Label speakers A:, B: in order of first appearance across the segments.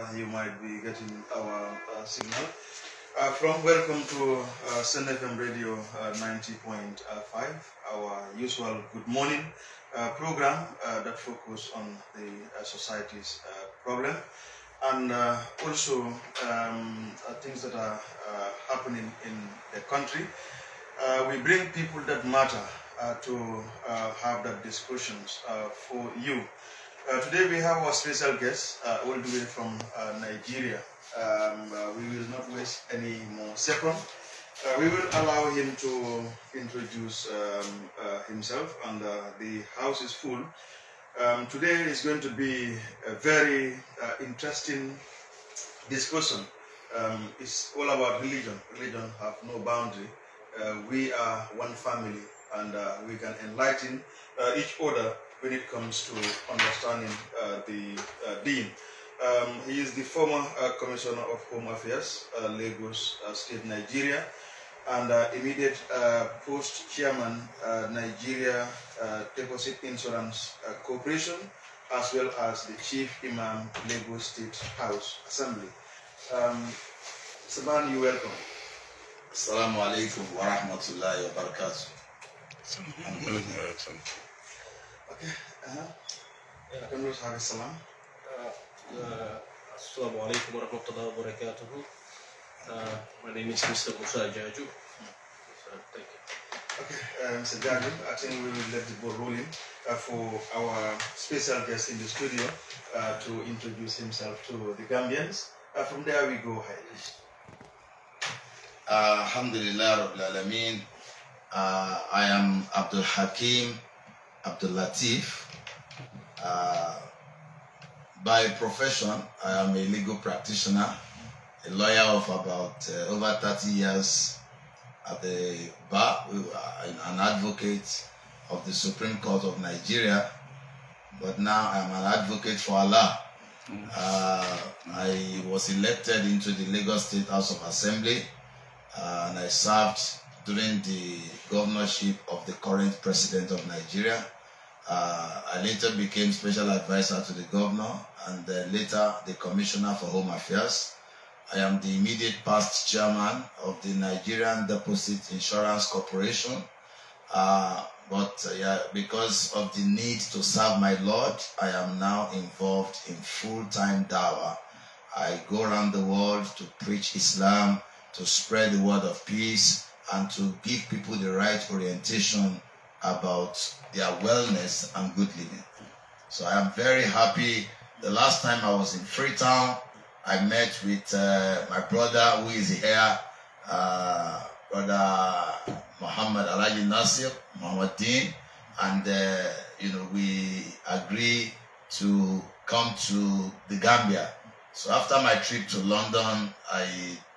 A: Uh, you might be getting our uh, signal. Uh, from welcome to uh, FM Radio uh, 90.5, uh, our usual good morning uh, program that focuses on the society's problem and also um, things that are happening in the country. we bring people that matter to have that discussions for you. Uh, today we have our special guest uh, all the way from uh, Nigeria. Um, uh, we will not waste any more second. Uh, we will allow him to introduce um, uh, himself and the house is full. Um, today is going to be a very interesting discussion. Um, it's all about religion. Religion have no boundary. we are one family and we can enlighten each other when it comes to understanding uh, the uh, Dean. Um, he is the former uh, Commissioner of Home Affairs, Lagos State, Nigeria, and immediate post-chairman, Nigeria Deposit Insurance Corporation, as well as the Chief Imam, Lagos State House Assembly. Um, Saban, you welcome.
B: Assalamu alaikum wa rahmatullahi wa barakatuh.
A: ওকে আপনার সাহাবে সালাম
C: my name is Mr. Musa Jaju. Uh, thank you. Okay, uh, Mr. Jaju, I think we will let the ball
A: rolling uh, for our special guest in the studio to introduce himself to the Gambians. from there we go ahead.
B: Alhamdulillah Rabbil Alameen. I am Abdul Hakim. Abdul Latif. Uh, by profession, I am a legal practitioner, a lawyer of about uh, over 30 years at the bar, uh, an advocate of the Supreme Court of Nigeria, but now I'm an advocate for Allah. Uh, I was elected into the Lagos State House of Assembly uh, and I served during the governorship of the current president of Nigeria. Uh, I later became special advisor to the governor and later the commissioner for home affairs. I am the immediate past chairman of the Nigerian Deposit Insurance Corporation. Uh, but uh, yeah, because of the need to serve my Lord, I am now involved in full-time dawah. I go around the world to preach Islam, to spread the word of peace, and to give people the right orientation about their wellness and good living. So I am very happy. The last time I was in Freetown, I met with uh, my brother who is here, uh, brother Muhammad Alaji Nasir, Muhammad Dean, and uh, you know we agreed to come to the Gambia. So after my trip to London, I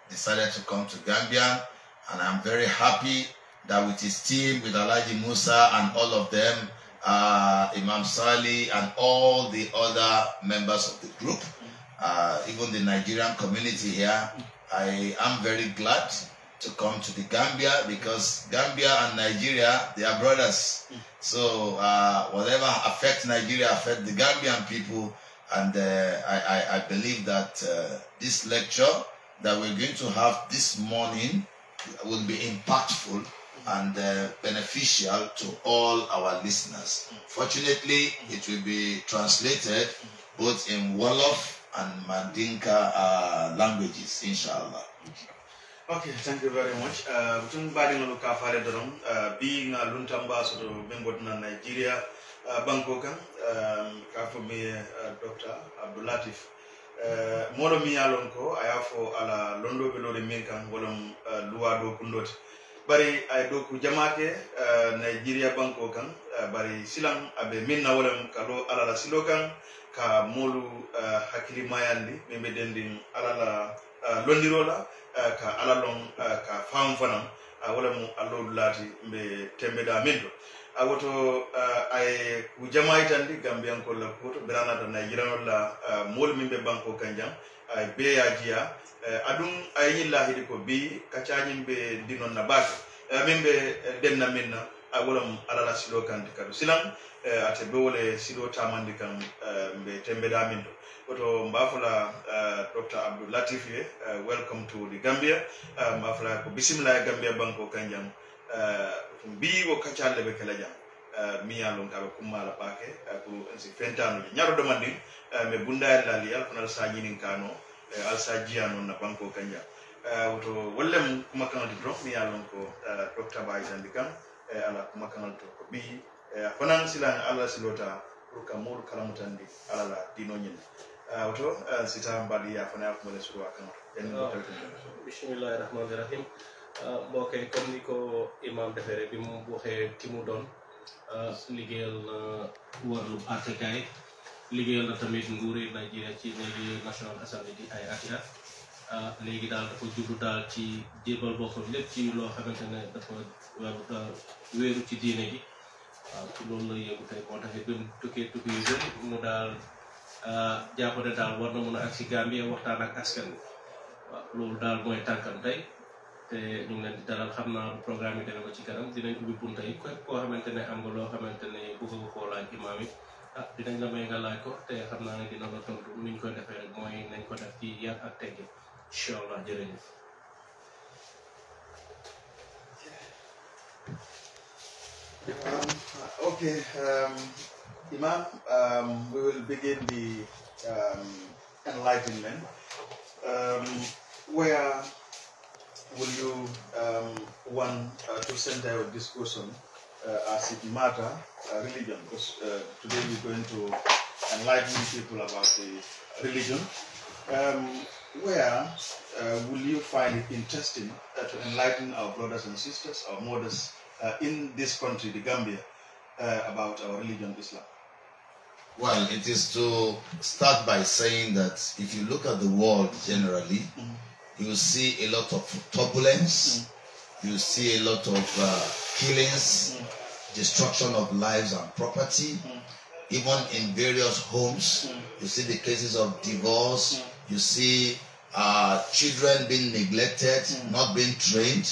B: decided to come to Gambia and I'm very happy that with his team, with Alaji Musa and all of them, uh, Imam Sali and all the other members of the group, uh, even the Nigerian community here, I am very glad to come to the Gambia because Gambia and Nigeria, they are brothers. So uh, whatever affects Nigeria affects the Gambian people. And uh, I, I, I, believe that uh, this lecture that we're going to have this morning will be impactful and uh, beneficial to all our listeners. Fortunately, it will be translated both in Wolof and Mandinka uh, languages, inshallah. Okay, thank you very
A: much. Uh, Tun bari nga luka fare dorom uh, bi nga luntamba soto bengot na Nigeria uh, Bangkok um, ka fo mi Dr. Abdulatif Eh, moɗo mi yalon ko a ya fo ala londoɓe ɗoɗe min kam walam eh, luwa dow kundote bari ay ɗo ko jamake eh, nigéria banko kan bari silan aɓe minna walam ka ɗo alala silo kan ka molu hakkili mayandi min ɓe dendin alala londirola ka alalon ka famu fanan walamu allowdu laati ɓe tembeɗa min ɗo a woto aye ku jamayi tan di gambiyankolla koto beranata nayjiranolla moolu min ɓe banko kan jam aye beyajiya aɗum aye yilla hiɗi ko bi kacañin ɓe dinonna baaka min ɓe denna minna a wolam alala silo kandi kadu silan eh, ate bewole silo tamandi kan ɓe eh, tembeɗamin to oto mbafola eh, docteur abdou latifie welcome to the gambia mbafola ko bisimila e gambia banko kan jam mbi wo kaccalle ɓe kela jam eh, miyalum kaɓe kummala ɓake eh, ko si fentanuji ñarodoma ndin eh, mi bundayallali alkonal sa ñinin kano alsa jiya anu na banko kanja woto wollem kuma di drop mi yalon ko docteur bayi sandi kan ala kuma kanal to ko ɓi fanan silan allah silota ruka ka muru kalamutandi ala la dino dinoñin woto sita mbaɗi yafana yakumale surwa kanato
C: ah, en rahim Euh, boo koy comme ni ko imam defee bi mu waxee ki mu doon euh, liggéeyal na wàllu àttekaay liggéeyal na tamit nguuri Nigeria ci léegi National Assembly di ay ati euh, léegi daal dafa jublu daal ci jébal boppam lépp ci loo xamante ne dafa ci diine gi waaw ci loolu la yëngu tey moo taxit ba mu daal jàpp ne daal war na mun a ak si Gambie waxtaan ak askan loolu daal mooy tànkam tey Um, okay,
A: um, Imam, um, we will begin the um, enlightenment um, where Will you um, want uh, to center your discussion uh, as it matter uh, religion? Because uh, today we're going to enlighten people about the religion. Um, where uh, will you find it interesting to enlighten our brothers and sisters, our mothers in this country, the Gambia, about our
B: religion, Islam? Well, it is to start by saying that if you look at the world generally, mm -hmm you see a lot of turbulence, mm. you see a lot of uh, killings, mm. destruction of lives and property. Mm. Even in various homes, mm. you see the cases of divorce, mm. you see uh, children being neglected, mm. not being trained,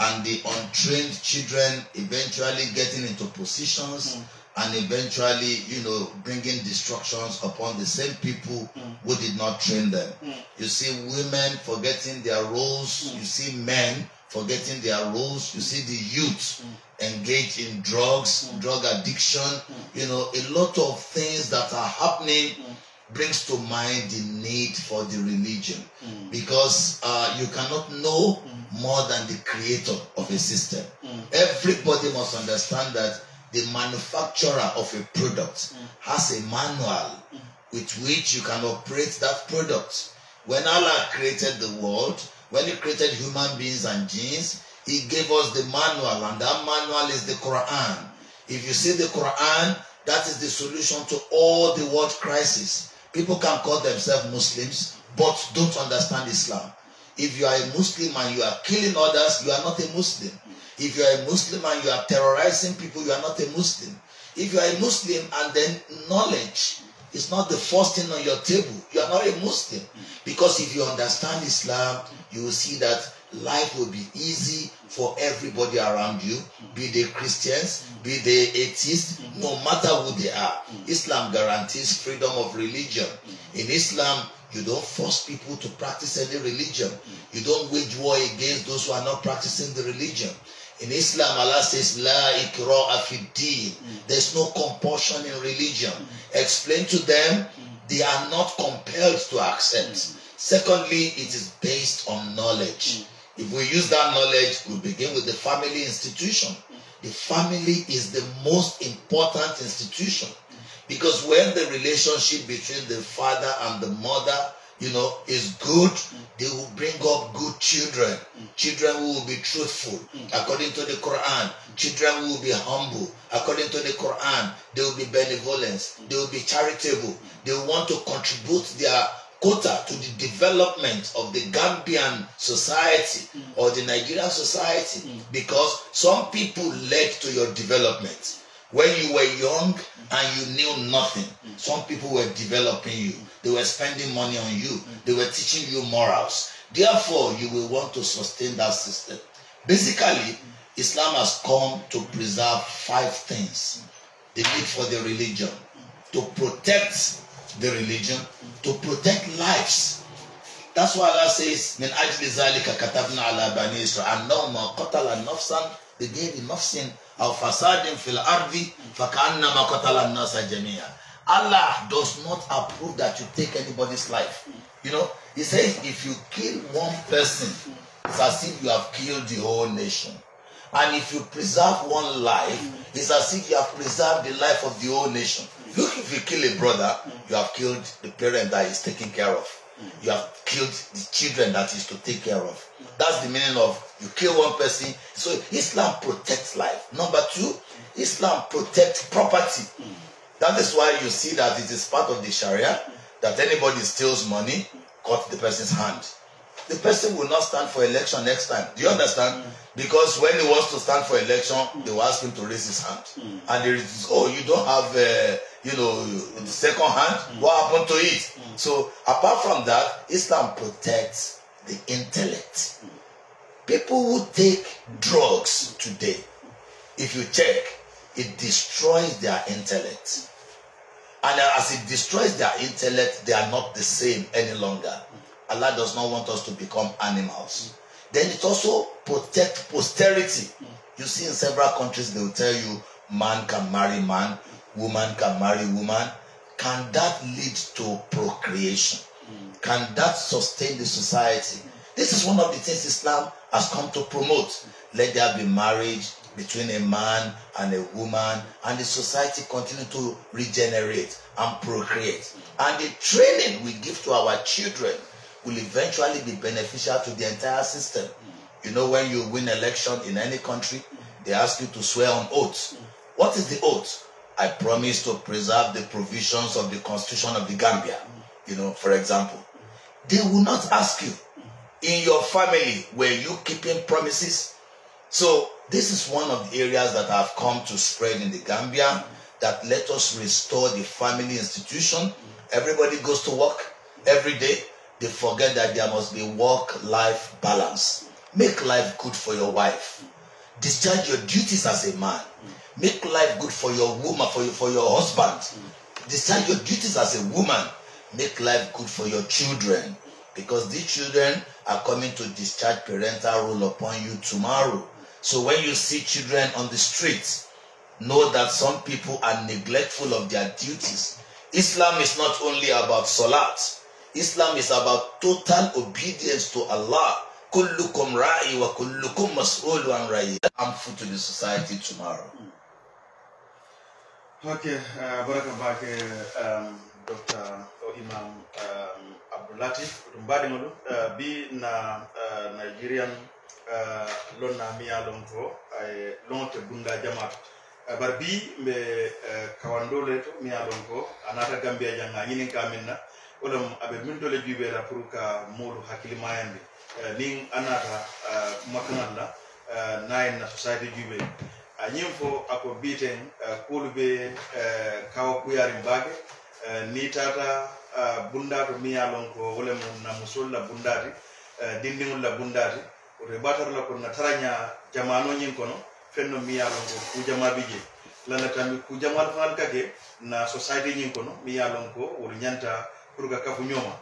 B: and the untrained children eventually getting into positions and eventually, you know, bringing destructions upon the same people mm. who did not train them. Mm. You see women forgetting their roles. Mm. You see men forgetting their roles. You see the youth mm. engaged in drugs, mm. drug addiction. Mm. You know, a lot of things that are happening brings to mind the need for the religion because uh, you cannot know more than the creator of a system. Everybody must understand that the manufacturer of a product mm. has a manual mm. with which you can operate that product. When Allah created the world, when He created human beings and genes, He gave us the manual, and that manual is the Quran. If you see the Quran, that is the solution to all the world crisis. People can call themselves Muslims, but don't understand Islam. If you are a Muslim and you are killing others, you are not a Muslim. If you are a Muslim and you are terrorizing people, you are not a Muslim. If you are a Muslim and then knowledge is not the first thing on your table, you are not a Muslim. Because if you understand Islam, you will see that life will be easy for everybody around you, be they Christians, be they atheists, no matter who they are. Islam guarantees freedom of religion. In Islam, you don't force people to practice any religion. You don't wage war against those who are not practicing the religion. In Islam, Allah says, La ikra There's no compulsion in religion. Explain to them, they are not compelled to accept. Secondly, it is based on knowledge. If we use that knowledge, we begin with the family institution. The family is the most important institution because when the relationship between the father and the mother you know, is good, they will bring up good children. Children who will be truthful, according to the Quran. Children who will be humble, according to the Quran. They will be benevolent. They will be charitable. They want to contribute their quota to the development of the Gambian society or the Nigerian society because some people led to your development. When you were young and you knew nothing, some people were developing you. They were spending money on you. They were teaching you morals. Therefore, you will want to sustain that system. Basically, Islam has come to preserve five things the need for the religion, to protect the religion, to protect lives. That's why Allah says, من أجل ذلك كتبنا على بني إسرائيل أنه ما قتل نفسا بغير نفس أو فساد في الأرض فكأنما قتل nasa جميعا. Allah does not approve that you take anybody's life. You know, He says if you kill one person, it's as if you have killed the whole nation. And if you preserve one life, it's as if you have preserved the life of the whole nation. Look, if you kill a brother, you have killed the parent that is taking care of. You have killed the children that is to take care of. That's the meaning of you kill one person. So Islam protects life. Number two, Islam protects property. That is why you see that it is part of the Sharia that anybody steals money, cut the person's hand. The person will not stand for election next time. Do you understand? Because when he wants to stand for election, they will ask him to raise his hand. And there is, oh, you don't have, uh, you know, the second hand. What happened to it? So apart from that, Islam protects the intellect. People who take drugs today, if you check, it destroys their intellect. And as it destroys their intellect, they are not the same any longer. Allah does not want us to become animals. Then it also protects posterity. You see, in several countries, they will tell you man can marry man, woman can marry woman. Can that lead to procreation? Can that sustain the society? This is one of the things Islam has come to promote. Let there be marriage, between a man and a woman, and the society continue to regenerate and procreate. And the training we give to our children will eventually be beneficial to the entire system. You know, when you win election in any country, they ask you to swear on oath. What is the oath? I promise to preserve the provisions of the Constitution of the Gambia. You know, for example, they will not ask you, in your family, were you keeping promises? So this is one of the areas that have come to spread in the Gambia that let us restore the family institution. Everybody goes to work every day. They forget that there must be work-life balance. Make life good for your wife. Discharge your duties as a man. Make life good for your woman, for your, for your husband. Discharge your duties as a woman. Make life good for your children. Because these children are coming to discharge parental role upon you tomorrow. So when you see children on the streets, know that some people are neglectful of their duties. Islam is not only about salat. Islam is about total obedience to Allah. Kullukum ra'i wa kullukum mas'ulu an ra'i. Harmful to the society tomorrow.
A: Okay, uh, welcome back, uh, um, Dr. Imam um, Abdulatif. Tumbadi ngolo, uh, be na uh, Nigerian Euh, lonna miya lon fo lonte bunda jamat euh, bar bi mbe euh, kawando le to miya lon ko anata gambia janga ñinin ka min na wolom aɓe min tole juɓeera pour ka moolu hakkilimayandi nin anaata makaŋal la nayen na société juɓe a ñin fo ako biiten kuolu be kawa kuyarin baake ni tata bunda to miya lon ko wolem na musol la bundaati dindiŋol la bundaati oto ɓatar la kon na taranya taraña nyin kono fenno mi yalonko ku jama jamaɓe je tammi ku jama fal kake na society nyin kono mi yalonko wol nyanta pour ka kafu nyoma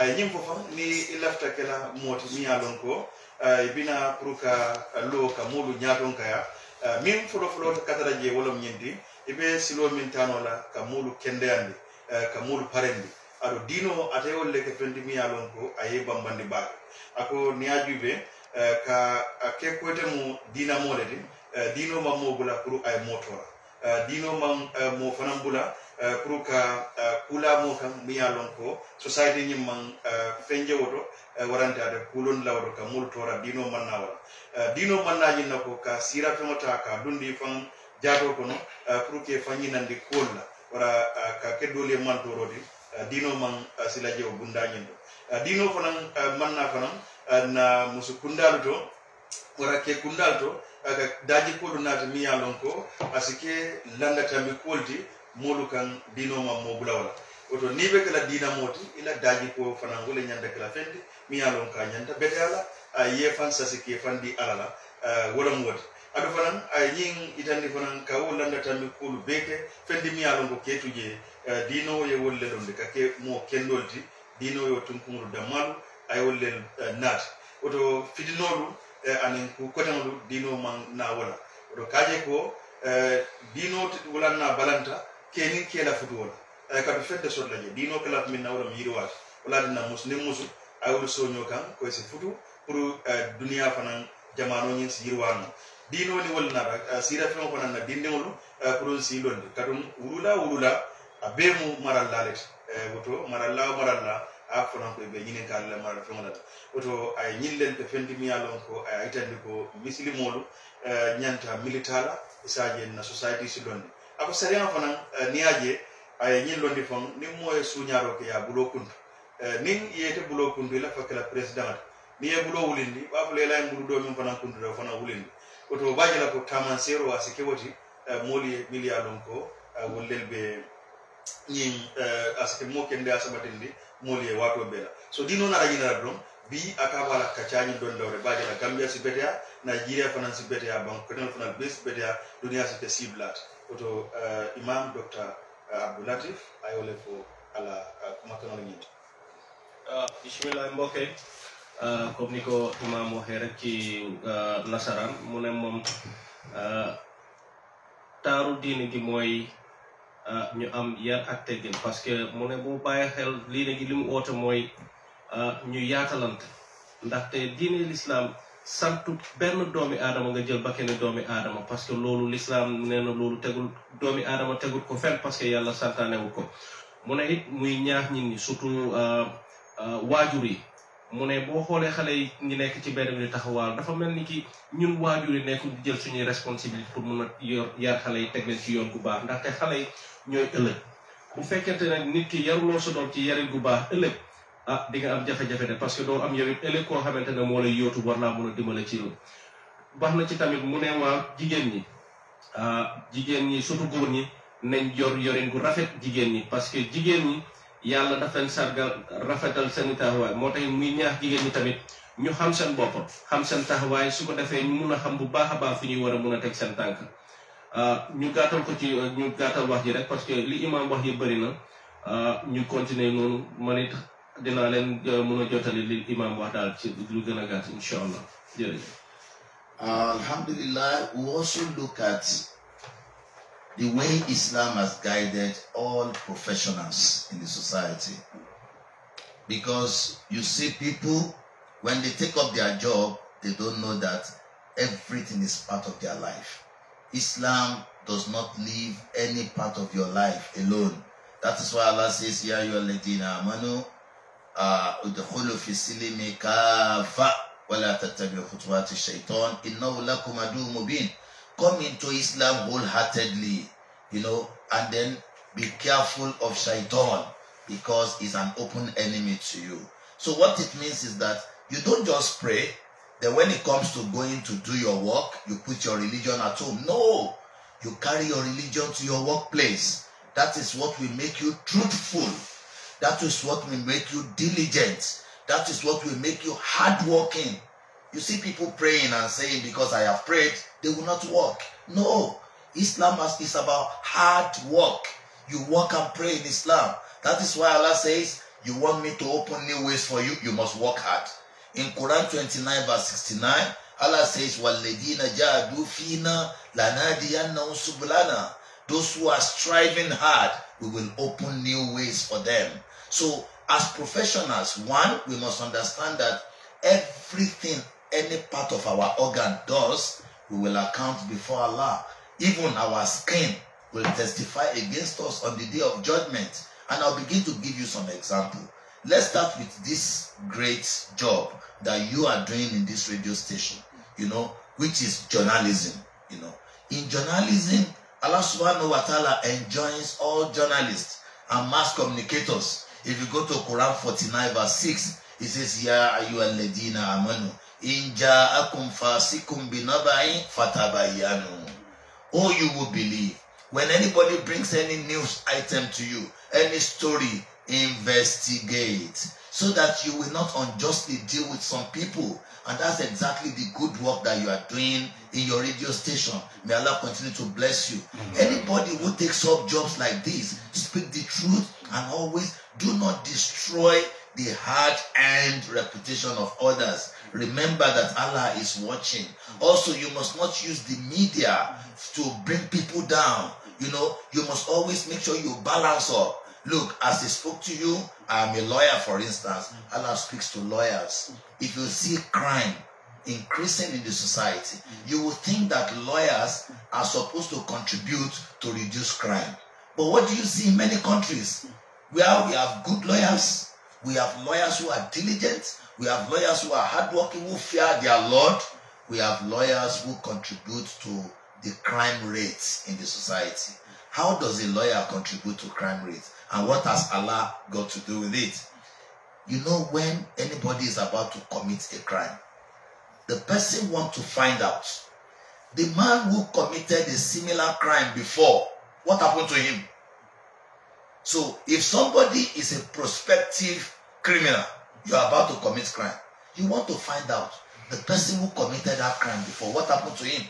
A: ay ñin fo fam ni ilafta kala moti mi yalonko ay bina pour ka lo ka mulu nyaton kaya min folo folo katara je wolom nyindi ibe silo min tano la ka mulu kende ande ka mulu parendi aro dino atewol leke fendi mi yalonko ay bambandi ba ako niya juɓe Eh, ka eh, kekkoyte mo dinamole de eh, dino ma mo bula pour ay motora dino ma mo fanan bula pour ka kulamo kam miya lon ko société ñimman fenjewoto warante ade kulon lawdo ka moltora dino manna wala dino manna jinna ko ka sira femota ka dundi fan jato kono pour ke fañinandi kolla wara ka keddole mantoro de dino man sila jeo bundañin do dino fanan manna fanan na musu kundal to wara ke kundal to aga daji kodu na mi ye lon ko asike landatami kuwolti moolu kan dinoma mobula wala oto nibe kala dina moti ila daji ko fanangule nyanda kala fendi mi ye nyanda ka ñanta bete ala a ye fan sasi ke fandi ala la wolam woti aɗo fanan ñin itandi fanan ka kawo tambi kuolu beke fendi mi ye lon ko ketuje dinowo ye wolle lon de ka ke mo kendolti dino yo tunkumuru dammalu a ye naati woto fitinolu aniŋ koteŋolu diinoo maŋ naa wo la woto ka je ko diinoo wolaŋ naa balanta kee niŋ kee la futuwo la a ye kabi feŋ de soto la je diinoo ke lati miŋ na wo lemu uh, yiriwaati wo la tinna musu niŋ musu a sooñoo kaŋ ko si futu pour duniyaa fanaŋ jamanoo ñiŋ si yiriwaa noo diinoo ni wolu naata siira feŋo fanaŋ na dindiŋolu uh, pour n londi katum wulula wulula a bee mu maralla le ti uh, woto maralla wo maralla a fonan koye ɓe ñinen ka allah maɗa feŋolata woto a ñillen ɓe fendimiya lon ko a yitandi ko misilimolu ñanta eh, militala isaje na society silonde ako sariyan fanan eh, niyaje aye ñillondi fon nin moye suñaro ke ya bulo kuntu eh, nin yete bulo kuntu ila fakkela présidente ni ye bulo wulindi ɓafula ila e mbulu do min fanan kuntude fana wulindi woto bajala ko tamansero wa sike woti moolu miliya lon ko wollel ɓe ñin asike mo kende asabatindi moolu ye waatoo so diinoo naata a la doroŋ bi aka wala ka caañi don dawre baaje la gambia si beteya nigeria fanan si beteya bankotel fanaŋ bee si beteya duniyaa si te oto uh, imam docteur uh, latif a fo ala uh, kumakanoolu ñinti
C: bisimilla mbokke comme ni ko imam waxee rek ci nasaran mu ne moom uh, taaru diine gi mooy Euh, ñu am yar ak teggin parce que mu ne mu bàyyi xel lii ne li mu oote mooy euh, ñu yaatalante ndaxte diine lislaam santu benn doomi aadama nga jël bakkene doomi aadama parce que loolu lislaam nee na loolu tegul doomi aadama tegul ko fenn parce que yàlla santaanewul ko mu ne it muy ñaax nit ñi surtout euh, waajur yi mu ne boo xoolee xale yi ñi nekk ci benn mi di taxawaalu dafa mel ni ki ñun waajur yi nekkul di jël suñuy responsabilité pour mun a yor yar xale yi teg leen ci yoon gu baax ndaxte xale yi ñooy ëllëg bu fekkente nag nit ki yaruloo sa doom ci yarin gu baax ëllëg ah di nga am jafe-jafe de parce que doo am yow it ëllëg koo xamante ne moo lay yootu war naa mun a dimbale ci loolu baax na ci tamit mu ne waa jigéen ñi ah, jigéen ñi surtout góor ñi ne yor yorin gu rafet jigéen ñi parce que jigéen ñi yàlla dafa leen sargal rafetal seeni taxawaay moo tax muy ñaax jigéen ñi tamit ñu xam seen bopp xam seen taxawaay su ko defee ñu mun a xam bu baax a baax fi ñuy war a mun a teg seen tànk ah, ñu gàttal ko ci ñu gàttal wax ji rek parce que li imaam wax yi bëri na ah, ñu continuer noonu man it dinaa leen euh,
B: mun a jotali li imaam wax daal ci lu gën a gàtt incha allah jërëjëf. alhamdulillah we also look the way Islam has guided all professionals in the society. Because you see people, when they take up their job, they don't know that everything is part of their life. Islam does not leave any part of your life alone. That is why Allah says, Ya ayyuhalladhina amanu uh, udkhulu fi silmi kafa wa la tattabi'u shaitan innahu lakum aduwwun mubin come into Islam wholeheartedly, you know, and then be careful of shaitan because he's an open enemy to you. So what it means is that you don't just pray, then when it comes to going to do your work, you put your religion at home. No, you carry your religion to your workplace. That is what will make you truthful. That is what will make you diligent. That is what will make you hardworking. You see people praying and saying, because I have prayed, they will not work. No. Islam is about hard work. You work and pray in Islam. That is why Allah says, you want me to open new ways for you, you must work hard. In Quran 29 verse 69, Allah says, وَالَّذِينَ جَادُوا فِينَا لَنَادِيَنَّهُمْ سُبْلَنَا Those who are striving hard, we will open new ways for them. So as professionals, one, we must understand that everything any part of our organ does, we will account before Allah. Even our skin will testify against us on the day of judgment. And I'll begin to give you some example. Let's start with this great job that you are doing in this radio station, you know, which is journalism, you know. In journalism, Allah subhanahu wa ta'ala enjoins all journalists and mass communicators. If you go to Quran 49 verse 6, it says, Ya ayyuhalladina amanu inja akum fasikum binabain fatabayanu oh you will believe when anybody brings any news item to you any story investigate so that you will not unjustly deal with some people and that's exactly the good work that you are doing in your radio station may Allah continue to bless you mm-hmm. anybody who takes up jobs like this speak the truth and always do not destroy the heart and reputation of others Remember that Allah is watching. Also, you must not use the media to bring people down. You know, you must always make sure you balance up. Look, as he spoke to you, I'm a lawyer, for instance. Allah speaks to lawyers. If you see crime increasing in the society, you will think that lawyers are supposed to contribute to reduce crime. But what do you see in many countries? Where we have good lawyers, we have lawyers who are diligent, we have lawyers who are hardworking, who fear their Lord. We have lawyers who contribute to the crime rates in the society. How does a lawyer contribute to crime rates? And what has Allah got to do with it? You know, when anybody is about to commit a crime, the person wants to find out the man who committed a similar crime before, what happened to him? So, if somebody is a prospective criminal, you are about to commit crime. You want to find out the person who committed that crime before, what happened to him?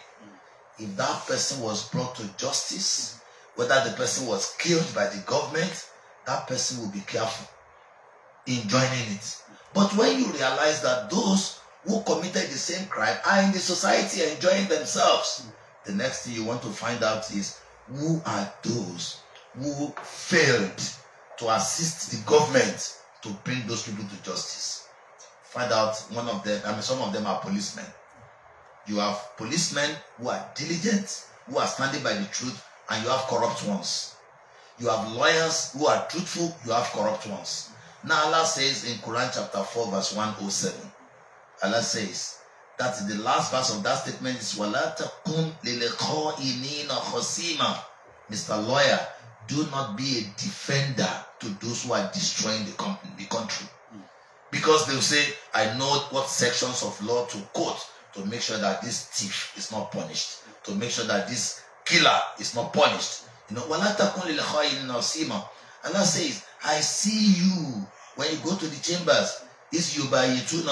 B: If that person was brought to justice, whether the person was killed by the government, that person will be careful in joining it. But when you realize that those who committed the same crime are in the society enjoying themselves, the next thing you want to find out is who are those who failed to assist the government to bring those people to justice. Find out one of them, I mean, some of them are policemen. You have policemen who are diligent, who are standing by the truth, and you have corrupt ones. You have lawyers who are truthful, you have corrupt ones. Now Allah says in Quran chapter 4 verse 107, Allah says, that the last verse of that statement is وَلَا تَكُمْ inina خَصِيمًا Mr. Lawyer, do not be a defender to those who are destroying the, com- the country. Mm. Because they'll say, I know what sections of law to quote to make sure that this thief is not punished, to make sure that this killer is not punished. You know, Allah says, I see you when you go to the chambers. Is you by and you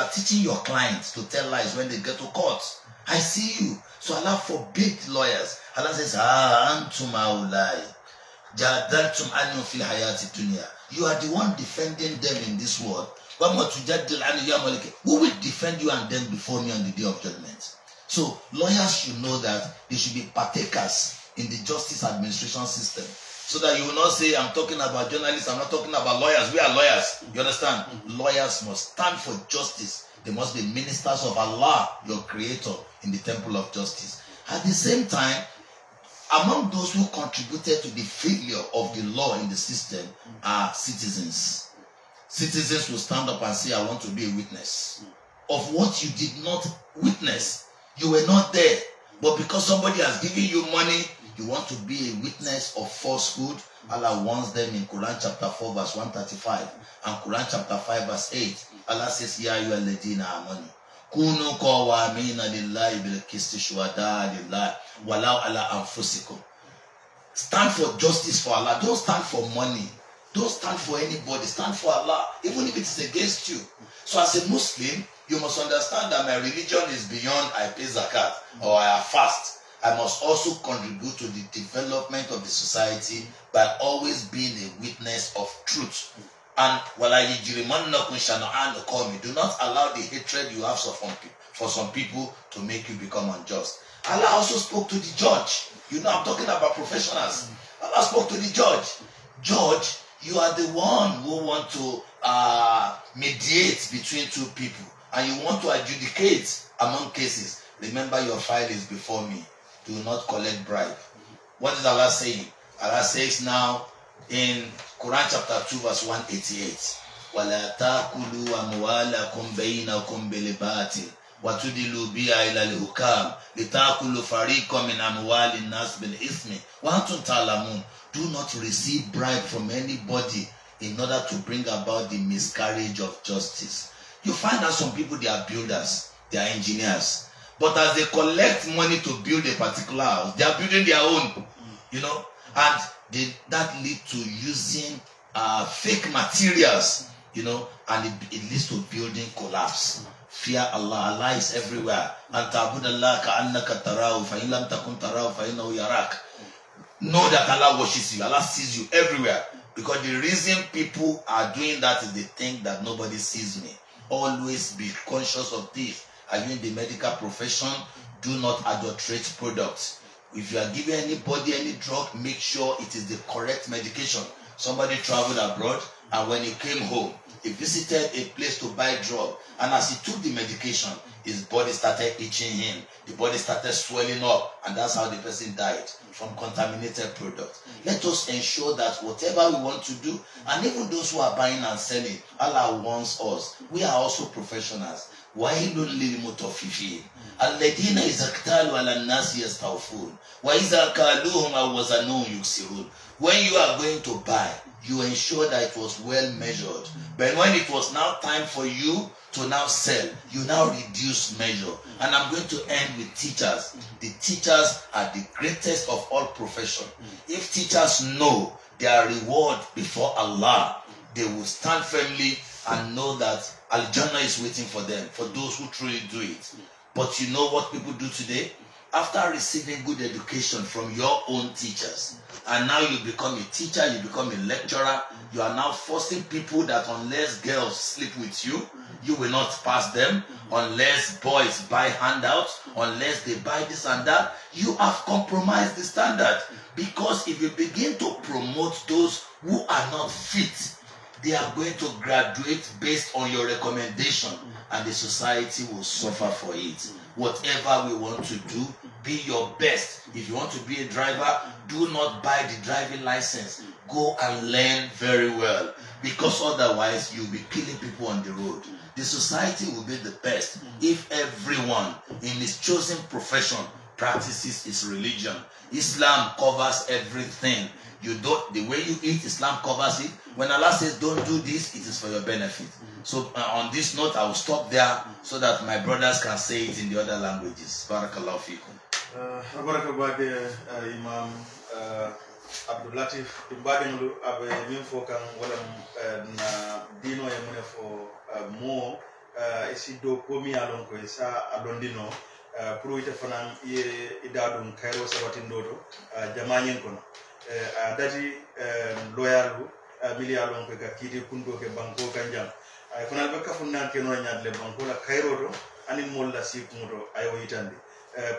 B: are teaching your clients to tell lies when they get to court. I see you. So Allah forbid lawyers. Allah says, Ah, antum jadaltum anhum fil hayati dunya you are the one defending them in this world wàmọ̀ tujadil anhum yawm al-qiyamah who will defend you and them before me on the day of judgment so lawyers should know that they should be partakers in the justice administration system so that you will not say i'm talking about journalists i'm not talking about lawyers we are lawyers you understand mm-hmm. lawyers must stand for justice they must be ministers of allah your creator in the temple of justice at the same time among those who contributed to the failure of the law in the system are citizens. Citizens will stand up and say, I want to be a witness of what you did not witness. You were not there. But because somebody has given you money, you want to be a witness of falsehood. Allah warns them in Quran chapter 4, verse 135 and Quran chapter 5, verse 8. Allah says, Ya ayyuhalladhina amanu kúnú kọ́ wa mí iná lillahi bil qisti ṣùwádà walau ala anfusikum stand for justice for Allah don't stand for money don't stand for anybody stand for Allah even if it is against you so as a Muslim you must understand that my religion is beyond I pay zakat or I fast I must also contribute to the development of the society by always being a witness of truth. And do not allow the hatred you have for some people to make you become unjust. Allah also spoke to the judge. You know, I'm talking about professionals. Allah spoke to the judge. Judge, you are the one who want to uh, mediate between two people and you want to adjudicate among cases. Remember, your file is before me. Do not collect bribe. What is Allah saying? Allah says now, in Quran chapter 2 verse 188. وَلَا تَأْكُلُوا أَمْوَالَكُمْ بَيْنَكُمْ بِالْبَاطِلِ وَتُدْلُوا بِهَا إِلَى الْحُكَامِ لِتَأْكُلُوا فَرِيقًا مِنْ أَمْوَالِ النَّاسِ wa وَأَنْتُمْ تَعْلَمُونَ Do not receive bribe from anybody in order to bring about the miscarriage of justice. You find that some people, they are builders, they are engineers. But as they collect money to build a particular house, they are building their own, you know. And Did that lead to using uh, fake materials, you know, and it, it leads to building collapse. Fear Allah, Allah is everywhere. And ta'bud Allah ka'annaka tarahu, fa'in lam takun tarahu, fa'innahu yarak. Know that Allah watches you, Allah sees you everywhere. Because the reason people are doing that is they think that nobody sees me. Always be conscious of this. Are you in the medical profession? Do not adulterate products. If you are giving anybody any drug, make sure it is the correct medication. Somebody traveled abroad and when he came home, he visited a place to buy drug. And as he took the medication, his body started itching him. The body started swelling up, and that's how the person died from contaminated product. Let us ensure that whatever we want to do, and even those who are buying and selling, Allah wants us. We are also professionals. Why don't leave motor fifi? الذين إذا اكتالوا على الناس يستوفون وإذا كالوهم أو وزنوهم يكسرون when you are going to buy you ensure that it was well measured but when it was now time for you to now sell you now reduce measure and I'm going to end with teachers the teachers are the greatest of all profession if teachers know their reward before Allah they will stand firmly and know that Al-Jannah is waiting for them for those who truly do it But you know what people do today? After receiving good education from your own teachers, and now you become a teacher, you become a lecturer, you are now forcing people that unless girls sleep with you, you will not pass them, unless boys buy handouts, unless they buy this and that. You have compromised the standard because if you begin to promote those who are not fit they are going to graduate based on your recommendation, and the society will suffer for it. Whatever we want to do, be your best. If you want to be a driver, do not buy the driving license. Go and learn very well, because otherwise you'll be killing people on the road. The society will be the best if everyone in his chosen profession practices his religion Islam covers everything. You don't the way you eat, Islam covers it. When Allah says don't do this, it is for your benefit. So uh, on this note, I will stop there so that my brothers can say it in the other languages. Barakallahu fikum.
A: Uh, Barakabade uh, Imam uh, Abdul Latif Imbadenglu abe min fo kan wala na dino ya mune fo mo isi do komi alon ko isa alon dino uh, pour wite fanan ida ɗum kayro sabatinɗo to eh, jamañin kono eh, a dati um, loyalu uh, miliyalon koga kiiti kundo ke banko kanjam ay kono alɓe kafunnanke noon le banko la kayro to anin molla sikumo to ayo yitande yitandi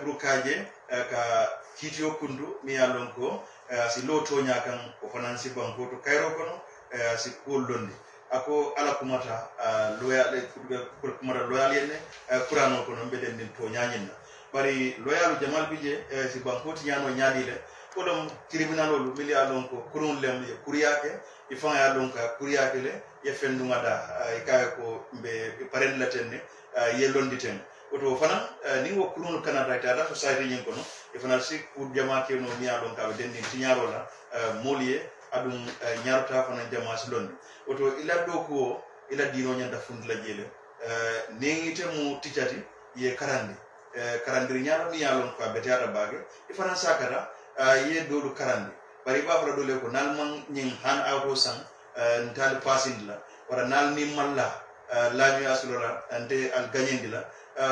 A: pour kaje uh, ka kiitiyo kundu mi yalon ko uh, si lo toña kan o fanan si banko to kayro kono uh, si kuwol londi ako ala kumata loyal e, kumata loyal yenne e, kurano ko noon mbeɗen ndin to ñañinna ɓari loyalu jamal bi je e, si bankoti ñano ñaanile ko ɗom criminal olu milia ɗon ko kurun lem ye kuriyake i fanaya ɗon ka kuriyake le ye fenndugada i kawe ko mbe parene laten ne ye londiten woto fana nin wo kurunu canada ta ata society ñin kono i fana si kur jama keno miya ɗon kaɓe denndin tiñarola molye aɗum ñarota fana jama si londi oto ila ɗo kuwo ila dino ñanda fundula jeele eh, neŋite mu ticati ye karandi eh, karandir ñalomi yalon ko a beteyata baage i fana sakata eh, ye dolu karandi bari i ɓafata ɗole ko nalma ñiŋ han ako san ntali pasindi la wara nalni malla lañoya sulola nte al gañindi la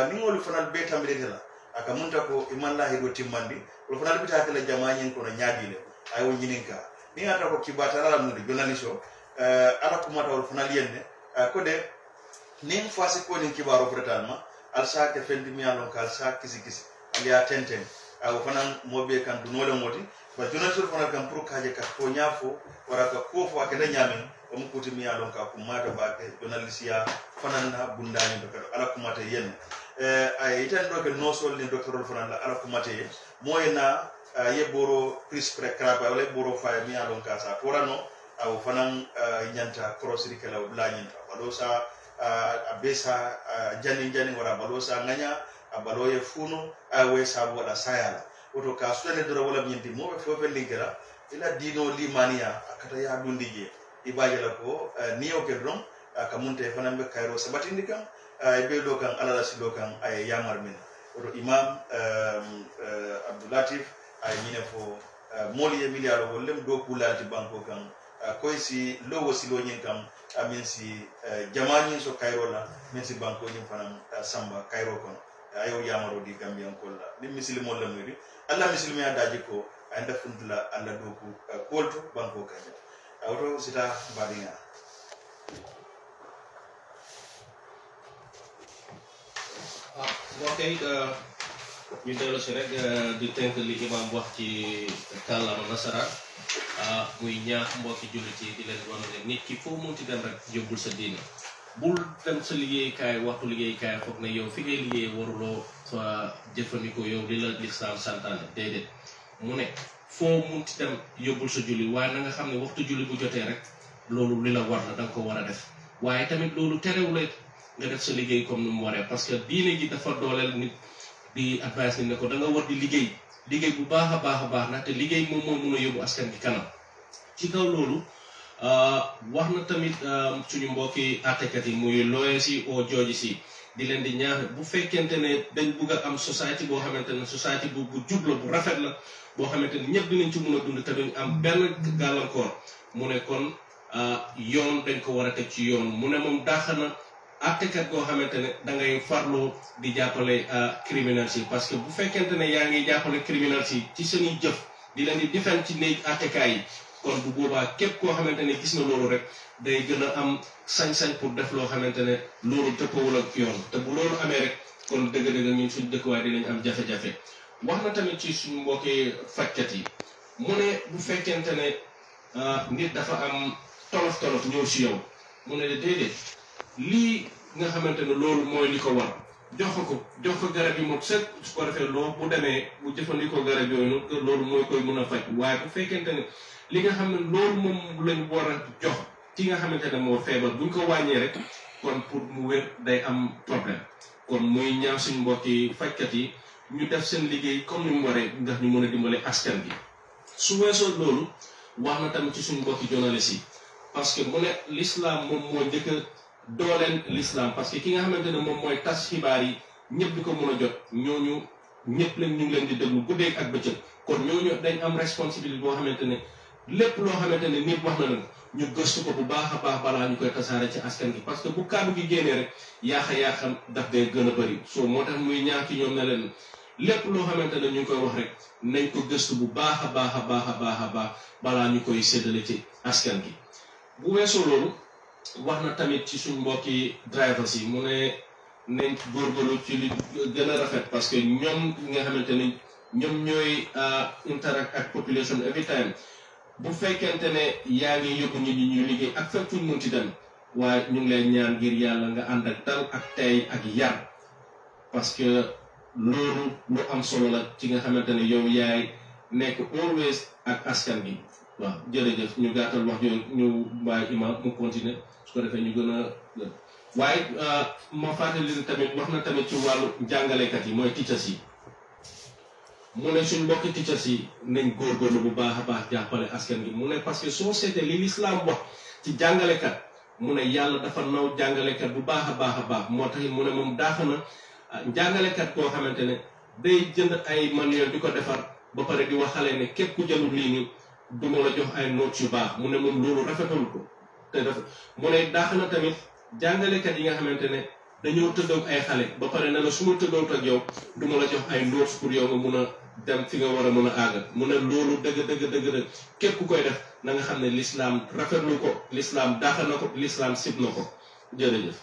A: niŋolu fanal be tambidete la aka munta ko i malla hedo timmandi wolu fanal bita kela jama ñiŋ kono ñaadi le ayiwo ñininka niŋ ata ko kibatarala mude journaliste o Eh, ala kumata wol fanal yende eh, ko de nin fasi ko nin kibaro fretan ma al sa ke fendi mi alon kal sa kisi kisi ali a tenten eh, o fana mobe kan dunole moti ba sur fana kan pour kaje ka ko nyafo wara ka ko fo akeda nyamen o mu kuti mi alon ka kumata ba ke jonalisiya fanan na bundani do kado ala kumata yende ay itan do ke nosol ni doctorol fana la ala kumata ye moyena ye boro pris pre kraba wala boro fa mi alon ka sa forano o fanaŋ ñanta eh, korosiri ke la wo ñinta baloo eh, a be sa eh, janiŋ janiŋ wara a sa ŋaña a balo ye fuunu a ye wo ye saabu wala saya la woto ka sutane dora wala ñinti moo be feo feŋ linkela i la limaniya a kata ya dundi je i be la ko niŋ yewo ke doroŋ ka munta i fanaŋ be kayiroo sabatindi kaŋ i be loo kaŋ alla la siloo kaŋ a ye yamar min woto imam abdulatif a ye ñine fo moolu ye miliyaaro wolu lem doo kuulaati banko kaŋ Ah, koy si lo wasilo ñin kam amin ah, si eh, jaman ñin so kayro la min si banko ñin fanam ah, samba kayro kono ayo yamaro di kol la ni misilimol la muyri allah misilimiya daji ko anda funtula allah doku koltu banko kaja awto sita baɗiga
C: mbokk yi eh, ñu dellu si rek eh, di tënk li imam wax ci kàllaama nasaraan Ah, muy ñaax mbokki jullit yi di leen wan ne nit ki foo munti dem rek yóbbul sa diine bul dem sa liggéeykaay waxtu liggéeykaay foog na yow fi ngay liggéey waruloo fa jëfandikoo yow di la lislaam santaane déedéet mu ne foo munti dem yóbbul sa julli waaye na nga xam ne waxtu julli bu jotee rek loolu li la war la da ko war a def waaye tamit loolu terewulee nga def sa liggéey comme ni mu waree parce que diine ji dafa dooleel nit di advice ni ne ko da nga war di liggéey liggéey bu baax a baax a baax ndaxte liggéey moom moo mun a yóbbu askan bi kanam ci kaw loolu euh, wax na tamit euh, suñu mbokki àttekat yi muy lawyers si oo jooji si di leen di ñaax bu fekkente ne dañ bugg a am société boo xamante ne société bu bu jub la bu rafet la boo xamante ne ñëpp dinañ ci mun a dund te duñ am benn gàllankoor mu ne kon euh, yoon dañ ko war a teg ci yoon mu ne moom dàq na. àttekat boo xamante ne da ngay farlu di jàppale euh, criminels si parce que bu fekkente ne yaa ngi jàppale criminels si ci seeni jëf di leen di ci néeg àttekaay yi kon bu boobaa képp koo xamante ne gis na loolu rek day gën a am sañ-sañ pour def loo xamante ne loolu dëppawul ak yoon te bu loolu amee rek kon dëgg-dëgg ñun suñ dëkkuwaay dinañ am jafe-jafe wax na tamit ci suñ mbokki fajkat yi mu ne bu fekkente ne euh, nit dafa am tolof tolof ñëw si yow mu lii nga xamante ne loolu mooy li ko war jox ko ko jox ko garab yi moom set su ko defee loo bu demee bu jëfandikoo garab yooyu noonu loolu mooy koy mën a faj waaye bu fekkente ne li nga xam ne loolu moom lañ war a jox ki nga xamante ne moo feebar buñ ko wàññee rek kon pour mu wér day am problème kon muy ñaaw suñ mbokki fajkat yi ñu def seen liggéey comme ni mu waree ndax ñu mën a dimbale askan bi su weesoo loolu wax na tamit ci suñ mbokki journaliste yi parce que mu ne l'islam moom moo njëkk dooleel l'islam parce que ki nga xamante ne moom mooy tas xibaar yi ñëpp di ko mën a jot ñooñu ñëpp leen ñu ngi leen di déglu guddeeg ak bëccëg kon ñooñu dañ am responsabilité boo xamante ne lépp loo xamante ne nit wax na la ñu gëstu ko bu baax a baax balaa ñu koy tasaare ci askan gi parce que bu kàddu gi génnee rek yaaxa yaaxam daf day gën a bëri soo moo tax muy ñaar ci ne leen lépp loo xamante ne ñu ngi koy wax rek nañ ko gëstu bu baax a baax a baax a baax a baax balaa ñu koy séddale ci askan gi bu weesoo loolu waxna tamit ci suñ mbokki drivers yi mu ne nañ góorgóorlu ci li gëna rafet parce que ñom nga xamanteni ñom ñoy euh, interact ak population every time bu fekkente ne yaa ngi yóbbu nit ñi ñu liggéey ak fekk fuñ munti dem waaye ñu ngi lay ñaan ngir yàlla nga ànd ak dal ak tey ak yar parce que loolu lu am solo la ci nga xamante ne yow yaay nekk always ak askan bi waaw jërëjëf ñu gàttal wax yooyu ñu bàyyi imam mu continuer su ko defee ñu gën a waaye euh, ma fàttali leen tamit wax na tamit ci wàllu jàngalekat yi mooy teachers yi mu ne suñ mbokki teachers yi nañ góorgóorlu bu baax a baax jàppale askan gi mu ne parce que soo seetee li lislaam wax ci jàngalekat mu ne yàlla dafa naw jàngalekat bu baax a baax a baax moo tax mu ne moom daax na euh, jàngalekat koo xamante ne day jënd ay manuel di ko defar ba pare di waxale ne képp ku jëlul lii nii du la jox ay notes yu baax mu ne moom loolu rafetul te dafa mu ne dàq na tamit jàngalekat yi nga xamante ne dañoo tëddoog ay xale ba pare na na suma ma tëddoog ak yow du ma la jox ay ndóos pour yow ma mun a dem fi nga war a mun a àgg mu a loolu dëgg dëgg dëgg dëgg képp ku koy def na nga xam ne lislaam rafetlu ko lislaam daaxal na ko lislaam sib na ko
B: jërëjëf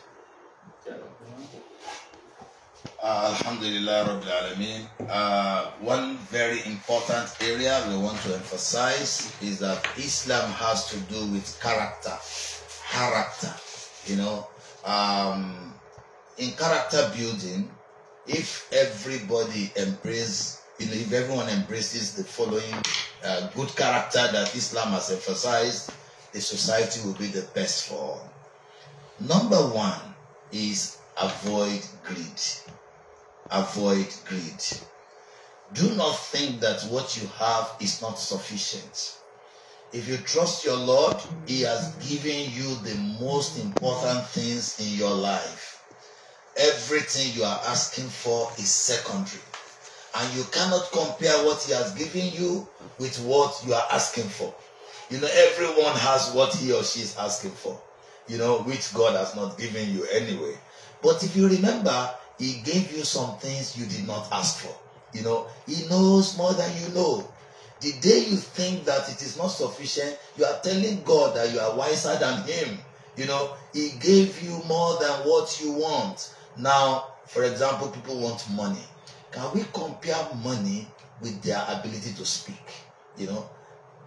B: Uh, Alhamdulillah Rabbil uh, one very important area we want to emphasize is that Islam has to do with character. Character. You know, um, in character building, if everybody embraces, you know, if everyone embraces the following uh, good character that Islam has emphasized, the society will be the best for all. Number one is avoid greed avoid greed. Do not think that what you have is not sufficient. If you trust your Lord, He has given you the most important things in your life. Everything you are asking for is secondary. And you cannot compare what He has given you with what you are asking for. You know, everyone has what he or she is asking for, you know, which God has not given you anyway. But if you remember, He gave you some things you did not ask for. You know, He knows more than you know. The day you think that it is not sufficient, you are telling God that you are wiser than Him. You know, He gave you more than what you want. Now, for example, people want money. Can we compare money with their ability to speak? You know,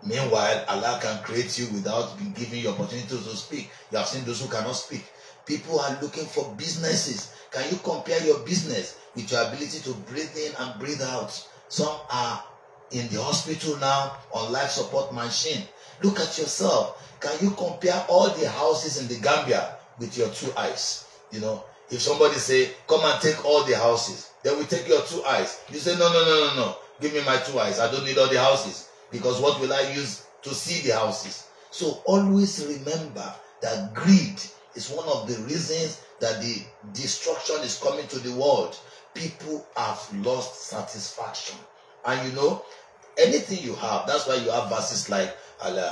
B: meanwhile, Allah can create you without being giving you opportunity to speak. You have seen those who cannot speak. People are looking for businesses Can you compare your business with your ability to breathe in and breathe out? Some are in the hospital now on life support machine. Look at yourself. Can you compare all the houses in the Gambia with your two eyes? You know, if somebody say, come and take all the houses, then we take your two eyes. You say, no, no, no, no, no. Give me my two eyes. I don't need all the houses because what will I use to see the houses? So always remember that greed is one of the reasons that the destruction is coming to the world, people have lost satisfaction. And you know, anything you have, that's why you have verses like zuri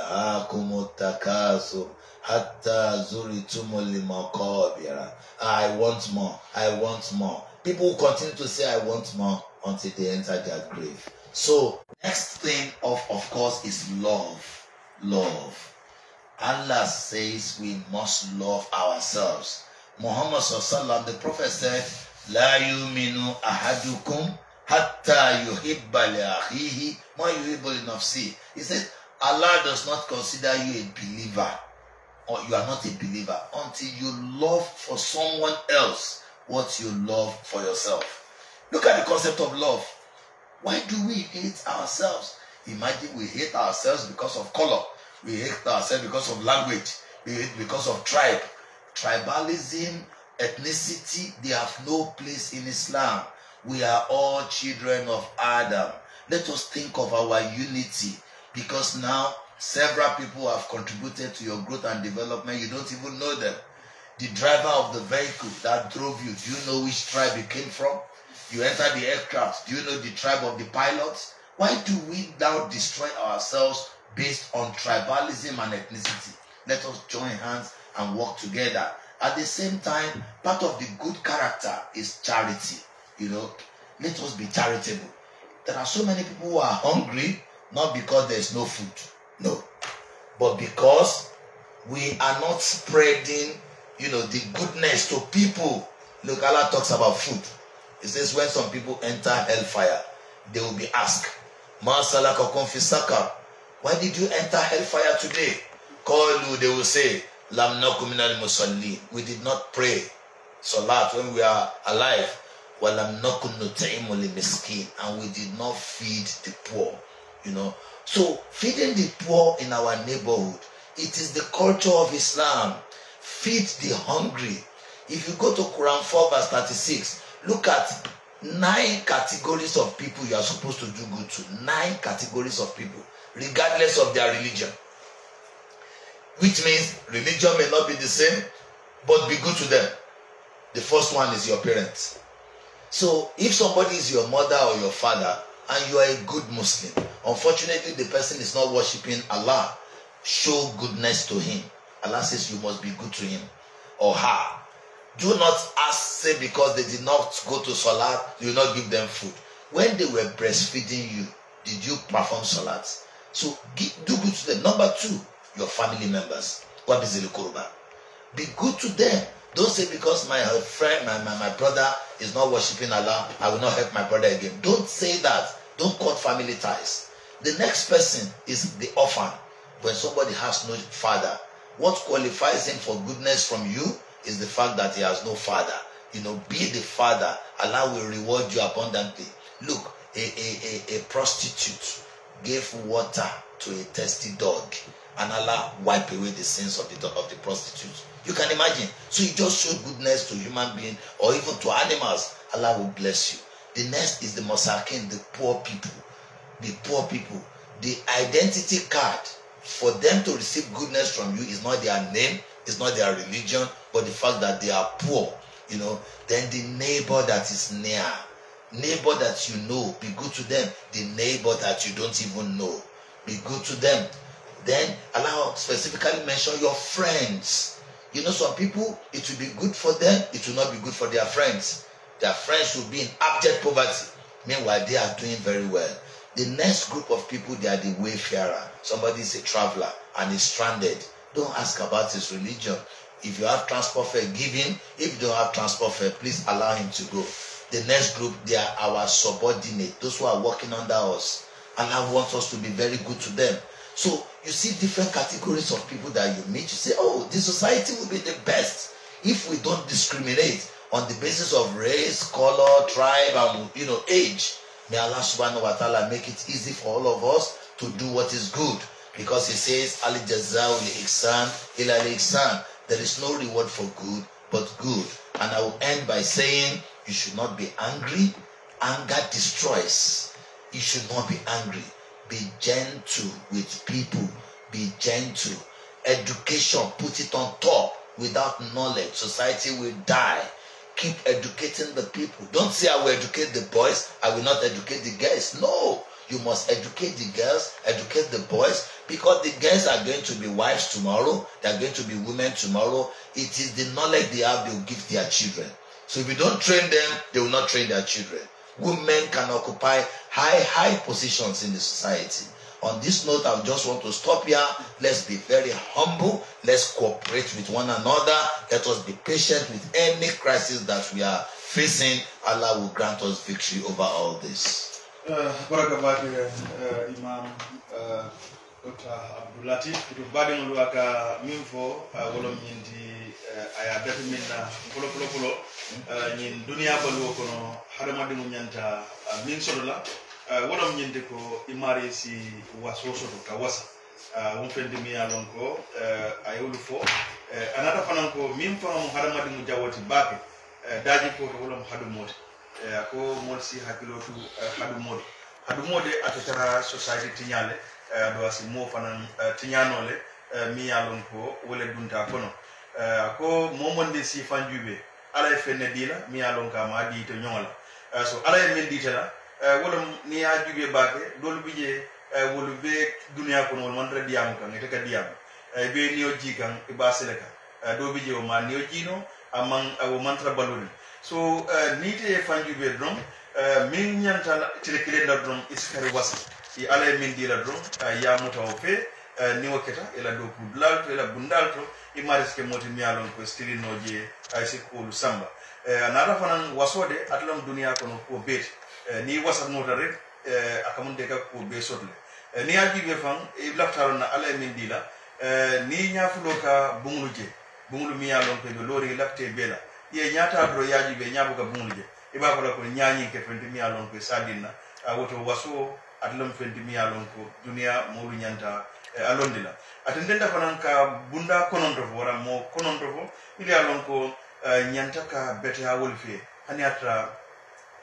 B: I want more, I want more. People continue to say I want more until they enter their grave. So next thing of of course is love. Love. Allah says we must love ourselves. Muhammad sallam, the prophet said, La yuminu ahadukum hatta yuhibba li akhihi ma yuhibba li nafsi. He said, Allah does not consider you a believer or you are not a believer until you love for someone else what you love for yourself. Look at the concept of love. Why do we hate ourselves? Imagine we hate ourselves because of color. We hate ourselves because of language. We hate because of tribe. Tribalism, ethnicity, they have no place in Islam. We are all children of Adam. Let us think of our unity because now several people have contributed to your growth and development. You don't even know them. The driver of the vehicle that drove you, do you know which tribe you came from? You enter the aircraft, do you know the tribe of the pilots? Why do we now destroy ourselves based on tribalism and ethnicity? Let us join hands and work together. At the same time, part of the good character is charity. You know, let us be charitable. There are so many people who are hungry, not because there's no food, no, but because we are not spreading, you know, the goodness to people. Look, Allah talks about food. Is says when some people enter hellfire, they will be asked, "Masala Why did you enter hellfire today? Call you? they will say, lam nakum minal we did not pray salat when we are alive wa lam nakum miskin and we did not feed the poor you know so feeding the poor in our neighborhood it is the culture of Islam feed the hungry if you go to Quran 4 verse 36 look at nine categories of people you are supposed to do good to nine categories of people regardless of their religion which means religion may not be the same, but be good to them. The first one is your parents. So if somebody is your mother or your father and you are a good Muslim, unfortunately the person is not worshiping Allah, show goodness to him. Allah says you must be good to him or her. Do not ask, say because they did not go to Salat, you will not give them food. When they were breastfeeding you, did you perform Salat? So do good to them. Number two, your family members. What is Kuruba? Be good to them. Don't say because my uh, friend, my, my, my brother is not worshiping Allah, I will not help my brother again. Don't say that. Don't cut family ties. The next person is the orphan. When somebody has no father, what qualifies him for goodness from you is the fact that he has no father. You know, be the father. Allah will reward you abundantly. Look, a, a, a, a prostitute gave water to a thirsty dog and Allah wipe away the sins of the of the prostitute. You can imagine. So you just show goodness to human being or even to animals. Allah will bless you. The next is the masakin, the poor people. The poor people. The identity card for them to receive goodness from you is not their name, it's not their religion, but the fact that they are poor. You know, then the neighbor that is near, neighbor that you know, be good to them. The neighbor that you don't even know, be good to them Then allow specifically mention your friends. You know, some people, it will be good for them, it will not be good for their friends. Their friends will be in abject poverty. Meanwhile, they are doing very well. The next group of people, they are the wayfarer. Somebody is a traveler and is stranded. Don't ask about his religion. If you have transport fare, give him. If you don't have transport fare, please allow him to go. The next group, they are our subordinate, those who are working under us. Allah wants us to be very good to them. So you see different categories of people that you meet. You say, oh, this society will be the best if we don't discriminate on the basis of race, color, tribe, and you know, age. May Allah subhanahu wa ta'ala make it easy for all of us to do what is good. Because he says, Ali Jazaw li Iksan, ila li Iksan. There is no reward for good, but good. And I will end by saying, you should not be angry. Anger destroys. You should not be angry. Be gentle with people. Be gentle. Education, put it on top. Without knowledge, society will die. Keep educating the people. Don't say, I will educate the boys, I will not educate the girls. No, you must educate the girls, educate the boys, because the girls are going to be wives tomorrow, they are going to be women tomorrow. It is the knowledge they have they will give their children. So if you don't train them, they will not train their children. women can occupy high, high positions in the society. On this note, I just want to stop here. Let's be very humble. Let's cooperate with one another. Let us be patient with any crisis that we are facing. Allah will grant us victory over all this.
A: Uh, Barakabadia uh, Imam uh, Dr. Abdulati, Rubadi Muluaka Minfo, uh, Wolomindi, uh, Ayabet Minna, Polo Polo Polo. Euh, ñin duniya baluwo kono hadamadiŋo ñanta euh, min soto la euh, wolom ñinti ko i si waso soto ka wasa won fendi miya lon ko a yewlu fo anata nata fanan ko min faŋo hadamadiŋo jawoti baake daaji koto to wolom hadumote a ko moolu si hakkilo tu hadumode hadumode ate tara society tiñale do asi moo fanan tiñanole miya lon ko wole dunta kono a ko momondi sifanjuɓe ala ye feŋ di la miŋ ye a loŋ ka a maŋ a diite ñoŋo la eh, so ala ye miŋ diite la wo lemu niŋ ye a jubee baake doolu bi je wolu be duniyaa kono wolu mantara diyaamu kaŋ ite ka diyaamu i be niyo jii kaŋ i be a sele kaŋ doo bi je wo maa niyo jii no a maŋ wo mantara balu ne so niŋ ite ye faŋ jubee doroŋ eh, miŋ ñanta tele kiliŋ la doroŋ i si kari wasa i ala ye miŋ di la doroŋ ye a muta wo fee niŋ wo keta i la dookuu dulaalu to i la bundaalu to imariske moti miyalon ko stilinoje aysi kuolu samba eh, anata fanan wasode atlam duniya kono ko beeti eh, ni ni wasatnota rek eh, akamunde ka ko be sotle eh, ni ajibe fan eh, iblaftaron na ala min dila eh, ni ñafulo ka bungulu je bungulu miyalon ko ɓe loori lafte beela iye ñata doro yajibe ñabu ka bungulu je iba kola ko ñañinke fenti miyalon ko sadinna a ah, woto waso atlam fenti miyalon ko duniya molu ñanta eh, alondila ate ndenda fanaŋ ka bunda kononto wara mo kononto fo ili ye loŋ ko ñanta eh, ka beteya wolu fee hani atata tara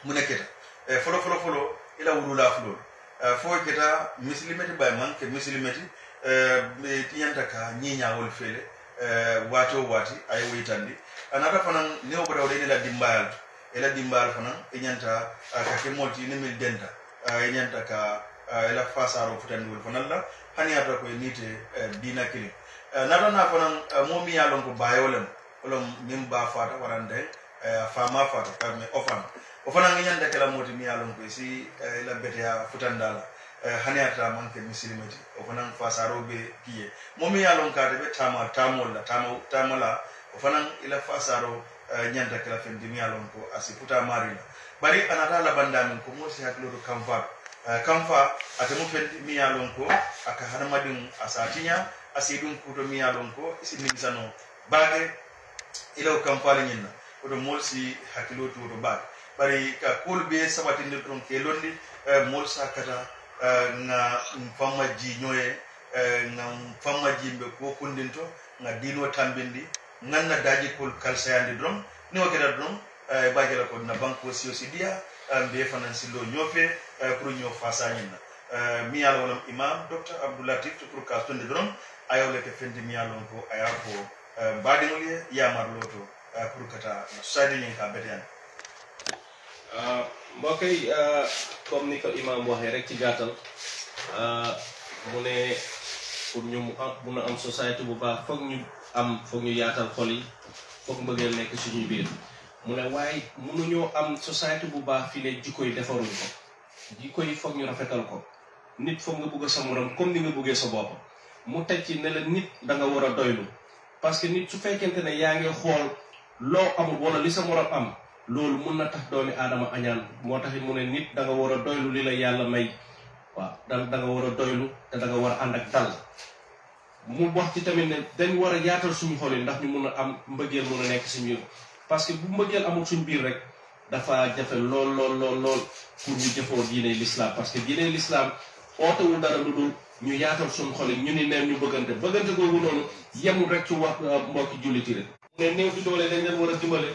A: mune keta eh, folo folo folo i la wulula fulolu eh, fo keta misilimeti baye man ke misilimeti ñanta ka ñiiña wolu fee le waati wo waati a ye woyitandi anata fanaŋ niwo bota wo de la dimbayal to i la dimbayal fanaŋ i e ñanta ka ke moolu ti ni miŋ denta i ñanta e ka i la fasaro futandi wolu fanaŋ la hani yata koye nite dina eh, kili eh, nata na fanan eh, mo mi ya lon ko bayo lem olon min ba fata warande fama fata kame ofan o fanan ñanda kala moti mi ya lon ko si la bete ya futandala hani yata manke misilimati o fanan fasaro ya be kiye mo mi ya lon kade be tama tamo la tama la. o ila fasaro nyanda kala fendi mi ya lon ko asi futa mari bari anata la ko Eh, kanfa ate atemu fe mi lon ko aka hadamadin asatinya asidun kuto mi ya lon ko isi nimisano baake ilaw kan fa nyinna oto mol si hakkilo to woto baake bari ka kuolu be sabati ndir ton ke londi eh, moolu sa kata eh, nga famma ji ñoye nga famma jimbe ko kundinto nga dino tambindi nganna daji kol kalsayandi drum ni wakeda drum e baake ko na banko siyo diya mbe na miyal walam imam docteur abdoulatif pour kastonde doron ayolete
C: mbokk yi euh, comme ni ko imam waxee rek ci gàttal euh, mu ne pour ñu mu am mun a am société bu baax foog ñu am foog yaatal xol yi foog mbëggeel nekk suñuy biir mune way munu mënuñoo am society bu baax fi ne jikko yi defaruñ ko jikko yi ñu rafetal ko nit foog nga bëgg sa morom comme ni nga bëggee sa bopp mu teg ci ne la nit da nga war a doylu parce que nit su fekkente ne yaa ngi xool loo amul wala li sa morom am loolu mun na tax doomi aadama añaan moo tax mu ne nit da nga war a doylu li la yàlla may waaw da da nga war a doylu te da nga war a ànd ak dal mu wax ci tamit ne dañ war a yaatal suñu xol ndax ñu mun am mbëggeel mun a nekk parce que bu mu mbëggeel amul suñ biir rek dafa jafe lool lool lool lool pour ñu jëfoo diine l'islam parce que diine l'islam ootewul dara lu ñu yaatal suñ xol yi ñu ni ñu bëggante bëggante googu noonu yemul rek ci wax euh, mbokki julliti rek ne néew di dañ leen war a dimbale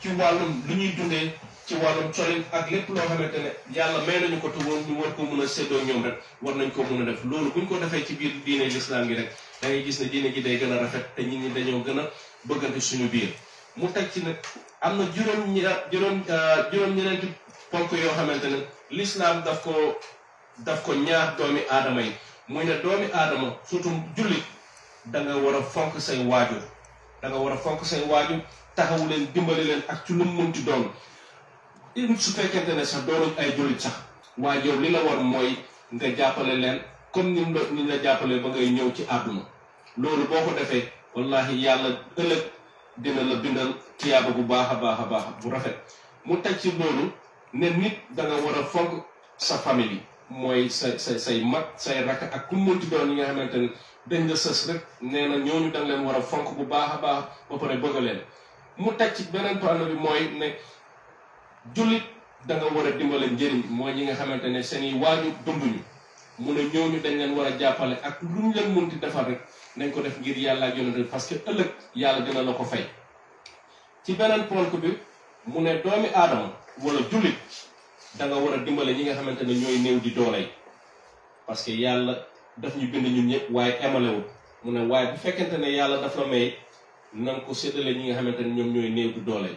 C: ci wàllum ñuy dundee ci wàllum colin ak lépp loo xamante ne yàlla may nañu ko tugoon ñu war ko mun a séddoo war nañ ko mun a def loolu buñ ko defee ci biir diine l'islam gi rek da ngay gis ne diine gi day gën a rafet te nit ñi dañoo gën a bëggante suñu biir mu teg ci nag am na juróom juróom euh, juróom-ñeneenti ponk yoo xamante ne l'islam daf ko daf ko ñaar doomi aadama yi muy ne doomi aadama surtout jullit da nga war a fonk say waajur da war a fonk say waajur taxawu leen dimbali leen ak ci lu mu munti doon su fekkente ne sax doonuñ ay jullit sax waajur li la war mooy nga jàppale leen comme ni la ni la jàppale ba ngay ñëw ci àdduna loolu boo ko defee wallahi yàlla ëllëg dina la bindal tiyaaba bu baax a baax a baax bu rafet mu teg ci loolu ne nit da nga war a fonk sa famille mooy sa sa say mag say rakk ak ku mënti doon yi nga xamante ne dañ la sës rek nee na ñooñu da nga leen war a fonk bu baax a baax ba pare bëgg leen mu teg ci beneen toile bi mooy ne jullit danga nga war a dimbale njëriñ mooy ñi nga xamante ne seen i waaju dunduñu mu ne ñooñu dañ leen war a jàppale ak luñ leen mënti defar rek. nañ ko def ngir yàlla ak yonent parce que ëllëg yàlla dina la ko fay ci beneen ponk bi mu ne doomi aadama walla jullit danga nga war a dimbale ñi nga xamante ne ñooy néew di doole yi parce que yàlla daf ñu bind ñu ñëpp waaye emalewul mu ne waaye bu fekkente ne yàlla daf la may na ko séddale ñi nga xamante ne ñoom ñooy néew di doole yi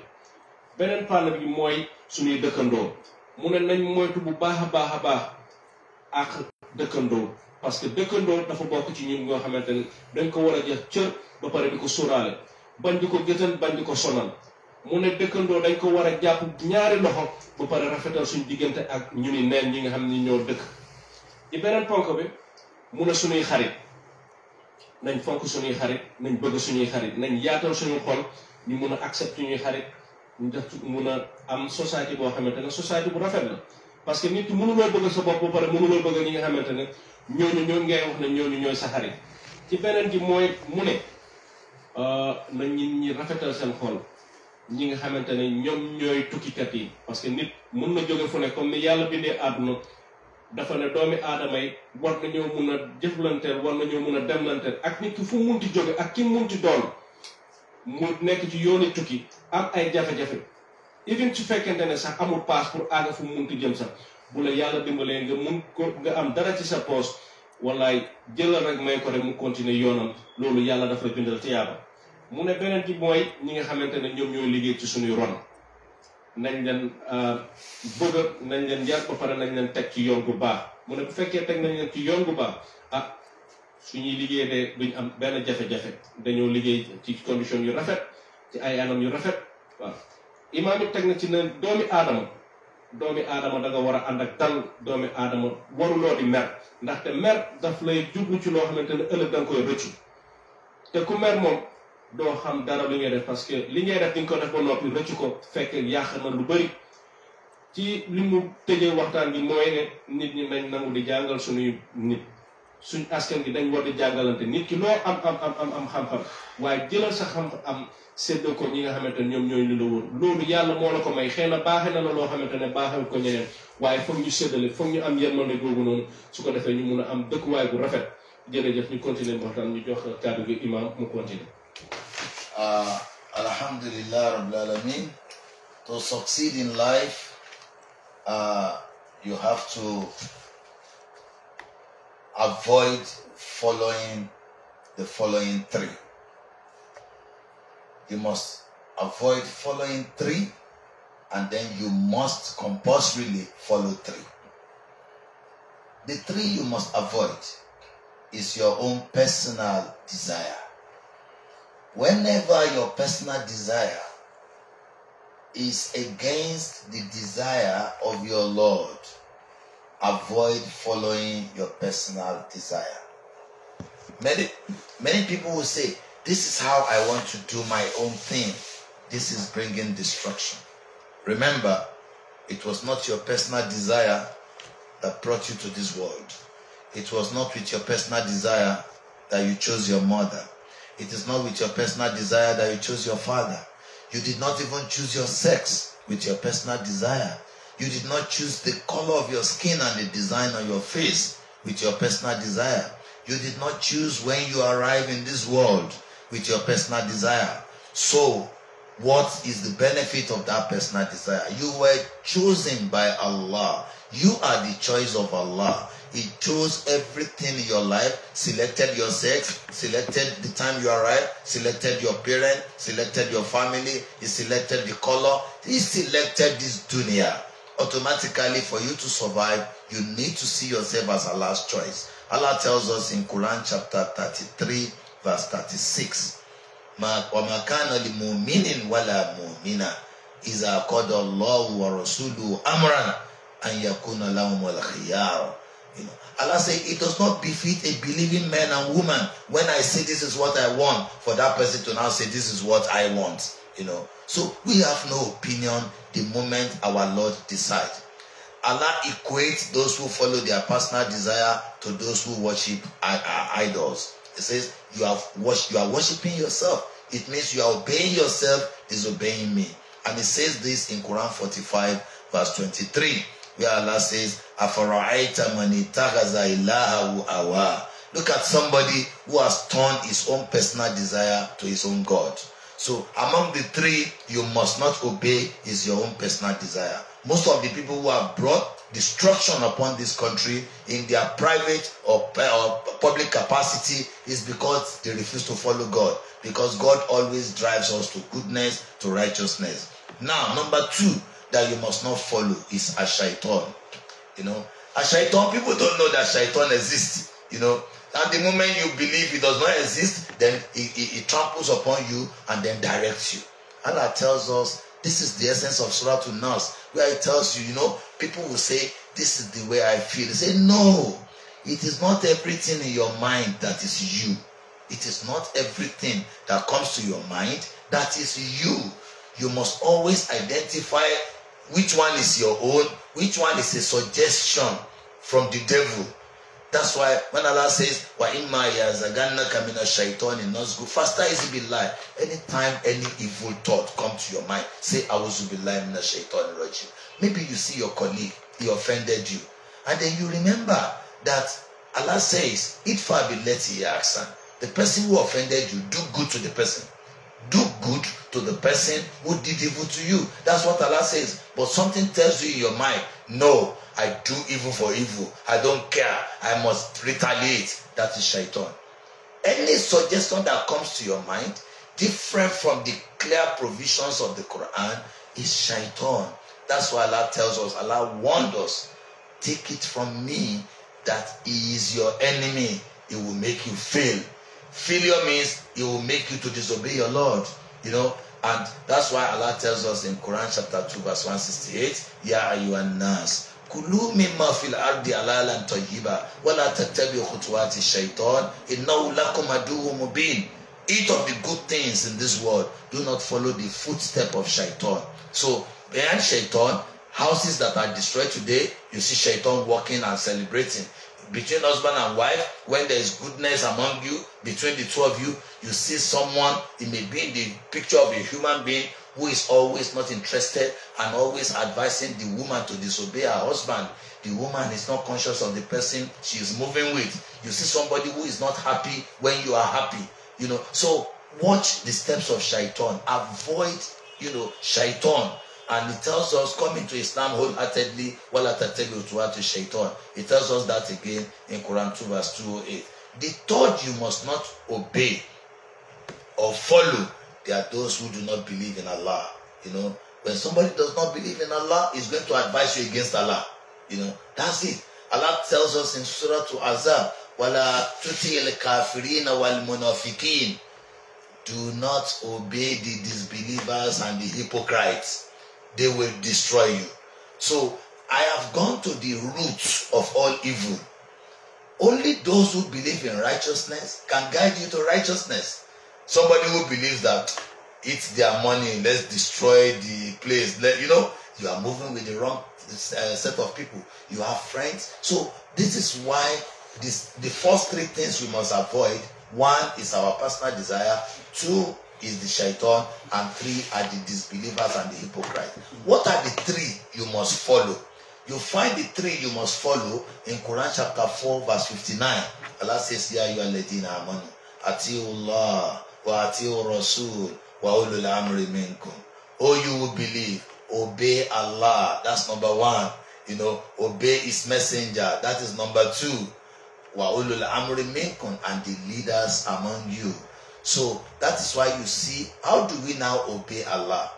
C: beneen pànn bi mooy suñuy dëkkandoo mu ne nañ moytu bu baax a baax a baax ak dëkkandoo parce que dëkkandoo dafa bokk ci ñun ñoo xamante ne dañ ko war a jox cër ba pare di ko sóoraale bañ di ko gëtal bañ di ko sonal mu ne dëkkandoo dañ ko war a jàpp ñaari loxo ba pare rafetal suñ diggante ak ñu ni neen ñi nga xam ni ñoo dëkk ci beneen ponk bi mu ne suñuy xarit nañ fonk suñuy xarit nañ bëgg suñuy xarit nañ yaatal suñu xol ñu mun a accepter ñuy xarit ñu def mun a am société boo xamante ne société bu rafet la parce que nit mënuloo bëgg bëgg ñi nga xamante ne ñooñu ñooñu ngay wax ne ñooñu ñooy sa ci beneen ji mooy mu ne euh, na ñit ñi rafetal seen xol ñi nga xamante ne ñoom ñooy tukkikat yi parce que nit mun na jóge fu ne comme ni yàlla bindee àdduna dafa ne doomi aadama yi war nañoo mun a jëflanteel war nañoo mun a demlanteel ak nit ki fu munti jóge ak ki munti doon mu nekk ci yoonu tukki am ay jafe-jafe even su fekkente ne sax amul paas pour aaga fu munti jëm sax bu la yàlla dimbalee nga mun ko nga am dara ci sa poos wallaay jëlal rek may ko rek mu continuer yoonam loolu yàlla dafa bindal tiyaaba mu ne beneen bi mooy ñi nga xamante ne ñoom ñoo liggéey ci suñuy ron nañ leen euh, bëgg nañ leen yar ba pare nañ leen teg ci yoon bu baax mu ne bu fekkee teg nañ leen ci yoon bu baax ah suñuy liggéey de duñ am benn jafe-jafe dañoo liggéey ci condition yu rafet ci ay anam yu rafet waaw imaam teg na ci ne doomi aadama doomi aadama da war a ànd ak dal doomi aadama waruloo di mer ndaxte mer daf lay jublu ci loo xamante ne ëllëg da nga koy rëccu te ku mer moom doo xam dara li ngay def parce que li ngay def di nga ko def ba noppi rëccu ko fekk yàq na lu bëri ci li mu tëjee waxtaan bi mooy ne nit ñi nañ nangu di jàngal suñuy nit suñ askan gi dañ war di jàngalante nit ki loo am am am am xam-xam waaye jëlal sa xam am séddoo ko ñi nga xamante ne ñoom ñooy li la wóor loolu yàlla moo la ko may xëy na baaxe na loo xamante ne baaxal ko ñeneen waaye foog ñu séddale foog ñu am yërmande googu noonu su ko defee ñu mun a am dëkkuwaay bu rafet jërëjëf
B: ñu continuer waxtaan ñu jox kàddu gi imam mu continuer. Ah, alhamdulillah rabbil alamin to succeed in life ah, avoid following the following three. You must avoid following three, and then you must compulsorily follow three. The three you must avoid is your own personal desire. Whenever your personal desire is against the desire of your Lord, avoid following your personal desire. Many, many people will say, This is how I want to do my own thing. This is bringing destruction. Remember, it was not your personal desire that brought you to this world. It was not with your personal desire that you chose your mother. It is not with your personal desire that you chose your father. You did not even choose your sex with your personal desire. You did not choose the color of your skin and the design on your face with your personal desire. You did not choose when you arrive in this world with your personal desire. So, what is the benefit of that personal desire? You were chosen by Allah. You are the choice of Allah. He chose everything in your life, selected your sex, selected the time you arrived, selected your parents. selected your family, he selected the color, he selected this dunya automatically for you to survive, you need to see yourself as a last choice. Allah tells us in Quran chapter 33, verse 36. وَمَا كَانَ لِمُؤْمِنٍ وَلَا مُؤْمِنَةٍ إِذَا قَضَى اللَّهُ وَرَسُولُهُ أَمْرًا أَنْ يَكُونَ لَهُمُ الْخِيَارُ you know, Allah said, it does not befit a believing man and woman when I say this is what I want for that person to now say this is what I want. You know, so we have no opinion the moment our Lord decides. Allah equates those who follow their personal desire to those who worship idols. It says, you, have worship, you are worshiping yourself. It means you are obeying yourself, disobeying me. And it says this in Quran 45, verse 23, where Allah says, Look at somebody who has turned his own personal desire to his own God. So among the three you must not obey is your own personal desire. Most of the people who have brought destruction upon this country in their private or, or public capacity is because they refuse to follow God. Because God always drives us to goodness, to righteousness. Now, number two that you must not follow is Ashaiton. You know, Ashaiton, people don't know that Shaitan exists. You know, and the moment you believe it does not exist, then it, it, it tramples upon you and then directs you. Allah tells us this is the essence of Surah to Nas, where it tells you, you know, people will say, This is the way I feel. They say, No, it is not everything in your mind that is you. It is not everything that comes to your mind that is you. You must always identify which one is your own, which one is a suggestion from the devil, That's why when Allah says, Wa imma yazagannaka mina shaitani nazgu, fastaiz billah. Anytime any evil thought comes to your mind, say, Awuzu billahi mina shaitani rajim. Maybe you see your colleague, he offended you. And then you remember that Allah says, Itfa billeti yaksan. The person who offended you, do good to the person. Do good to the person who did evil to you. That's what Allah says. But something tells you in your mind, no, I do evil for evil. I don't care. I must retaliate. That is shaitan. Any suggestion that comes to your mind, different from the clear provisions of the Quran, is shaitan. That's why Allah tells us, Allah warned us, take it from me that he is your enemy. He will make you fail. Failure means he will make you to disobey your Lord. You know, and that's why Allah tells us in Quran chapter 2, verse 168, Ya ayyuhan nas kulu mimma fil ardi alalan tayyiba wala tattabi khutuwati shaitan innahu lakum aduwwun mubin eat of the good things in this world do not follow the footstep of shaitan so behind shaitan houses that are destroyed today you see shaitan walking and celebrating between husband and wife when there is goodness among you between the two of you you see someone it may be in the picture of a human being who is always not interested and always advising the woman to disobey her husband. The woman is not conscious of the person she is moving with. You see somebody who is not happy when you are happy. You know, so watch the steps of shaitan. Avoid, you know, shaitan. And it tells us, come into Islam wholeheartedly, while wala tategu to shaitan. It tells us that again in Quran 2 verse 208. The third you must not obey or follow There are those who do not believe in Allah. You know, when somebody does not believe in Allah, he's going to advise you against Allah. You know, that's it. Allah tells us in Surah to Azab, وَلَا kafirina wal وَالْمُنَافِقِينَ Do not obey the disbelievers and the hypocrites. They will destroy you. So, I have gone to the roots of all evil. Only those who believe in righteousness can guide you to righteousness. somebody who believes that it's their money let's destroy the place Let, you know you are moving with the wrong uh, set of people you have friends so this is why this the first three things we must avoid one is our personal desire two is the shaitan and three are the disbelievers and the hypocrites. what are the three you must follow you find the three you must follow in Quran chapter 4 verse 59 Allah says ya you are letting our money atiullah wa rasul wa ulul amri minkum. Oh, you will believe, obey Allah. That's number one. You know, obey His messenger. That is number two. Wa ulul amri minkum and the leaders among you. So that is why you see, how do we now obey Allah?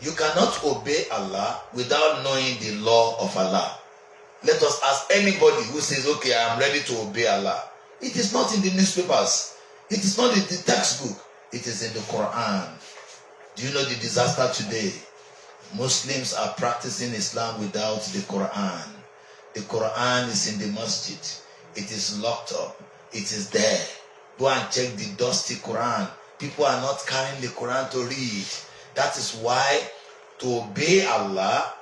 B: You cannot obey Allah without knowing the law of Allah. Let us ask anybody who says, okay, I am ready to obey Allah. It is not in the newspapers. It is not in the textbook. It is in the Quran. Do you know the disaster today? Muslims are practicing Islam without the Quran. The Quran is in the masjid. It is locked up. It is there. Go and check the dusty Quran. People are not carrying the Quran to read. That is why to obey Allah,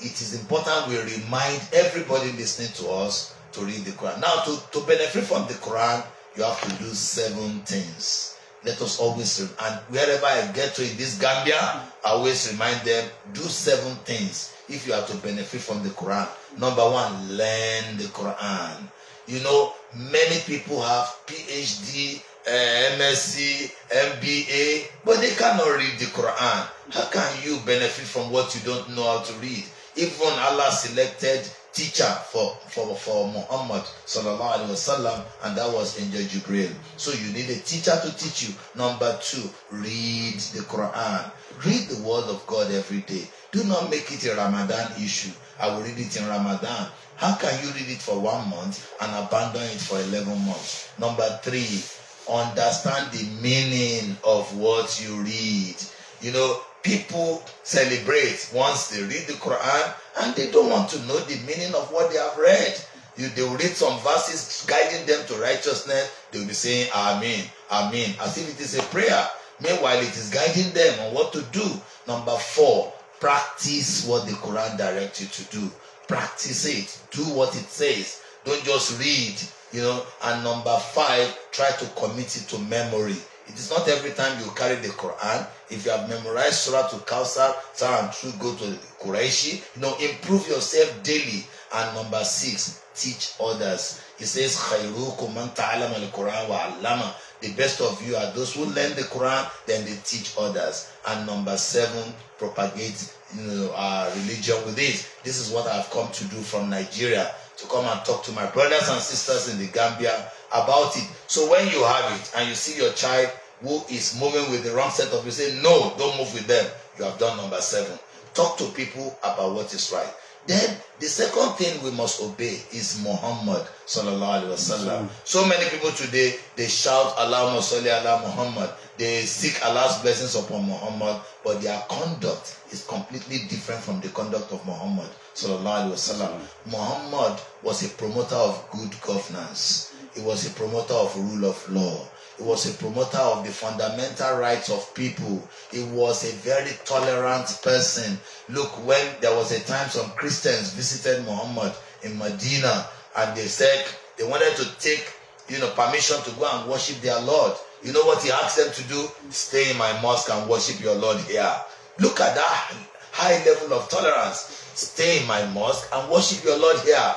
B: it is important we remind everybody listening to us to read the Quran. Now, to, to benefit from the Quran, you have to do seven things. Let us always, and wherever I get to in this Gambia, I always remind them do seven things if you are to benefit from the Quran. Number one, learn the Quran. You know, many people have PhD, uh, eh, MSc, MBA, but they cannot read the Quran. How can you benefit from what you don't know how to read? Even Allah selected teacher for, for, for Muhammad sallallahu alaihi wasallam, and that was Angel Jibril. So you need a teacher to teach you. Number two, read the Quran. Read the Word of God every day. Do not make it a Ramadan issue. I will read it in Ramadan. How can you read it for one month and abandon it for 11 months? Number three, understand the meaning of what you read. You know, people celebrate once they read the Quran and they don't want to know the meaning of what they have read. You, they will read some verses guiding them to righteousness. They will be saying, Amen, Amen, as if it is a prayer. Meanwhile, it is guiding them on what to do. Number four, practice what the Quran directs you to do. Practice it. Do what it says. Don't just read, you know. And number five, try to commit it to memory. It is not every time you carry the Quran. If you have memorized Surah to Kausar, Surah and Truth, go to Quraishi. You know, improve yourself daily. And number six, teach others. He says, The best of you are those who learn the Quran, then they teach others. And number seven, propagate you know, our religion with it. This is what I've come to do from Nigeria, to come and talk to my brothers and sisters in the Gambia about it. So when you have it and you see your child who is moving with the wrong set of you, say, no, don't move with them. You have done number seven. Talk to people about what is right. Then the second thing we must obey is Muhammad sallallahu alaihi wasallam. So many people today they shout Allahumma salli ala Muhammad. They seek Allah's blessings upon Muhammad, but their conduct is completely different from the conduct of Muhammad sallallahu alaihi wasallam. Muhammad was a promoter of good governance. He was a promoter of rule of law. He was a promoter of the fundamental rights of people. He was a very tolerant person. Look, when there was a time some Christians visited Muhammad in Medina and they said they wanted to take, you know, permission to go and worship their Lord. You know what he asked them to do? Stay in my mosque and worship your Lord here. Look at that high level of tolerance. Stay in my mosque and worship your Lord here.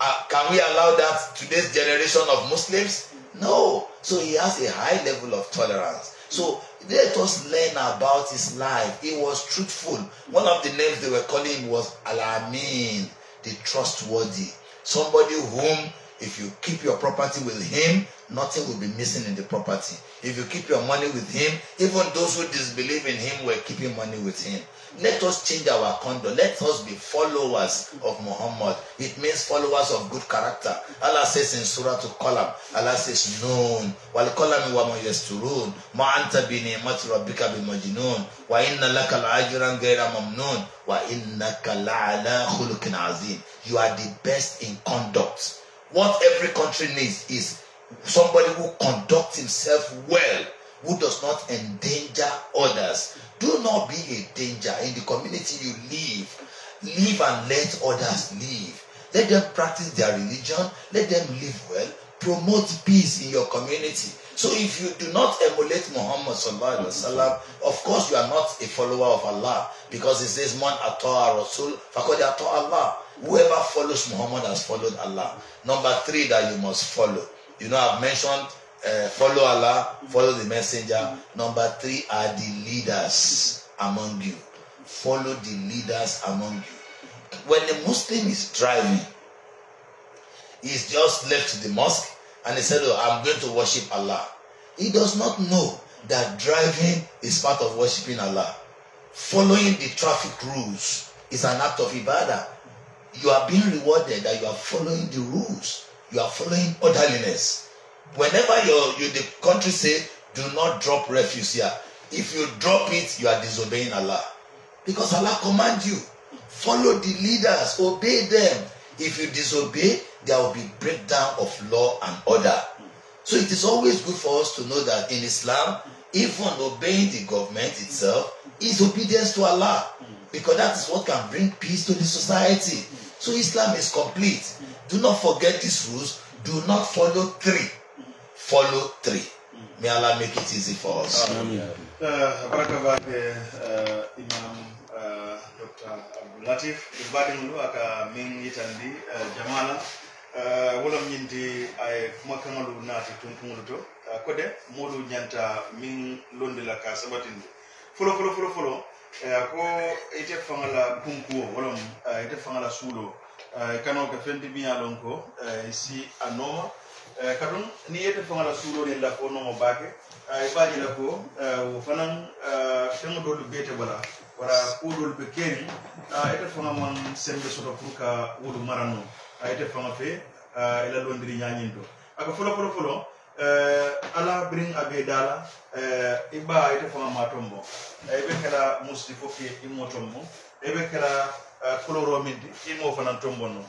B: Uh, can we allow that today's generation of Muslims? No. So he has a high level of tolerance. So let us learn about his life. He was truthful. One of the names they were calling him was Alamin, the trustworthy. Somebody whom, if you keep your property with him, nothing will be missing in the property. If you keep your money with him, even those who disbelieve in him were keeping money with him. Let us change our conduct. Let us be followers of Muhammad. It means followers of good character. Allah says in Surah to Qalam, Allah says, Noon, wal qalami wa ma yasturun, ma anta bi ni'mati rabbika bi majnun, wa inna laka al-ajran ghayra mamnun, wa innaka la'ala khuluqin azim. You are the best in conduct. What every country needs is somebody who conducts himself well, who does not endanger others, Do not be a danger in the community you live. Live and let others live. Let them practice their religion. Let them live well. Promote peace in your community. So if you do not emulate Muhammad sallallahu alaihi wasallam, of course you are not a follower of Allah because it says man ata'a rasul fakodi ata'a Allah. Whoever follows Muhammad has followed Allah. Number 3 that you must follow. You know I've mentioned uh, follow Allah, follow the messenger. Number three are the leaders among you. Follow the leaders among you. When a Muslim is driving, he's just left the mosque and he said, oh, I'm going to worship Allah. He does not know that driving is part of worshiping Allah. Following the traffic rules is an act of ibadah. You are being rewarded that you are following the rules. You are following orderliness. Whenever your you, the country say, do not drop refuse here. If you drop it, you are disobeying Allah. Because Allah command you. Follow the leaders, obey them. If you disobey, there will be breakdown of law and order. So it is always good for us to know that in Islam, even obeying the government itself is obedience to Allah. Because that is what can bring peace to the society. So Islam is complete. Do not forget these rules. Do not follow three. follow three. May Allah make it easy for us. Um, uh, Barakabak, uh,
A: Imam uh, aka min yitandi uh, jamala. Uh, wala ñindi ay kumakaŋolu naati tunkuŋolu to uh, kode ko de moolu ñanta min londi la ka sabatindi folo folo folo folo uh, ko ite faŋa la kunkuwo wala uh, ite faŋa la suulo uh, kanoo ka fenti miŋ loŋ ko uh, si a nooma Eh, kadum ni yette fongala suurone lakko nomo baake eh, e baaji lakko eh, o fanan fengo dolɗo beete wala wara koɗol ɓe keeni a yette fonga mon sembe soto pour qua wolu maranno a yette fonga fe ela e londiri ñañin do aka folo folo folo ala birin a ɓee daala i e ɓa yette fonga ma tombo eɓe e kala musidi fofke immo tombo eɓe kala koloro minde immo fanan tombonno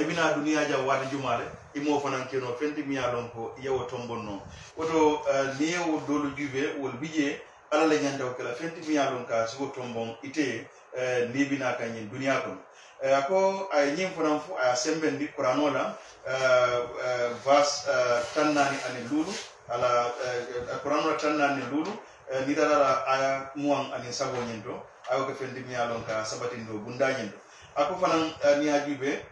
A: ibina duniya jaw wata jumaale imo fanan keno fenti miya lon ko yewo tombon no woto uh, eh, niye dolu juve wol bije ala le ñanta wo kala fenti miya lon ka sigo tombon ite uh, eh, nebina ka ñin duniya kono uh, eh, ko ay ñin fanan fo aya sembendi qur'ano la uh, uh, vas uh, tannani ani lulu ala uh, qur'ano la tannani lulu uh, ni la aya muwan ani sabo ñin to ayo ko fenti miya lon ka sabatin do bunda ñin to ako fanan uh, niya juve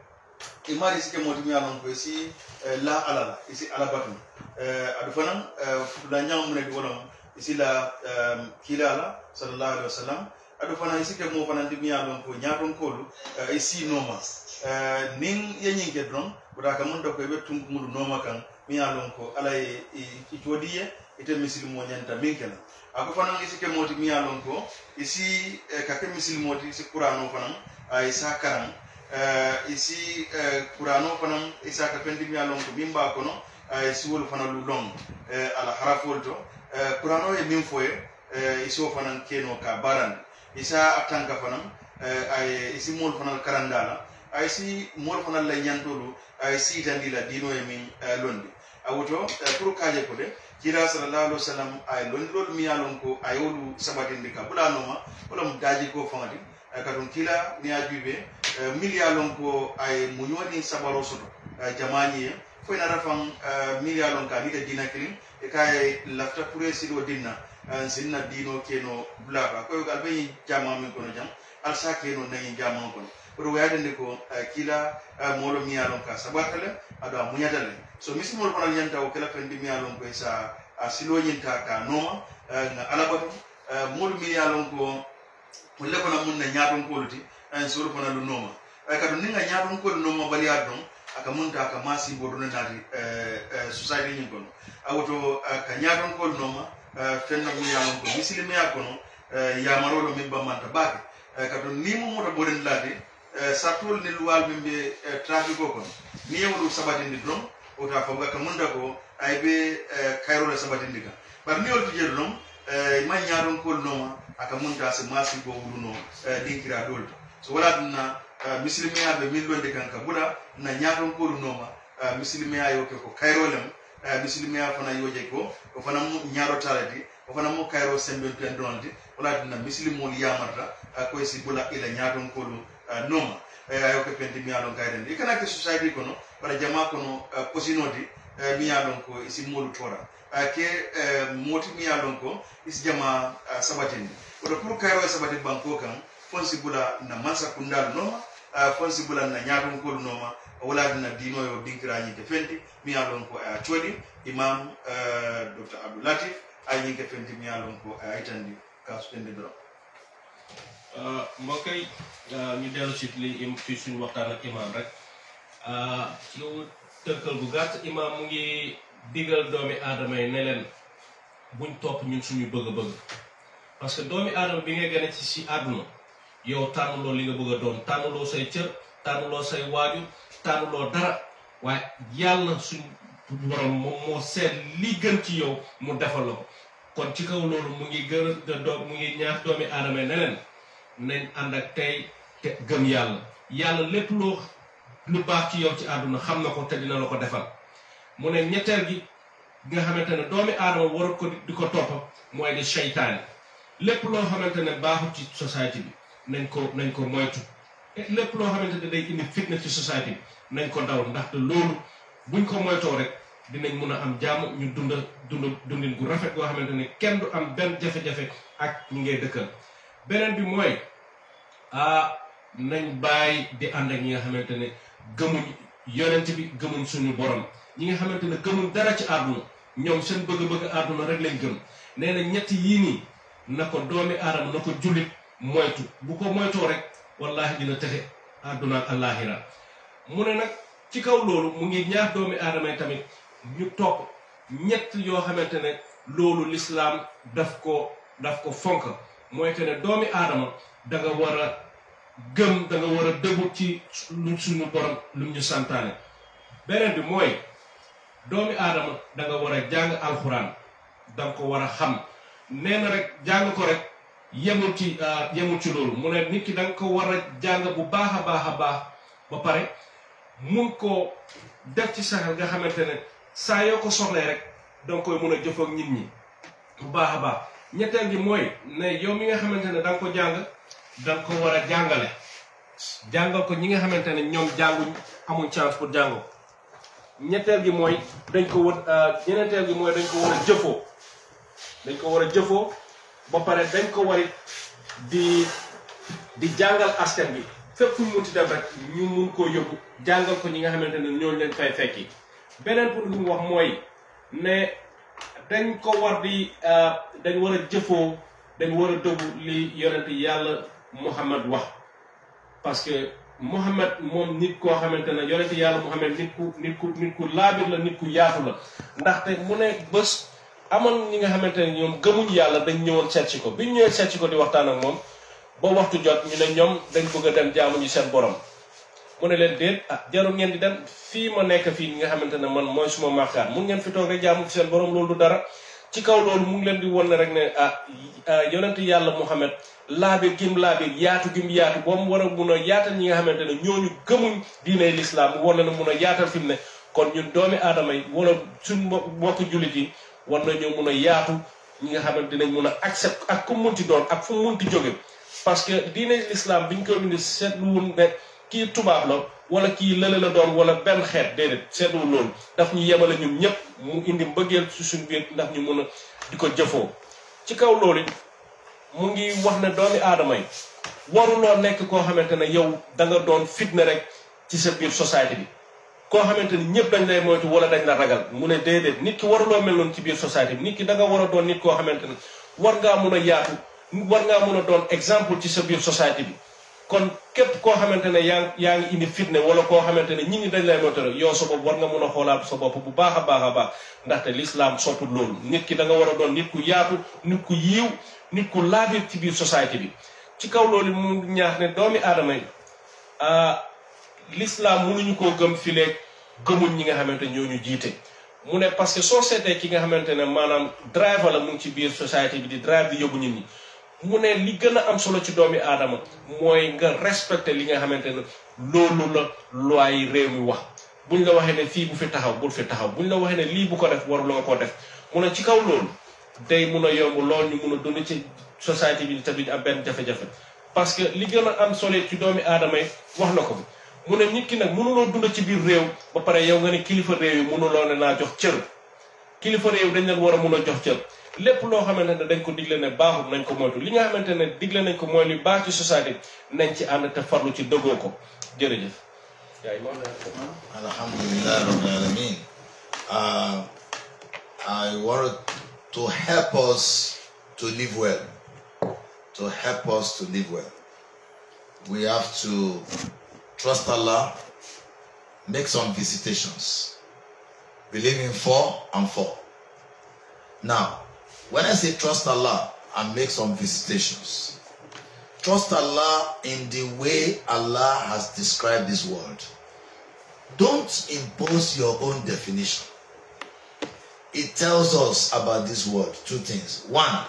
A: i e mari sike motimuya lon ko si la e, ala la isi alabatum aɗo fanan futula ñawmune ɗi wolon isi la kila la salallahu alih wa sallam aɗo fana e sike mo fananti muya lon ko ñaton koolu e si noma nin yeñinke don wotaka mun ta ko eɓe tunku muɗu noma kan miya lon ko alay i codiye ite misilimo ñanta min kena ako fanan isike moti miya lon ko isi kake misilimoti si kurano fanan aysa karan uh, isi uh, kurano eh, fana isa ka fendimi ya lonko min ba kono uh, isi wol fana lu uh, ala harafol to uh, kurano ye min foye uh, iso fana keno ka baran isa atanka fana uh, ay isi moolu mol fana karandala ay si moolu fana la ñantoolu ay si tandi la dino ye min uh, londi awoto uh, pour kaje ko de kira sallallahu wa sallam ay londi lol mi ya lonko ayolu sabatindi ka bulanoma wala mu daji ko fanga katum kila ni ajube eh, miliya lon ko ay muñoni sabaro soto eh, jamañiye foy nata fan eh, miliya lon ka nite dina kirin e kaye lafta pure sido dinna sinna dino keno bulaka koyo ka albe jama min kono jam alsa keno nayi jama kono oto wayadende ko kila moolo miya lon ka sabata le a muñata so misimol kono ñanta o kela fendi miya lon sa a siloñinta ka nooma ga alabatum moolu miya lon ko kulle kola mun na ñaatonkolu ti ayen solu fana lu nooma ay kadu ni niŋ a ñaatonkolu nooma baliya doŋ aka mun ta aka masimbo dono naati society ñiŋ kono a woto ka ñaatonkolu nooma fen na mu yaalon ko ya kono yamaroo lo miŋ bambanta baake kadu ni mu muta borindi laati sartolu ni luwaalu miŋ be trafiko kono niŋ ye wolu sabatindi doŋ woto a fabuka ka mun ta ko ay be kayiro le sabatindi kaŋ bari niŋ yolu ti jeeru ma i maŋ ñaatonkolu nooma aka munta si go wuluno eh, dinkira dol so wala dunna misilimeya ɓe min londe kan ka ɓura na ñatonkolu nooma misilimeya yo ke ko kayrolem eh, misilimeya fana yoje ko ofana fana mu ñarotala taladi o fana mu kayro sembentuyen donaldi wala dunna misilimol yamarta eh, ko si bula ila ñatonkolu eh, ayo ke penti miya lon kayren kana ke society kono bara jama kono posinodi miya lon ko isi molu tora ke moti miya lon ko isi jama sabatini kuru kairo kayro sabati banko kan fonsi bula na noma, nooma ah, fonsi bula na ñaatonkolu nooma wala dina diinoyo dinkirañinke fenti mi ya ko ah, chodi, imam ah, dr Abdul latif ke fendi mi ya ko aya itandi kasuɗende doron
C: mbokk yi ñu dellu si li ci suñu waxtaan ak imam rek ci tënkal bu gàtt imam ngi digal doomi buñ parce que doomi aadama bi nga gane ci si àdduna yow tànnuloo li nga bëgg a doon tànnuloo say cër tànnuloo say waajur tànnuloo dara waaye yàlla suñ borom moom moo seet li gën ci yow mu defal la ko kon ci kaw loolu mu ngi gën a doom ngi ñaax doomi aadama ne leen nañ ànd ak tey te gëm yàlla yàlla lépp loo lu baax ci yow ci àdduna xam na ko te dina la ko defal mu ne ñetteel gi nga xamante ne doomi aadama war ko di ko topp mooy di seytaane lépp loo xamante ne baaxut ci société bi nañ ko nañ ko moytu lépp loo xamante ne day indi fitna ci société bi nañ ko daw ndaxte loolu buñ ko moytoo rek dinañ mun a am jàmm ñu dund dund dundin gu rafet goo xamante ne kenn du am benn jafe-jafe ak ñi ngay dëkkal beneen bi mooy ah nañ bàyyi di ànd ak ñi nga xamante ne gëmuñ yonent bi gëmuñ suñu borom ñi nga xamante ne gëmuñ dara ci àdduna ñoom seen bëgg-bëgg àdduna rek lañ gëm nee na ñett yii nii na ko doomi aadama na ko jullit moytu bu ko moytoo rek wallahi dina texe àdduna ak àllaaxira mu ne nag ci kaw loolu mu ngi ñaax doomi aadama yi tamit ñu topp ñett yoo xamante ne loolu lislaam daf ko daf ko fonk mooy que ne doomi aadama da nga war gëm da nga war a dëggu ci lu suñu borom lum ñu santaane beneen bi mooy doomi aadama da nga jàng alxuraan da ko war a xam neena rek jàng ko rek yemul ci ah, yemul ci loolu mu ne nit ki danga ko war a jàng bu baax a baax a baax ba pare mun koo def ci saxal nga xamante ne saa yoo ko soxlee rek danga koy mun a jëf ak nit ñi bu baax a baax ñetteel gi mooy ne yow mi nga xamante ne da ko jàng da ko war a jàngale jàngal ko ñi nga xamante ne ñoom jànguñ amuñ chance pour jàngo ñetteel gi mooy dañ ko war ah, ñeneenteel gi mooy dañ ko war a jëfoo dañ ko war a jëfoo ba pare dañ ko war it di di jàngal askan bi fépp mu munti dem rek ñu mun koo yóbbu jàngal ko ñi nga xamante ne ñooñu leen fay fekki beneen pour li mu wax mooy mais dañ ko war di euh, dañ war a jëfoo dañ war a dëggu li yonent yàlla Muhammad wax parce que Muhammad moom nit koo xamante ne yonent yàlla Muhammad nit ku nit ku nit ku laabir la nit ku yaatu la ndaxte mu ne bés amoon ñi nga xamante ne ñoom gëmuñ yàlla dañ ñëwoon seet ko bi ñëwee seet ko di waxtaan ak moom ba waxtu jot ñu ne ñoom dañ bëgg a dem jaamuñu seen borom mu ne leen déet ah jarul ngeen di dem fii ma nekk fii nga xamante ne man mooy suma màqaar mun ngeen fi toog rek jaamu seen borom loolu dara ci kaw loolu mu ngi leen di won ne rek ne ah, ah yonent yàlla Muhammad laabir gim laabir yaatu gim yaatu ba mu war a mun a yaatal ñi nga xamante ne ñooñu gëmuñ diiney lislaam mu war leen a mun a yaatal fi ne kon ñun doomi aadama yi wala suñ mbokk jullit yi war nañoo mun a yaatu ñi nga xamante nañ mun a accept ak ku ti doon ak fu munti jóge parce que diine l'islam biñ ko indi seetluwul ne kii tubaab la wala kii lële la doon wala benn xeet déedéet seetluwul loolu daf ñu yemale ñun ñëpp mu indi mbëggeel ci suñ biir ndax ñu mun a di ko jëfoo ci kaw loolu mu ngi wax ne doomi aadama yi waruloo nekk koo xamante ne yow da nga doon fitna rek ci sa biir société bi koo xamante ni ñëpp dañ lay moytu wala dañ la ragal mu ne déedéet nit ki waruloo mel noonu ci biir société bi nit ki da nga war a doon nit koo xamante ni war ngaa mun a yaatu war ngaa mun a doon exemple ci sa biir société bi kon képp koo xamante ne yaa ngi yaa ngi indi fitne wala koo xamante ne ñi ngi dañ lay moytu rek yow sa bopp war nga mun a xoolaat sa bopp bu baax a baax a baax ndaxte lislaam soppul loolu nit ki da nga war a doon nit ku yaatu nit ku yiw nit ku laabir ci biir société bi ci kaw loolu mu ñaax ne doomi aadama yi ah, lislaam l'islam ñu ko gëm fileeg gëmuñ ñi nga xamante ñoo ñu jiite mu ne parce que soo seetee ki nga xamante ne maanaam driver la mu ngi ci biir société bi di drive di yóbbu nit ñi mu ne li gën a am solo ci doomi aadama mooy nga respecté li nga xamante ne loolu la loi yi réew mi wax buñ la waxee ne fii bu fi taxaw bul fi taxaw buñ la waxee ne lii bu ko def warul nga ko def mu ne ci kaw loolu day mun a yomb lool ñu mun a dund ci société bi te duñ am benn jafe-jafe parce que li gën am solo ci doomi aadama yi wax na ko mu ne nit ki nag mënuloo dund ci biir réew ba pare yow nga ne kilifa réew yi mënuloo ne naa jox cër kilifa réew dañ leen war a mun a jox cër lépp loo xamante ne dañ ko digle ne baaxul nañ ko moytu li nga xamante ne digle nañ ko mooy li baax ci société nañ ci ànd te farlu ci dëggoo ko jërëjëf. yaay moom
B: alhamdulillah rabbil alamin uh, I want to help us Trust Allah. Make some visitations. Believe in four and four. Now, when I say trust Allah and make some visitations, trust Allah in the way Allah has described this world. Don't impose your own definition. It tells us about this world two things. One,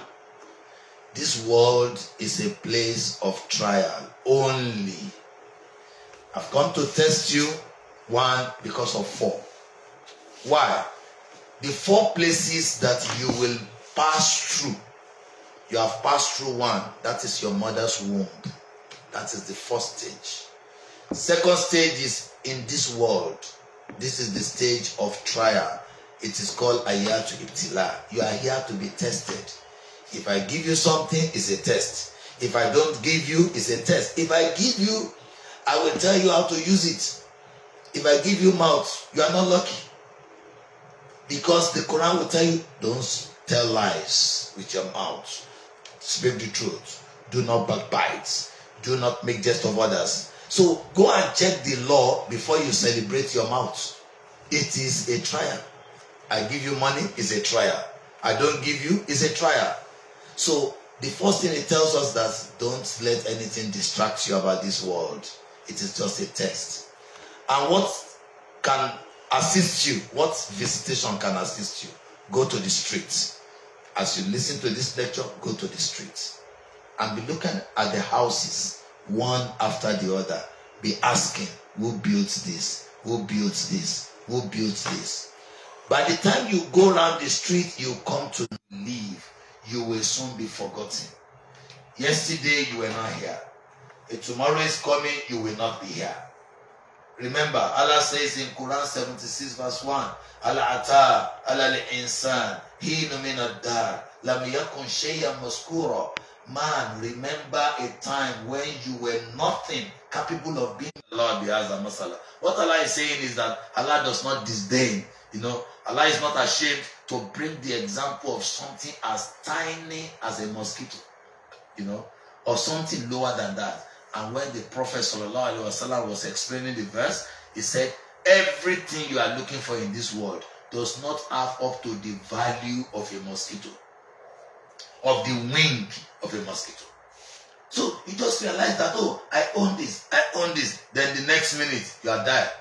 B: this world is a place of trial only. I've come to test you one because of four. Why? The four places that you will pass through. You have passed through one. That is your mother's womb. That is the first stage. Second stage is in this world. This is the stage of trial. It is called Ayatu Ibtila. You are here to be tested. If I give you something, it's a test. If I don't give you, it's a test. If I give you, I will tell you how to use it. If I give you mouth, you are not lucky. Because the Quran will tell you, don't tell lies with your mouth. Speak the truth. Do not backbite. Do not make jest of others. So go and check the law before you celebrate your mouth. It is a trial. I give you money, it's a trial. I don't give you, it's a trial. So the first thing it tells us that don't let anything distract you about this world. it is just a test. And what can assist you? What visitation can assist you? Go to the street. As you listen to this lecture, go to the street. And be looking at the houses one after the other. Be asking, who built this? Who built this? Who built this? By the time you go around the street, you come to leave. You will soon be forgotten. Yesterday, you were not here. If tomorrow is coming, you will not be here. Remember, Allah says in Quran 76 verse 1, Allah ata le insan he ad-dar lam yakun maskura. Man, remember a time when you were nothing capable of being Allah bi'azza masala. What Allah is saying is that Allah does not disdain. You know, Allah is not ashamed to bring the example of something as tiny as a mosquito. You know, or something lower than that. And when the Prophet wasallam was explaining the verse, he said, Everything you are looking for in this world does not have up to the value of a mosquito, of the wing of a mosquito. So you just realize that, oh, I own this, I own this. Then the next minute, you are there.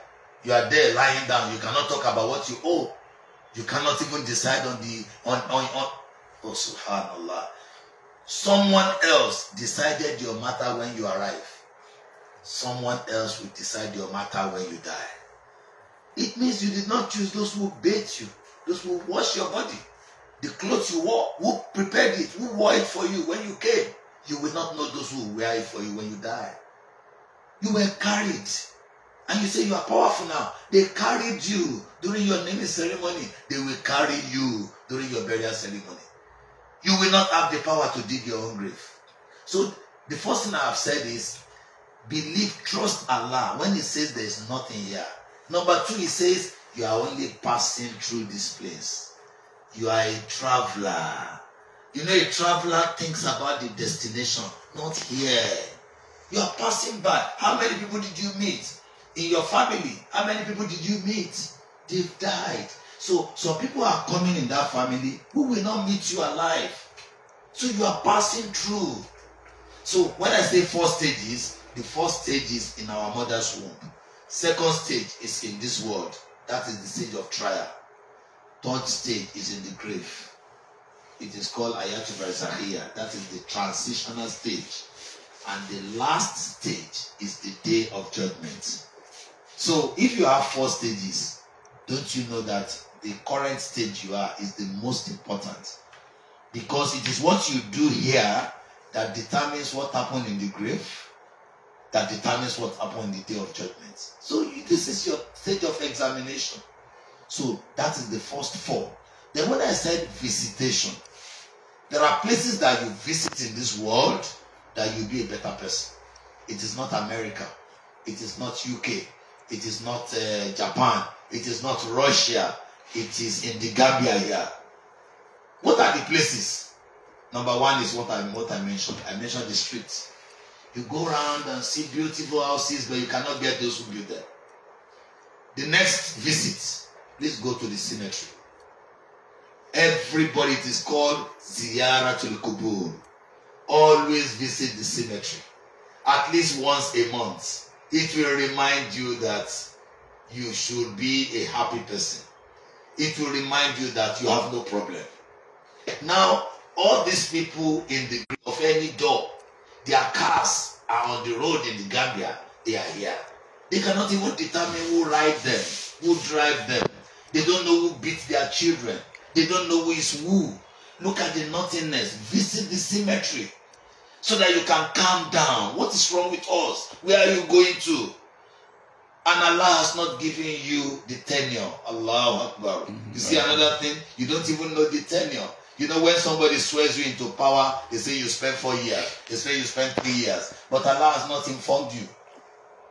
B: You are there lying down. You cannot talk about what you owe. You cannot even decide on the, on, on, on. Oh, subhanAllah. Someone else decided your matter when you arrive. Someone else will decide your matter when you die. It means you did not choose those who bathed you, those who wash your body, the clothes you wore, who prepared it, who wore it for you when you came. You will not know those who wear it for you when you die. You were carried. And you say you are powerful now. They carried you during your naming ceremony. They will carry you during your burial ceremony. you will not have the power to dig your own grave. So the first thing I have said is believe, trust Allah when He says there is nothing here. Number two, He says you are only passing through this place. You are a traveler. You know, a traveler thinks about the destination, not here. You are passing by. How many people did you meet? In your family, how many people did you meet? They've died. So some people are coming in that family who will not meet you alive. So you are passing through. So when I say four stages, the first stage is in our mother's womb. Second stage is in this world. That is the stage of trial. Third stage is in the grave. It is called Ayatu Zahia. That is the transitional stage. And the last stage is the day of judgment. So if you have four stages, don't you know that the current stage you are is the most important because it is what you do here that determines what happened in the grave that determines what happened in the day of judgment so you, this is your stage of examination so that is the first four then when i said visitation there are places that you visit in this world that you'll be a better person it is not america it is not uk it is not uh, japan it is not russia It is in the Gambia here. What are the places? Number one is what I what I mentioned. I mentioned the streets. You go around and see beautiful houses, but you cannot get those who build them. The next visit, please go to the cemetery. Everybody, it is called Ziyara to the Kubur. Always visit the cemetery at least once a month. It will remind you that you should be a happy person it will remind you that you have no problem. Now, all these people in the of any door, their cars are on the road in the Gambia, they are here. They cannot even determine who ride them, who drive them. They don't know who beats their children. They don't know who is who. Look at the nothingness. Visit the cemetery so that you can calm down. What is wrong with us? Where are you going to? and Allah has not given you the tenure. Allah Akbar. Mm-hmm. You see another thing? You don't even know the tenure. You know, when somebody swears you into power, they say you spend four years, they say you spend three years, but Allah has not informed you.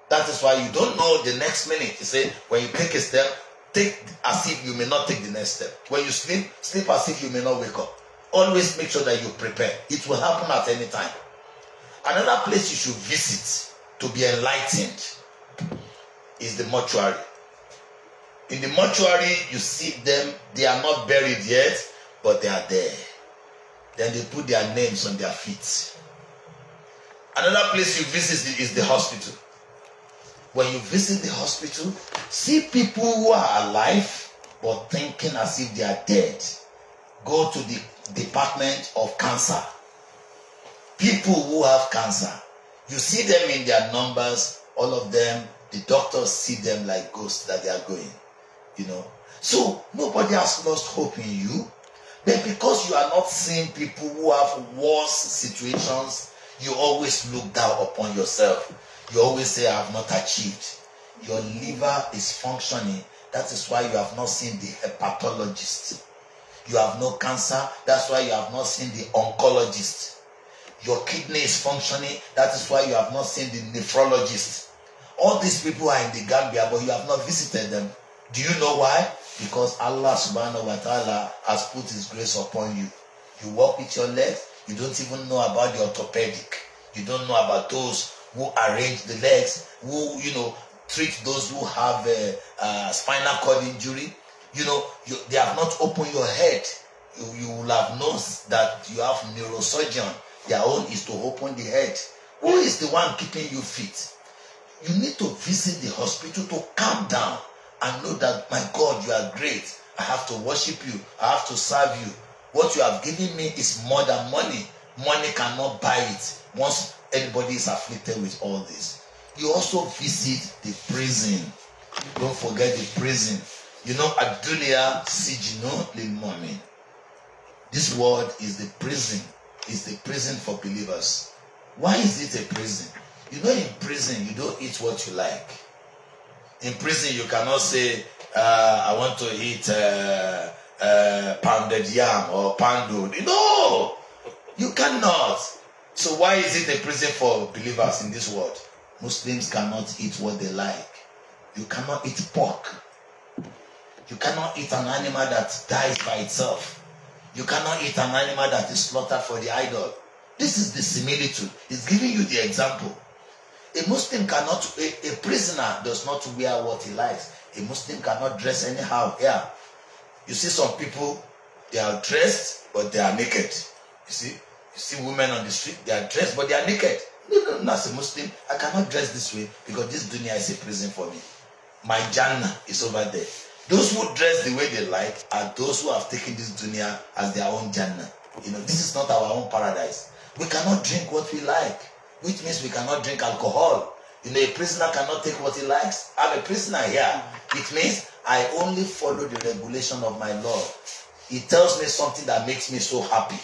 B: That is why you don't know the next minute. You say, when you take a step, take as if you may not take the next step. When you sleep, sleep as if you may not wake up. Always make sure that you prepare. It will happen at any time. Another place you should visit to be enlightened is the mortuary. In the mortuary, you see them, they are not buried yet, but they are there. Then they put their names on their feet. Another place you visit is the hospital. When you visit the hospital, see people who are alive but thinking as if they are dead. Go to the Department of Cancer. People who have cancer, you see them in their numbers, all of them the doctors see them like ghosts that they are going. You know. So nobody has lost hope in you. But because you are not seeing people who have worse situations, you always look down upon yourself. You always say, I have not achieved. Your liver is functioning. That is why you have not seen the hepatologist. You have no cancer. That's why you have not seen the oncologist. Your kidney is functioning. That is why you have not seen the nephrologist. all these people are in the Gambia, but you have not visited them. Do you know why? Because Allah subhanahu wa ta'ala has put his grace upon you. You walk with your legs, you don't even know about the orthopedic. You don't know about those who arrange the legs, who, you know, treat those who have a, uh, a uh, spinal cord injury. You know, you, they have not opened your head. You, you will have known that you have neurosurgeon. Their own is to open the head. Who is the one keeping you fit? You need to visit the hospital to calm down and know that, my God, you are great. I have to worship you. I have to serve you. What you have given me is more than money. Money cannot buy it once anybody is afflicted with all this. You also visit the prison. Don't forget the prison. You know, Adulia Sijino Limomi. This word is the prison. Is the prison for believers. Why is it a prison? You know, in prison, you don't eat what you like. In prison, you cannot say, uh, I want to eat uh, uh, pounded yam or pandu. No! You cannot. So, why is it a prison for believers in this world? Muslims cannot eat what they like. You cannot eat pork. You cannot eat an animal that dies by itself. You cannot eat an animal that is slaughtered for the idol. This is the similitude. It's giving you the example. A Muslim cannot, a, a prisoner does not wear what he likes. A Muslim cannot dress anyhow. Yeah. You see some people, they are dressed, but they are naked. You see? You see women on the street, they are dressed, but they are naked. No, no, no, as a Muslim, I cannot dress this way because this dunya is a prison for me. My jannah is over there. Those who dress the way they like are those who have taken this dunya as their own jannah. You know, this is not our own paradise. We cannot drink what we like which means we cannot drink alcohol. You know, a prisoner cannot take what he likes. I'm a prisoner here. It means I only follow the regulation of my Lord. He tells me something that makes me so happy.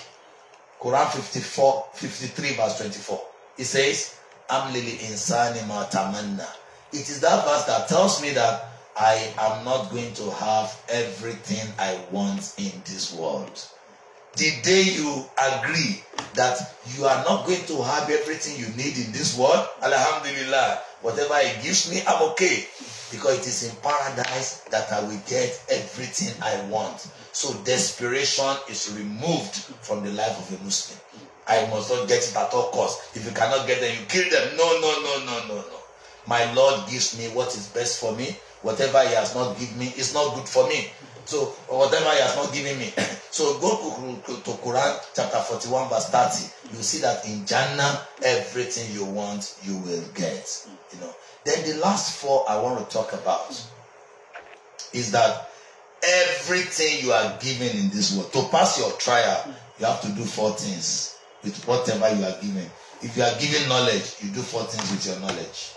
B: Quran 54, 53, verse 24. It says, I'm lili insani It is that verse that tells me that I am not going to have everything I want in this world. the day you agree that you are not going to have everything you need in this world, Alhamdulillah, whatever He gives me, I'm okay. Because it is in paradise that I will get everything I want. So desperation is removed from the life of a Muslim. I must not get it at all costs. If you cannot get them, you kill them. No, no, no, no, no, no. My Lord gives me what is best for me. Whatever He has not given me is not good for me. So whatever He has not given me, so go to Quran chapter 41, verse 30. You see that in Jannah, everything you want, you will get. You know. Then the last four I want to talk about is that everything you are given in this world, to pass your trial, you have to do four things with whatever you are given. If you are given knowledge, you do four things with your knowledge.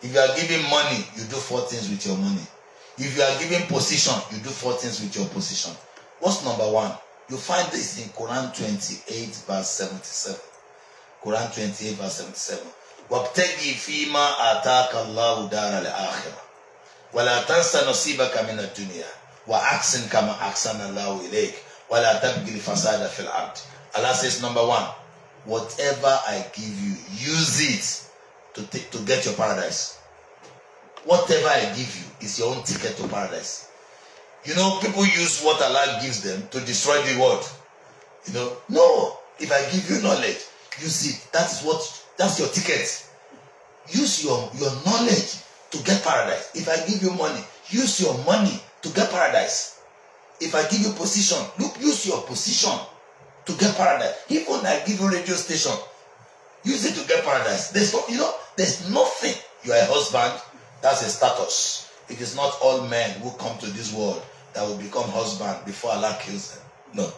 B: If you are given money, you do four things with your money. If you are given position, you do four things with your position. What's number one? You find this in Quran 28, verse 77. Quran 28, verse 77. وَابْتَغِي فِيمَا آتَاكَ اللَّهُ دَارَ الْآخِرَةِ وَلَا تَنْسَ نَصِيبَكَ مِنَ الدُّنْيَا وَأَحْسِنْ كَمَا أَحْسَنَ اللَّهُ إِلَيْكَ وَلَا تَبْغِ الْفَسَادَ فِي الْأَرْضِ Allah says, number one, whatever I give you, use it to, to get your paradise. Whatever I give you is your own ticket to paradise. You know, people use what Allah gives them to destroy the world. You know, no. If I give you knowledge, use it. That is what. That's your ticket. Use your your knowledge to get paradise. If I give you money, use your money to get paradise. If I give you position, look, use your position to get paradise. Even I give you radio station, use it to get paradise. There's no, you know, there's nothing. You are a husband. That's a status. It is not all men who come to this world that will become husband before Allah kills them. No.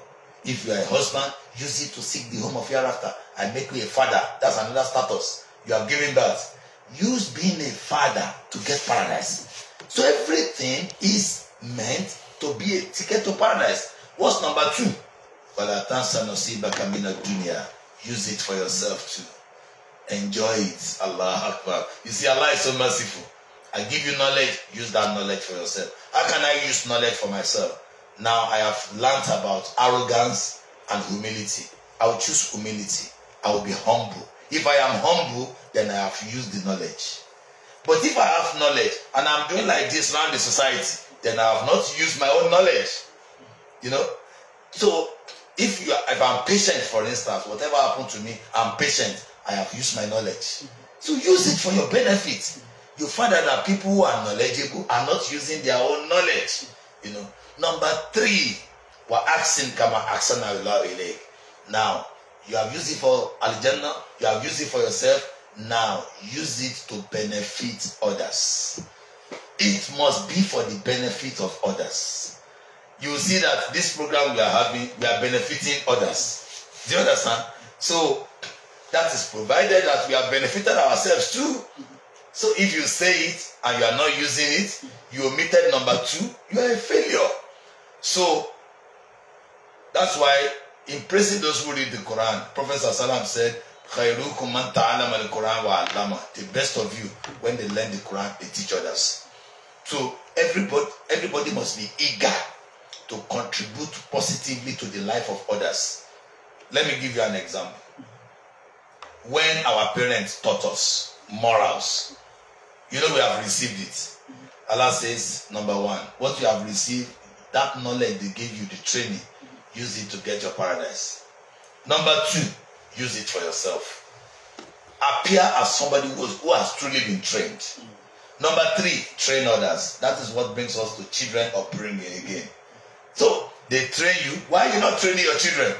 B: If you are a husband, use it to seek the home of hereafter. I make you a father. That's another status. You are giving birth. Use being a father to get paradise. So everything is meant to be a ticket to paradise. What's number two? Use it for yourself too. Enjoy it. Allah Akbar. You see, Allah is so merciful. I give you knowledge, use that knowledge for yourself. How can I use knowledge for myself? Now I have learnt about arrogance and humility. I will choose humility. I will be humble. If I am humble, then I have used the knowledge. But if I have knowledge and I'm doing like this around the society, then I have not used my own knowledge. You know? So if you are, if I'm patient, for instance, whatever happened to me, I'm patient. I have used my knowledge. So use it for your benefit. you find out that people who are knowledgeable are not using their own knowledge. You know. Number three, we asking kama aksanalillah Now, you have used it for Aljanna, you have used it for yourself. Now, use it to benefit others. It must be for the benefit of others. You see that this program we are having, we are benefiting others. Do you understand? So, that is provided that we have benefited ourselves too. So if you say it and you are not using it, you omitted number two, you are a failure. So that's why in praising those who read the Quran, Prophet Sallallahu said, Quran wa the best of you when they learn the Quran, they teach others. So everybody, everybody must be eager to contribute positively to the life of others. Let me give you an example. When our parents taught us morals, You know we have received it. Allah says, number one, what you have received, that knowledge they gave you, the training, use it to get your paradise. Number two, use it for yourself. Appear as somebody who, who has truly been trained. Number three, train others. That is what brings us to children upbringing again. So they train you. Why are you not training your children?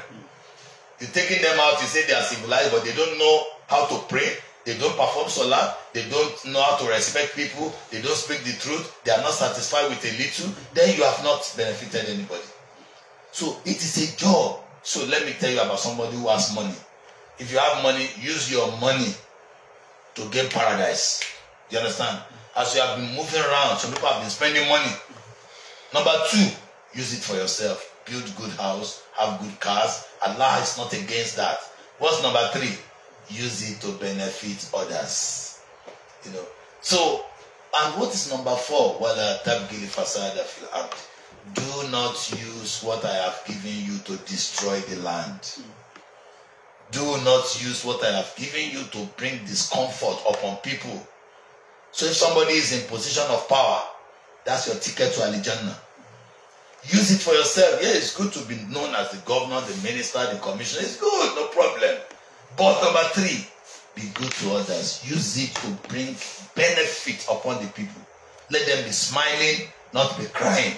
B: You're taking them out, you say they are civilized, but they don't know how to pray, They don't perform salah. They don't know how to respect people. They don't speak the truth. They are not satisfied with a little. Then you have not benefited anybody. So it is a job. So let me tell you about somebody who has money. If you have money, use your money to gain paradise. Do you understand? As you have been moving around, some people have been spending money. Number two, use it for yourself. Build good house, have good cars. Allah is not against that. What's number three? use it to benefit others. You know. So, and what is number four? Wala tabgili fasada feel ard. Do not use what I have given you to destroy the land. Do not use what I have given you to bring discomfort upon people. So if somebody is in position of power, that's your ticket to Alijana. Use it for yourself. Yeah, it's good to be known as the governor, the minister, the commissioner. It's good, no problem. Point number three, be good to others. Use it to bring benefit upon the people. Let them be smiling, not be crying.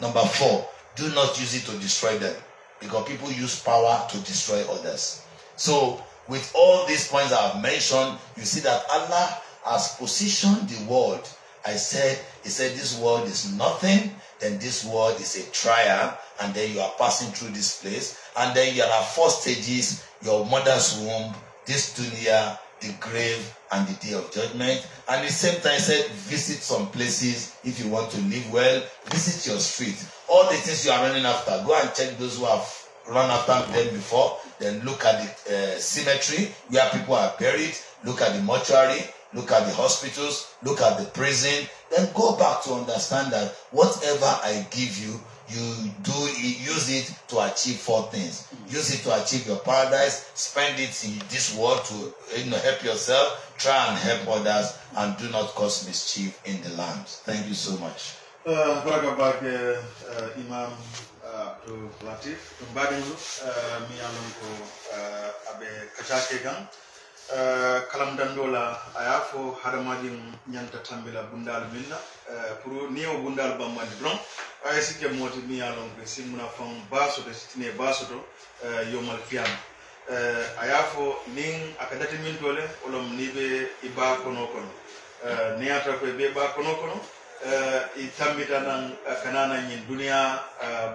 B: Number four, do not use it to destroy them because people use power to destroy others. So, with all these points I have mentioned, you see that Allah has positioned the world. I said, He said, this world is nothing, then this world is a trial, and then you are passing through this place. and then there are four stages your mother's womb, this dunya, the grave, and the day of judgment. And the same time, he said, visit some places if you want to live well, visit your street. All the things you are running after, go and check those who have run after them before, then look at the uh, cemetery where people are buried, look at the mortuary, look at the hospitals, look at the prison, then go back to understand that whatever I give you, you do it, use it to achieve four things. Use it to achieve your paradise, spend it in this world to you know, help yourself, try and help others, and do not cause mischief in the land. Thank you so much.
A: Uh, welcome back, uh, uh, Imam uh, Abdul Latif. Mbadinu, uh, mi alonko uh, abe kachake gang. Uh, eh, kalamdanɗo la a y'a fo hadamadin ñanta tambila la bundal min na uh, eh, pour ni o bundal bammandi dron ay eh, si ke moti mi ye lon ko si muna fan basoto sitine basoto uh, yomal fiyama a y'a fo nin aka dati min tole olom ni be i ba kono kono ni yata koye be baa kono kono i tambita nan kanana ñin duniya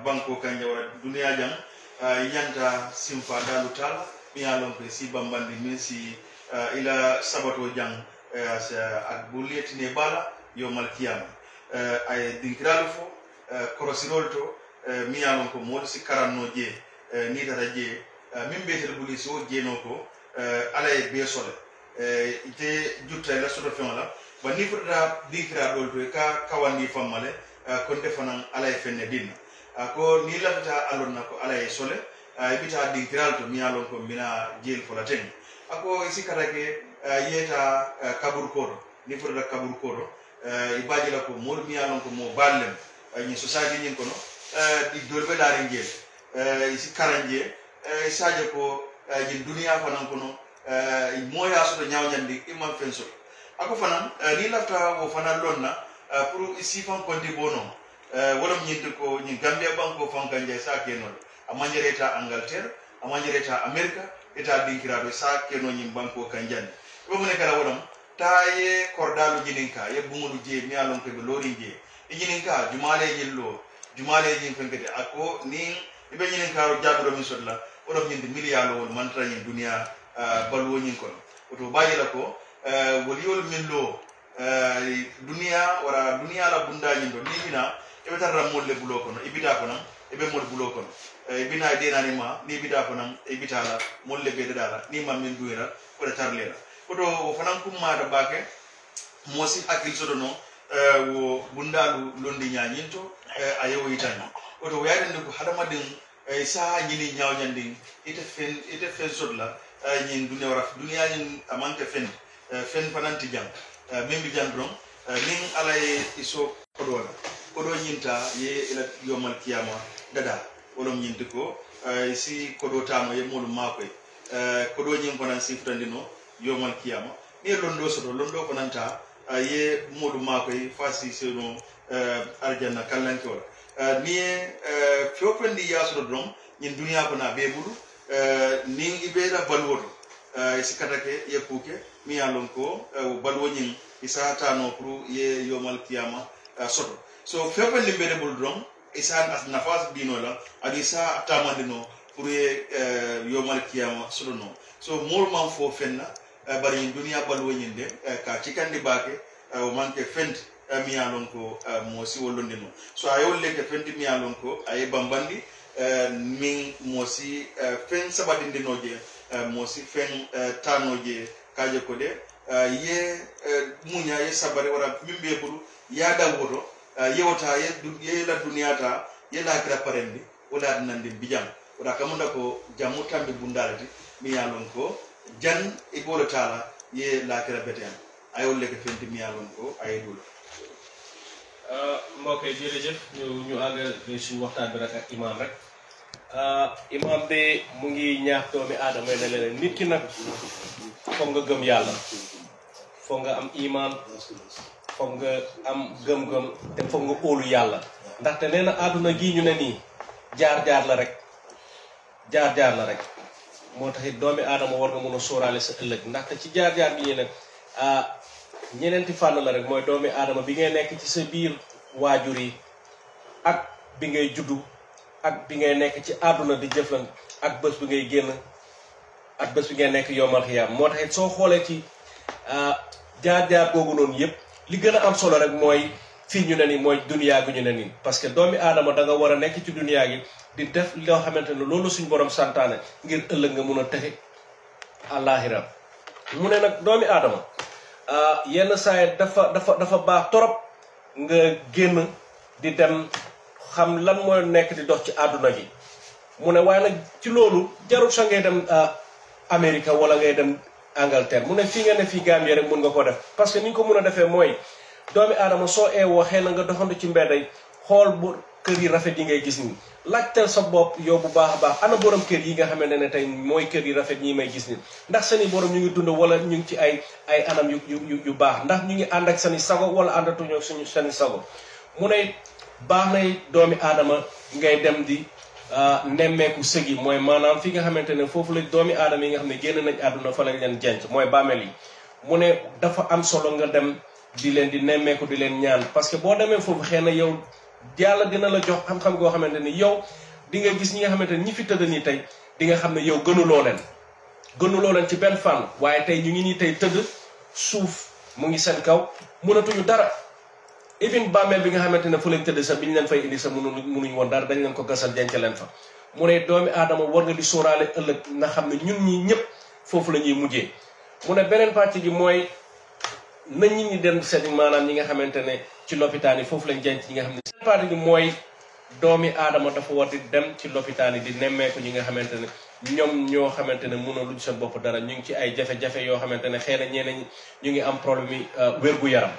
A: banko kanje wara duniya jang i ñanta simfa dalu tala mi ye a si bambandi min si uh, eh, ila sabato jaŋ uh, eh, a bulliyetine eh, bala yo malkiyama uh, a ye dinkiralu fo uh, korosirolu to uh, mi ye a ko moolu si karanno jee uh, ni tata jee uh, min beetel buli si wo jeenoo ko uh, ala ye bee sole uh, ite jutta la soto feŋo la ba ni fotata dinkira ɗolu to i ka kawandi famma uh, konte fanaŋ ala ye fenne dinna ako ni lafita alon na ko ala ye sole uh, ibita adin to miya lon ko mina jail fola ten ako sikata ke uh, eh, yeta uh, eh, kabur koto ni fotata kabur koto uh, eh, ibaji la ko moolu miya lon ko moo ballem lem uh, sosaiti ñiŋ kono uh, i dolbe darin jeel uh, isi karanje uh, saje ko uh, ñin duniya fanan kono uh, moya soto i maŋ feŋ soto a ko fanaŋ uh, ni lafta wo fana loŋ na uh, pour isifan konti bonom uh, wolom ñinti ko ñiŋ gambia banko fankan jay sa le amañere eta angleterre amañere eta america eta dinkiraɓe sa kenoñin banque kan jande ɓe mune kala wonam ta ye kordalu jinin ka ye bumulu je mi alon ko ɓe lorin je e jinin ka jumalejin lo jumalejin fenkete ako nin eɓe jinin karo jaɓiro min sodla oɗon ñinde milliyalowol mantarañin duniya baluwoñin kono oto la ko woliyol min lo duniya wara duniya la bundañin ɗo ni mina eɓe tarra molle bulo kono ibida kono eɓe mol bulo kono Eh, bina ibina dinani ma ni bida fanam e bitala molle bede dala ni ma min duira ko tarlela koto fanan kumma da bake mosi hakil sodo no eh, wo bundalu londi nyanyinto eh, ayo itani koto wayade ko hadama din saha ñini ñawñandin ite fen ite fen sodla ñin duniya wara duniya ñin amanke fen fen fananti jang min bi jang don min ala ye iso kodola kodo ñinta ye ila yomal kiyama dada wolom ñinti ko i eh, si kodo eh, tano eh, ye moolu maakoy kodo ñin fanan sifutandino yomal kiyama niŋ ye londo soto londo fananta ye moolu maakoy fa si seno aljanna kallanke wala niŋ ye feo fendi ya soto dorom ñin duniya kono a bee bulu niŋ i beera baluwo to i si katake ye kuuke mi ye lon ko baluwo ñin i sahatano pour ye yomal kiyama soto so feo fendi de bulu dorom isan as nafas bino la adi sa tamandino pour ye eh, yomal kiyama sotono so molu man fo fenna eh, bari ñin duniya baluwoñin de eh, ka cikandi bake o manke fenti miya lon ko moosi wollondino so a yolle ke fenti miya lon ko aye bambandi min moosi fen sabadindinoje moosi fen tanoje kaje ko de ye muña ye sabare wara min mbiye ɓuru yaada woto Ah, yewata yeyla duniyata yela kira parendi wala adinandi bijam wala kamunda ko jammu tambi bundalati mi ya lon ko jan e bolo tala ye lakira
C: beten ayol leke fenti mi ya lon ko aye dul ah, mbokk yi jërëjëf ñu ñu àggal waxtaan bi rek ak imaam rek ah, imaam bi mu ngi ñaax doomi aadama yi ne leen nit ki nag foog nga gëm yàlla foog nga am imaan foog nga am gëm-gëm te foog nga óolu yàlla ndaxte nee na àdduna gii ñu ne nii jaar-jaar la rek jaar-jaar la rek moo taxit doomi aadama war nga mun a sóoraale sa ëllëg ndaxte ci jaar-jaar gi ñu ne ah ñeneenti fànn la rek mooy doomi aadama bi ngay nekk ci sa biir waajur yi ak bi ngay juddu ak bi ngay nekk ci àdduna di jëflan ak bés bi ngay génn ak bés bi ngay nekk yomal xiyaam moo taxit soo xoolee ci jaar-jaar googu noonu yépp li gën a am solo rek mooy fii ñu ne nii mooy duniyaa gi ñu ne nii parce que doomi aadama danga war a nekk ci duniyaa gi di def loo xamante ne loolu suñ boroom santaane ngir ëllëg nga mun a texe àllaaxira mu ne nag doomi aadama ah, yenn saay dafa dafa dafa baax torop nga génn di dem xam lan mooy nekk di dox ci àdduna gi mu ne waaye nag ci loolu jarul sa ngay dem ah, Amérique wala ngay dem Angleterre mu ne fii nga ne fii Gambie rek mun nga ko def parce que ni ñu ko mun a defee mooy doomi aadama soo eewoo xëy na nga doxantu ci mbedd yi xool bu kër yi rafet yi ngay gis nii laajteel sa bopp yow bu baax a baax ana borom kër yi nga xamante ne tey mooy kër yi rafet ñi may gis nii ndax seen i borom ñu ngi dund wala ñu ngi ci ay ay anam yu yu yu baax ndax ñu ngi ànd ak seen i sago wala àndatuñu suñu seen i sago mu ne baax nay doomi aadama ngay dem di Euh, nemmeeku sëg yi mooy maanaam fi nga xamante ne foofu la doomi aadama yi nga xam ne génn nañ àdduna fa lañ leen jenc mooy bàmmeel yi mu ne dafa am solo nga dem di leen di nemmeeku di leen ñaan parce que boo demee foofu xëy na yow yàlla dina la jox xam-xam goo xamante ni yow di nga gis ñi nga xamante ni ñi fi tëdd nii tey dinga xam ne yow gënuloo leen gënuloo leen ci benn fànn waaye tey ñu ngi nii tey tëdd suuf mu ngi seen kaw mënatuñu dara even bàmmeel bi nga xamantene fu lañ tedd sa bi ñu leen fay indi sa munu munuñ won dara dañ leen ko gassal denc leen fa mu ne doomi adama war nga di sooralé ëlëk na xam ñun ñi ñëpp fofu lañuy mujjé mu ne benen parti bi moy na ñi ñi dem seeti manam ñi nga xamantene ci l'hôpital yi fofu lañ denc ñi nga xam ne bi moy doomi adama dafa war di dem ci l'hôpital yi di ko ñi nga xamantene ñom ño xamantene mëna ne mënoo luñ seen dara ñu ngi ci ay jafe-jafe yo xamantene xéena ñeena na ñu ngi am problème yi euh, wér yaram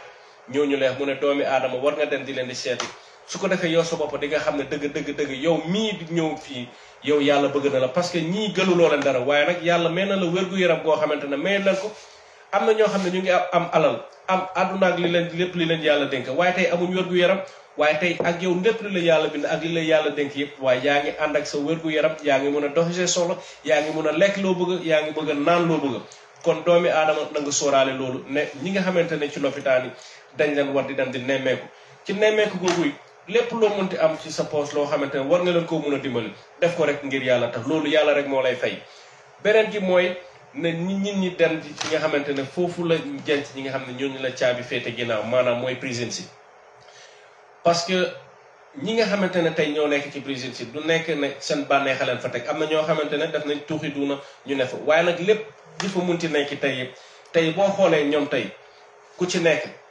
C: ñooñu leex mu ne doomi aadama war nga dem di leen di seeti su ko defee yow sa bopp di nga xam ne dëgg dëgg dëgg yow mii di ñëw fii yow yàlla bëgg na la parce que ñii gëluloo leen dara waaye nag yàlla may na la yaram goo xamante ne may leen ko am na ñoo xam ne ñu ngi am alal am àdduna li leen lépp li leen yàlla dénk waaye tey amuñ wér-gu-yaram waaye tey ak yow lépp li la yàlla bind ak li la yàlla dénk yëpp waaye yaa ngi ànd ak sa wér yaram yaa ngi mun a doxi sa yaa ngi mun a lekk loo bëgg yaa ngi bëgg a naan loo bëgg kon doomi aadama na nga sóoraale loolu ne ñi nga xamante ne ci lopitaan yi dañ leen war di dem di nemmeeku ci nemmeeku googu lépp loo mun ti am ci sa poche loo xamante ne war nga leen koo mën a dimbali def ko rek ngir yàlla tax loolu yàlla rek moo lay fay beneen gi mooy ne ñi nit ñi dem ci nga xamante ne foofu la jenc ñi nga xam ne ñooñu la caabi féete ginnaaw maanaam mooy prison si parce que ñi nga xamante ne tey ñoo nekk ci prison si du nekk ne seen bànneexa leen fa teg am na ñoo xamante ne def nañ tuuxi duuna ñu ne fa waaye nag lépp di fa munti nekk tey tey boo xoolee ñoom tey ku ci nekk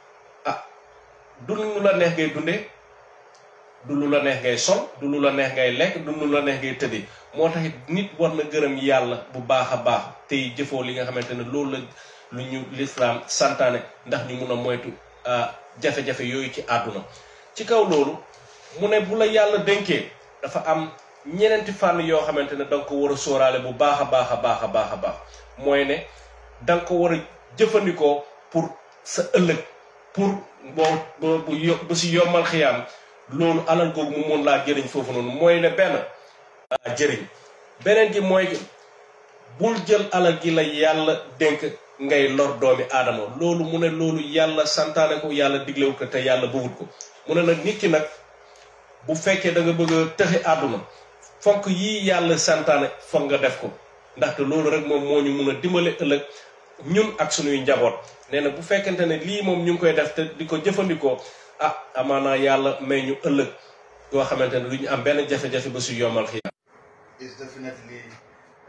C: du lu la neex ngay dundee du lu la neex ngay sol du lu la neex ngay lekk du lu la neex ngay tëddee moo tax nit war na gërëm yàlla bu baax a baax tey jëfoo li nga xamante ne loolu la lu ñu lislaam santaane ndax ñu mun a moytu jafe-jafe yooyu ci àdduna ci kaw loolu mu ne bu la yàlla dénkee dafa am ñeneenti fànn yoo xamante ne danga ko war a sóoraale bu baax a baax a baax a baax a baax mooy ne danga ko war a jëfandikoo pour sa ëllëg pour boo bu yo bu si yombal xiyaam loolu alal googu mu mun laa jëriñ foofu noonu mooy ne benn jëriñ beneen gi mooy bul jël alal gi la yàlla dénk ngay lor doomi aadama loolu mu ne loolu yàlla santaane ko yàlla diglewu ko te yàlla bëggut ko mu ne nag nit ki nag bu fekkee danga nga bëgg a tëxe àdduna fonk yi yàlla santaane foog nga def ko ndaxte loolu rek moom moo ñu mun a dimbale ëllëg ñun ak suñuy njaboot neena bu fekkante ne lii moom ñu ngi koy def te di ko jëfandikoo ah amaanaa yàlla may ñu ëllëg goo xamante ne du ñu am benn jafe-jafe ba su yomal xiyaam.
A: is definitely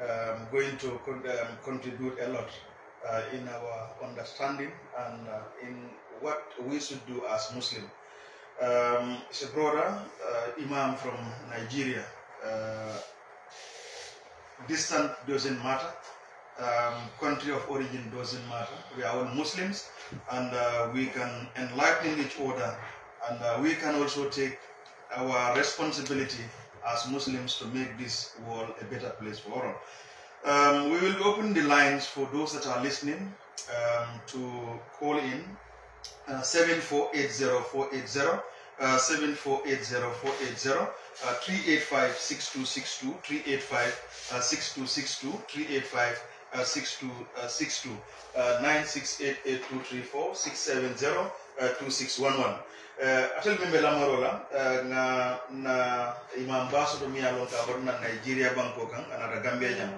A: um, going to um, contribute a lot uh, in our understanding and uh, in what we should do as Muslim. Um, it's a brother, uh, Imam from Nigeria. Uh, distance doesn't matter. um, country of origin doesn't matter. We are all Muslims and uh, we can enlighten each other and uh, we can also take our responsibility as Muslims to make this world a better place for all. Um, we will open the lines for those that are listening um, to call in uh, 7480480. Uh, 7480480 uh, 385 6262 385 uh, 6262 385 atel min ɓe lamoro na na imam baso to miya lon ka nigeria banko kan anata gambia jam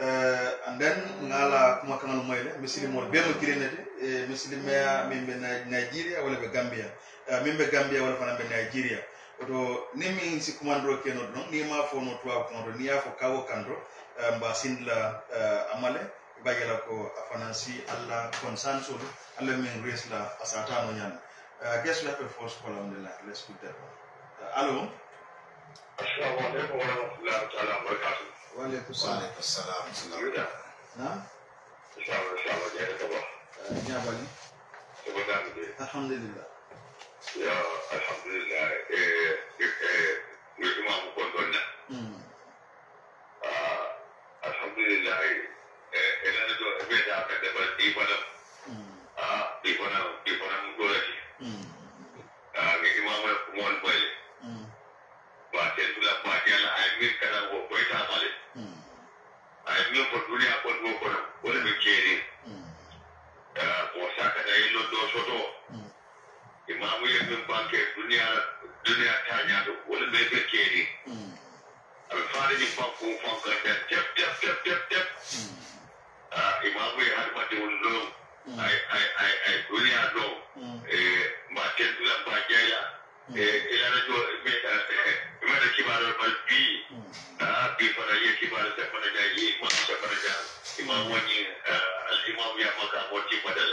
A: uh, and then ngala kuma kanal moyle misilimol ɓe mo kirinete e eh, misilimeya min na nigeria walla ɓe gambia uh, min ɓe gambia wala fana ɓe nigeria oto ni min si kumandoro kenoto noon ni ma fono tuwaw kanto ni ya fo kawo kanto mbasindla eh, amale bayela ko afanansi alla konsansolu alla min resla asatano ñana eh, guess we have a force column de la let's put that one eh, allo assalamu alaikum wa rahmatullahi ta'ala wa barakatuh wa alaikum salam wa alaikum salam na inshallah inshallah jere ko ba ñabali ko ba alhamdulillah ya alhamdulillah eh eh ni imam ko donna mm alhamdulillah, elani to ebe da aka da bar ti fana a ti fana ti fana mu ko rashi a ga imamu kuma wani bale ba ce tula ba ce ala a yi kana ko ko ta bale a
D: yi min ko duniya ko ko ko wani bi ke ne ko saka da yin lodo soto imamu yin min banke duniya duniya ta nya do wani bi ke ne fare di fa fu fa ka ta tap tap tap ah imamu ya har mate wondo hmm. ai ai ai ai dunia do hmm. eh ma ke tula ba ya hmm. eh ila na jo me eh, eh, eh, ta me ta kibaro bal bi ah bi fara ye kibaro ta fara ja ye ma ta fara ja imamu ni al ah, imamu ya maka wati badal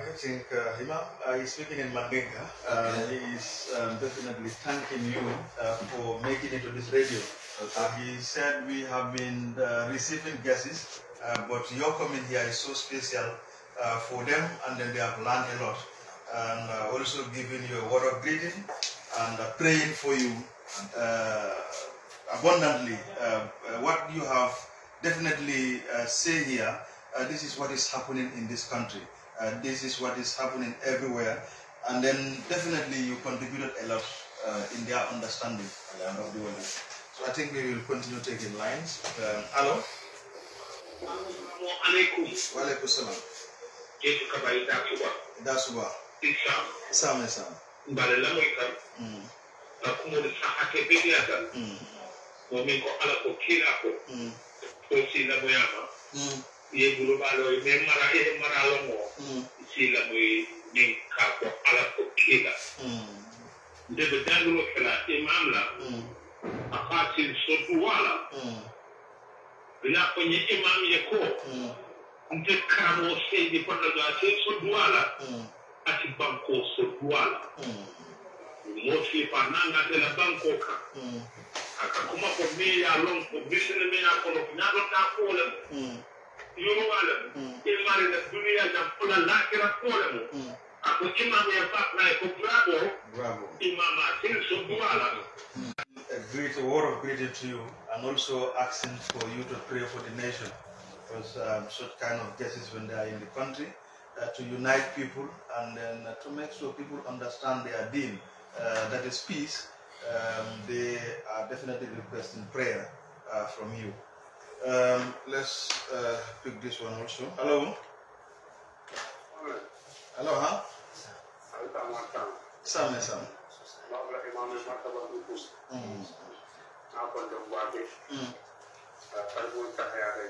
A: I think uh, Imam uh, is speaking in Mandinka. Uh, okay. He is um, definitely thanking you uh, for making it to this radio. Okay. Uh, he said we have been uh, receiving guesses, uh, but your coming here is so special for them, and then they have learned a lot and uh, also giving you a word of greeting and uh, praying for you uh, abundantly. Uh, uh, what you have definitely uh, say here, this is what is happening in this country. this is what is happening everywhere. And then definitely you contributed a lot in their understanding of the world. So I think we will continue taking lines. Um, hello? Wa alaikum salam. Sawa
D: sawa. Mbale la mo ita. Mm. Na kumo ni sa ake bini ata. Mm. Mo min ko ala ko kila ko. Mm. Ko si la mo yama. Mm. Ye bulu balo ye me mara ye mara la mo. Mm. Si la mo ye min ka ko ala ko kila. Mm. Ndebe dandulo kila imam la. Mm. Akati sotu wala. Mm. Bila kwenye imam ye ko. Mm. Nte karamo seji kwa nagati sotu wala. Mm. ati banko mostly pananga tena banko ka akakuma ko ya long ko bisene ya ko na do ta e na dunia ja pula ako fa na ko bravo
A: bravo A great a word of greeting to you, and also asking for you to pray for the nation because um, kind of cases when they are in the country. Uh, to unite people and then uh, to make sure people understand their deen, uh, that is peace, um, they are definitely requesting prayer from you. Um, let's pick this one also. Hello. Hello, huh? Sam, Sam.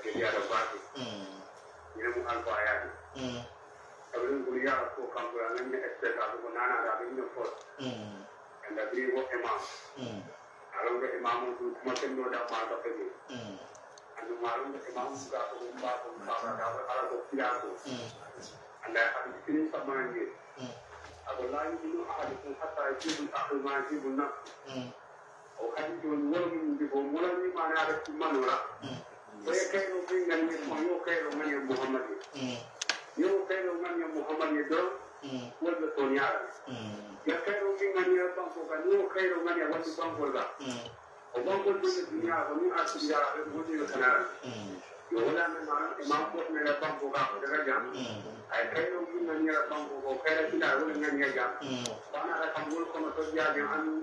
D: Mm. Mm. Mm. sebelum kuliah aku kan buranin ne estate abu gunana da abin ne imam a ran imam su kuma kin do da ma da fage an imam su ga ko anda abin kin samani ne abu lahi inu ahadikun hatta yajibun akhil nafsu o kan to wani di mulani ma na da kuma nora hmm. saya kai no bin ganin يوقن من يمه من يدعو والبطون يعلم يخير ممن يبنك فنو خير من يبنك فنقل وبنقل في الدنيا فنو أسجد على الوجه الخنار يولا من ما قلت من يبنك فنرجع أي خير ممن يبنك وخير كلا أول من يرجع وأنا أتمنى لكم تجاه عن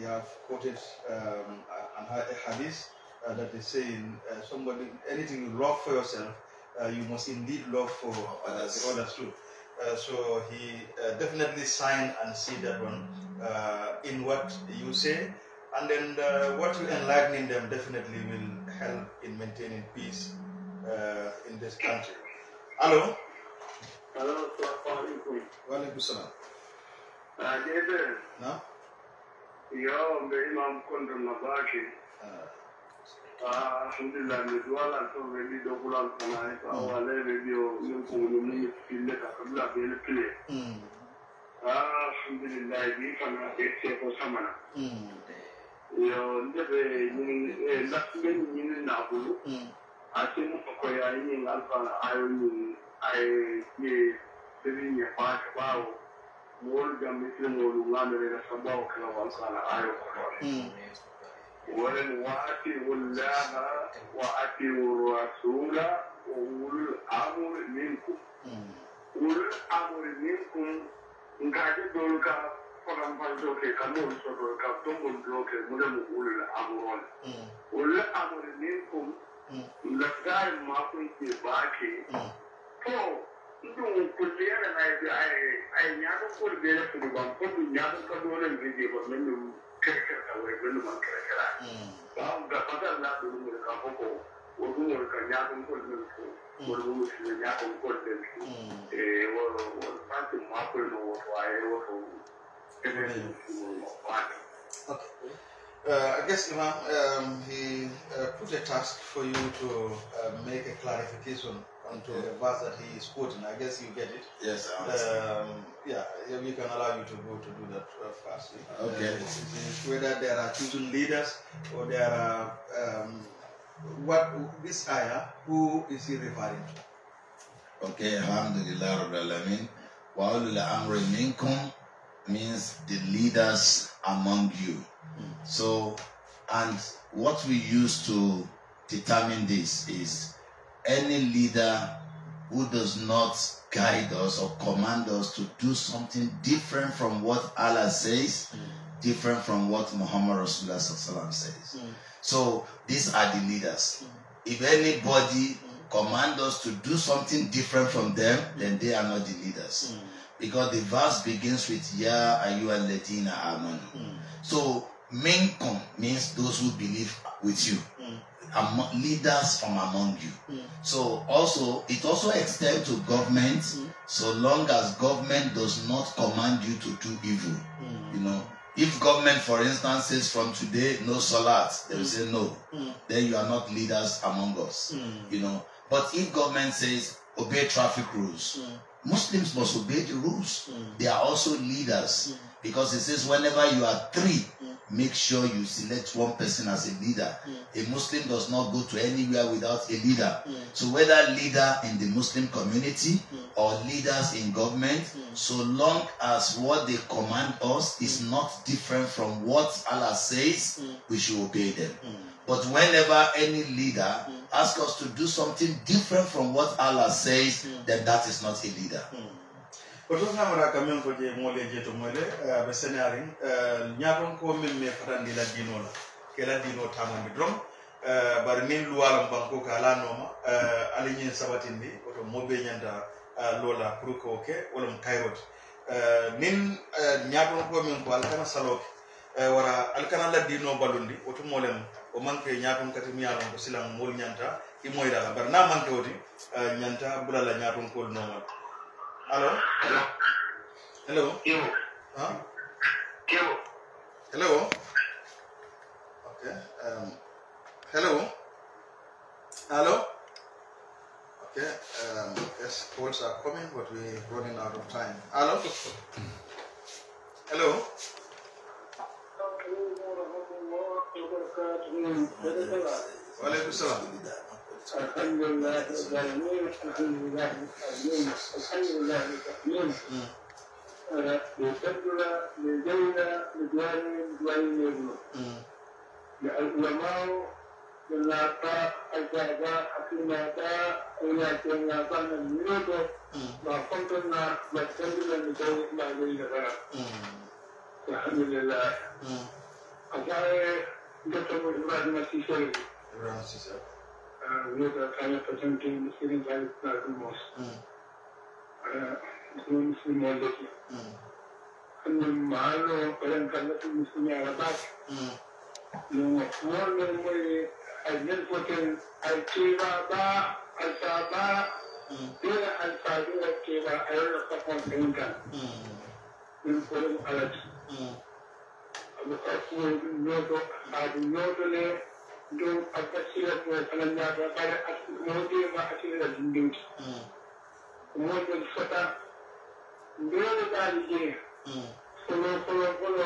A: you have quoted um, a, a hadith uh, that is saying uh, somebody anything you love for yourself, uh, you must indeed love for others. Others too. Uh, so he uh, definitely sign and see that one uh, in what you say, and then what you enlighten in them definitely will help in maintaining peace in this country. Hello. Hello. Wa alaikum salam.
D: No. yawon bai imam kondon na baki ah. ah, alhamdulillah mai zuwa lantar rabi da kula alfana ya fa wa lai rabi wa min kuma min filin ka kabila bai na fili alhamdulillah bi fana ya ce ko sama na yau da bai yin lafiyan yin na bulu a ce muka koya yin alfana ayoyin ayoyin ne sirrin ya ba ta bawo مولدا مثل مولوان لنا سبا وكلا وانصانا آية أخرى وأتيوا الله وأتيوا الرسول وأولو الأمر منكم أولو الأمر منكم nkaje dolu ka fagamfan dɔ kɛ ka n'olu sɔrɔ dɔ ka tɔnbɔli dɔ kɛ mun de m'olu la amurɔ la olu la amurɔ ni kun nka taa ye maa kun tɛ baa kɛ fɔ Okay.
A: Uh, I guess Imam, um, he uh, put a task for you to uh, make a clarification onto the verse that he is quoting. I guess you get it. Yes, I um, understand. Um, yeah, we can allow you to go to do that uh, first. Okay. Uh, whether there are chosen leaders or there are um, what this ayah, who is he referring
B: to? Okay, Alhamdulillah Rabbil Alameen. Wa'ulul amri minkum means the leaders among you. Hmm. So, and what we use to determine this is any leader who does not guide us or command us to do something different from what Allah says, mm. different from what Muhammad Rasulullah says. Mm. So these are the leaders. Mm. If anybody mm. command us to do something different from them, mm. then they are not the leaders. Mm. Because the verse begins with Ya Ayyuha Ladina Amanu. So Minkum means those who believe with you among leaders from among you. Mm. So also it also extends to government mm. so long as government does not command you to do evil. Mm. You know, if government for instance says from today no salat, they will say no. Hmm. Then you are not leaders among us. Hmm. You know, but if government says obey traffic rules, hmm. Muslims must obey the rules. They are also leaders because it says whenever you are three make sure you select one person as a leader. Hmm. A Muslim does not go to anywhere without a leader. Hmm. So whether leader in the Muslim community hmm. or leaders in government, so long as what they command us is not different from what Allah says, we should obey them. But whenever any leader asks us to do something different from what Allah says, then that is not a leader. ko toon samaraka min ko je moleje to moole e, ɓe sénari e,
A: ñaton ko min mi fatandi laddinola ke laddino tamande drom e, bare min luwalam banko ka lannoma alañin sabatindi oto moɓe ñanda lola pourko ke wolam kayrote min ñaton ko min ko alkana saloke wara alkana laddino ballundi oto molem o manque ñaton kati miyalon ko silan mol ñanta i moyɗala bare na manque oti ñanta bulala ñaton kol nomal Hello? Hello? Hello? Hello? Huh? Hello? Hello? Okay. Um, hello? Hello? Okay. Um, yes, calls are coming, but we're running out of time. Hello?
C: Hello? Wa alaikum salam.
D: الحمد لله رب العالمين الحمد لله القديم الحمد لله التقديم لسبنا لدينا لدواني لدواني يبنو العلماء ternyata ada akimata ila ternyata menyuruh bahkan kena bahkan bila menjadi bagi negara Alhamdulillah hmm. Akhirnya kita semua masih sering
A: Terima kasih
D: with a kind of opportunity in the student life that the most. Doing some more looking. And the Mahalo, but I'm kind of doing some more back. No, one memory, I just put in Altiva Ba, Alsaba, Dura Alsadu, Altiva, I don't know what I'm saying. Then put him out. अब उसको note आदि note ले دون التسهيلة والفلنات وقال مودي ما أسئلة الجندوت مودي الفتى دون تالجين سلو سلو سلو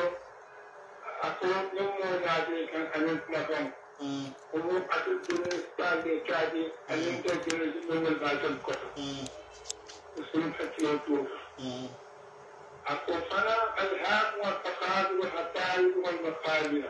D: أقول نمو نادي كان أنت مكان ومو أتل دون تالجي كادي أنت جنس من الباطل كتب وسلم فتيو توف أقول فنا الهام والتقاد والحتائج والمقابلة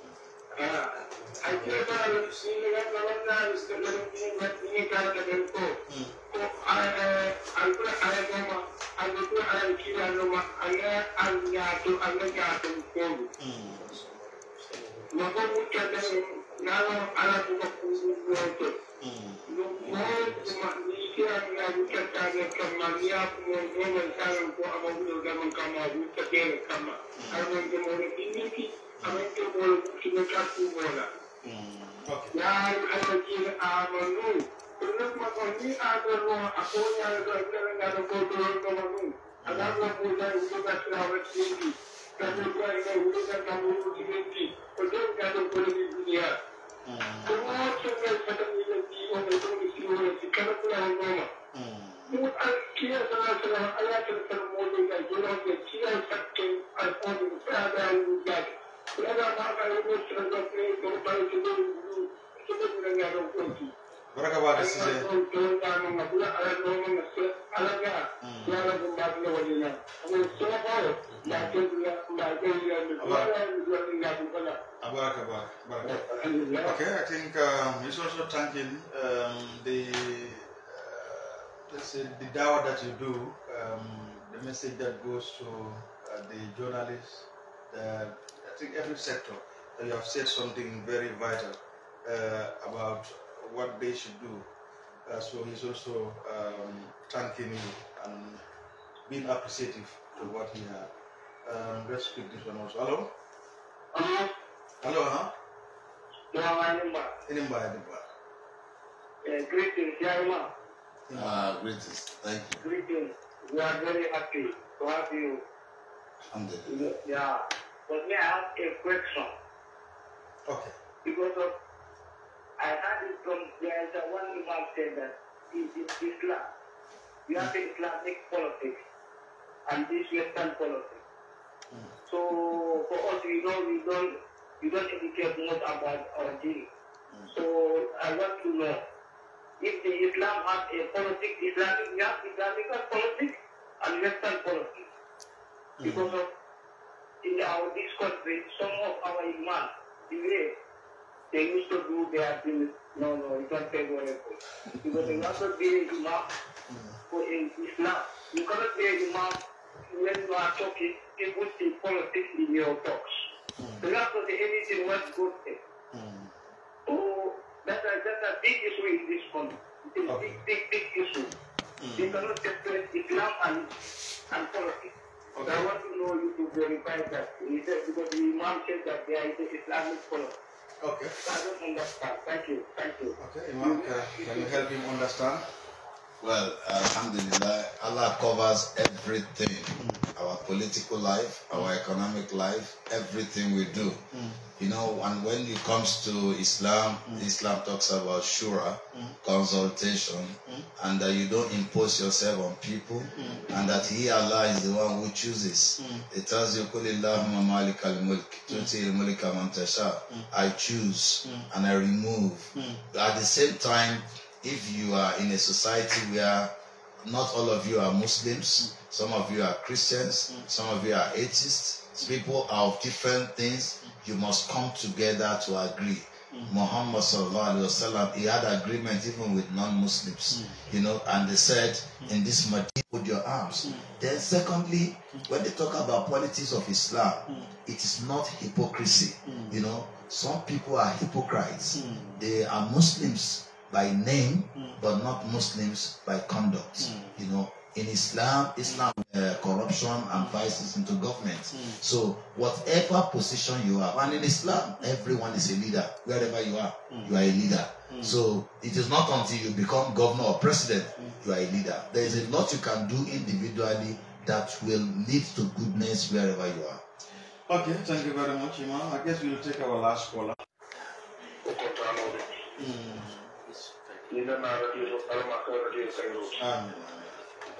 D: ಅಜ್ಜಿಗಳು ಈಗ ಪ್ರಬಂಧ ವಿಸ್ತರಣೆ ನೀಕಾಗಬೇಕು alkur ala goma alkur ala kila noma ala alnyatu ala nyatu kodu mako mucha da nalo ala kuma kuzu wote mo kuma ni kira na mucha ta ga kamariya kuma goma tsarin ko abubuwa gaban kama buta kere kama har wanda mo ne kiniki ينتبه كنكاكوبولا يا أيها الذين آمنوا إنكم قومي آمنوا أقول يا رجلنا نقول لكم أنا أقول لكم أسرع وسيدي Kamu ada urusan kamu di negeri, belum ada boleh di dunia. Semua sungai pada milik orang itu mesti si sekarang pulang nama. Mungkin kia salah salah ayat terpermudah yang jelas yang kia sakit alkohol okay
A: i think um, he's also thanking um, the uh, let's say the dawah that you do um, the message that goes to uh, the journalists that. I think every sector, uh, you have said something very vital uh, about what they should do. Uh, so he's also um, thanking you and being appreciative to what he had. Um, let's pick this one also. Hello? huh Hello, huh? Nimba. Nimba, uh,
D: Greetings, Yarima.
B: Ah, greetings.
A: Thank
D: you. Greetings. We are very happy to have you. Yeah. But me, I have a question. Okay. Because of, I heard it from there is a one imam said that in Islam, you have hmm. Islamic politics and this Western politics. Mm. So for us, we don't, we don't, we don't educate much about our deen. Mm. So I want to know if the Islam has a politics, Islamic, yeah, Islamic politics and Western politics. Mm. Because of in our, this some of our imams, today, they used to do their things. No, no, you can't say whatever. Because they have to be an imam for in Islam. You cannot be an imam when you are talking, people in politics in your talks. Mm. You have to say anything what good thing. Mm. So oh, that's a, that's a big issue in this country. It's a okay. big, big, big issue. Mm. They cannot separate Islam and, and politics. Okay. I want to know you to verify that. He said because the Imam said that they are Islamic scholar.
A: Okay. So I don't understand. Thank you. Thank you. Okay, Imam, can,
D: can you help
B: him understand? Well, uh, Alhamdulillah, Allah covers everything. Hmm political life, our mm. economic life, everything we do. Mm. You know, and when it comes to Islam, mm. Islam talks about shura, mm. consultation, mm. and that you don't impose yourself on people, mm. and that He Allah is the one who chooses. It tells you, Kulillahumma malik al mulk, mulka I choose and I remove. At the same time, if you are in a society where not all of you are Muslims, some of you are Christians, some of you are atheists. People are of different things. You must come together to agree. Muhammad sallallahu he had agreement even with non-Muslims, you know, and they said, in this Madinah, put your arms. Then secondly, when they talk about politics of Islam, it is not hypocrisy, you know. Some people are hypocrites. They are Muslims by name, but not Muslims by conduct, you know in Islam, Islam uh, corruption and vices into government. Mm. So whatever position you have, and in Islam, everyone is a leader. Wherever you are, mm. you are a leader. Mm. So it is not until you become governor or president hmm. you are a leader. There is a lot you can do individually that will lead to goodness wherever you are.
A: Okay, thank you very much, Imam. I guess we'll take our last caller. Mm.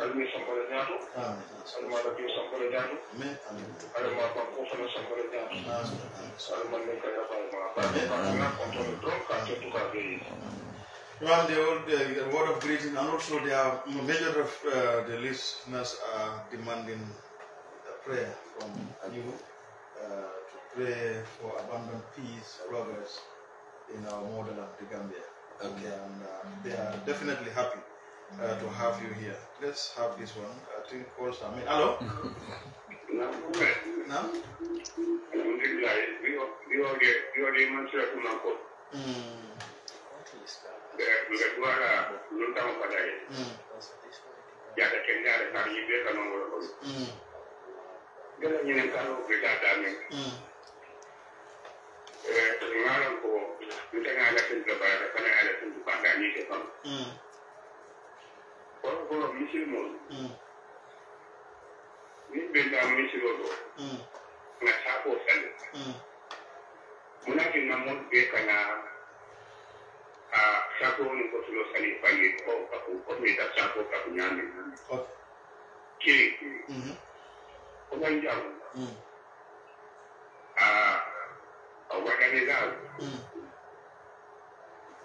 D: almi sambara
A: Well, the, old, the word of greeting, and also they are major of uh, the listeners are demanding prayer from you uh, to pray for abundant peace, progress in our modern the Gambia. Okay. And they are definitely happy uh, to have you here. Let's have this one. I think calls I mean, hello. Naam. Alhamdulillah,
D: yoode mansura kuma ko. Nga duwara luntama fadaye. Yaka kenyare kar yibe kanon wala ko. Gala nyinen kalo beta dame. Eh, ngaran ko mutanga alatin da bara kana alatin da bandani ke kan. kɔrɔkɔrɔ misiri mɔ ni bɛ da misiri o don nka taa k'o fɛnɛ munaki namu bɛ ka na a sako ni kɔtulo sani fa ye kɔ ka ko kɔmi ka sako ka ko ɲaami ke o ka jaw a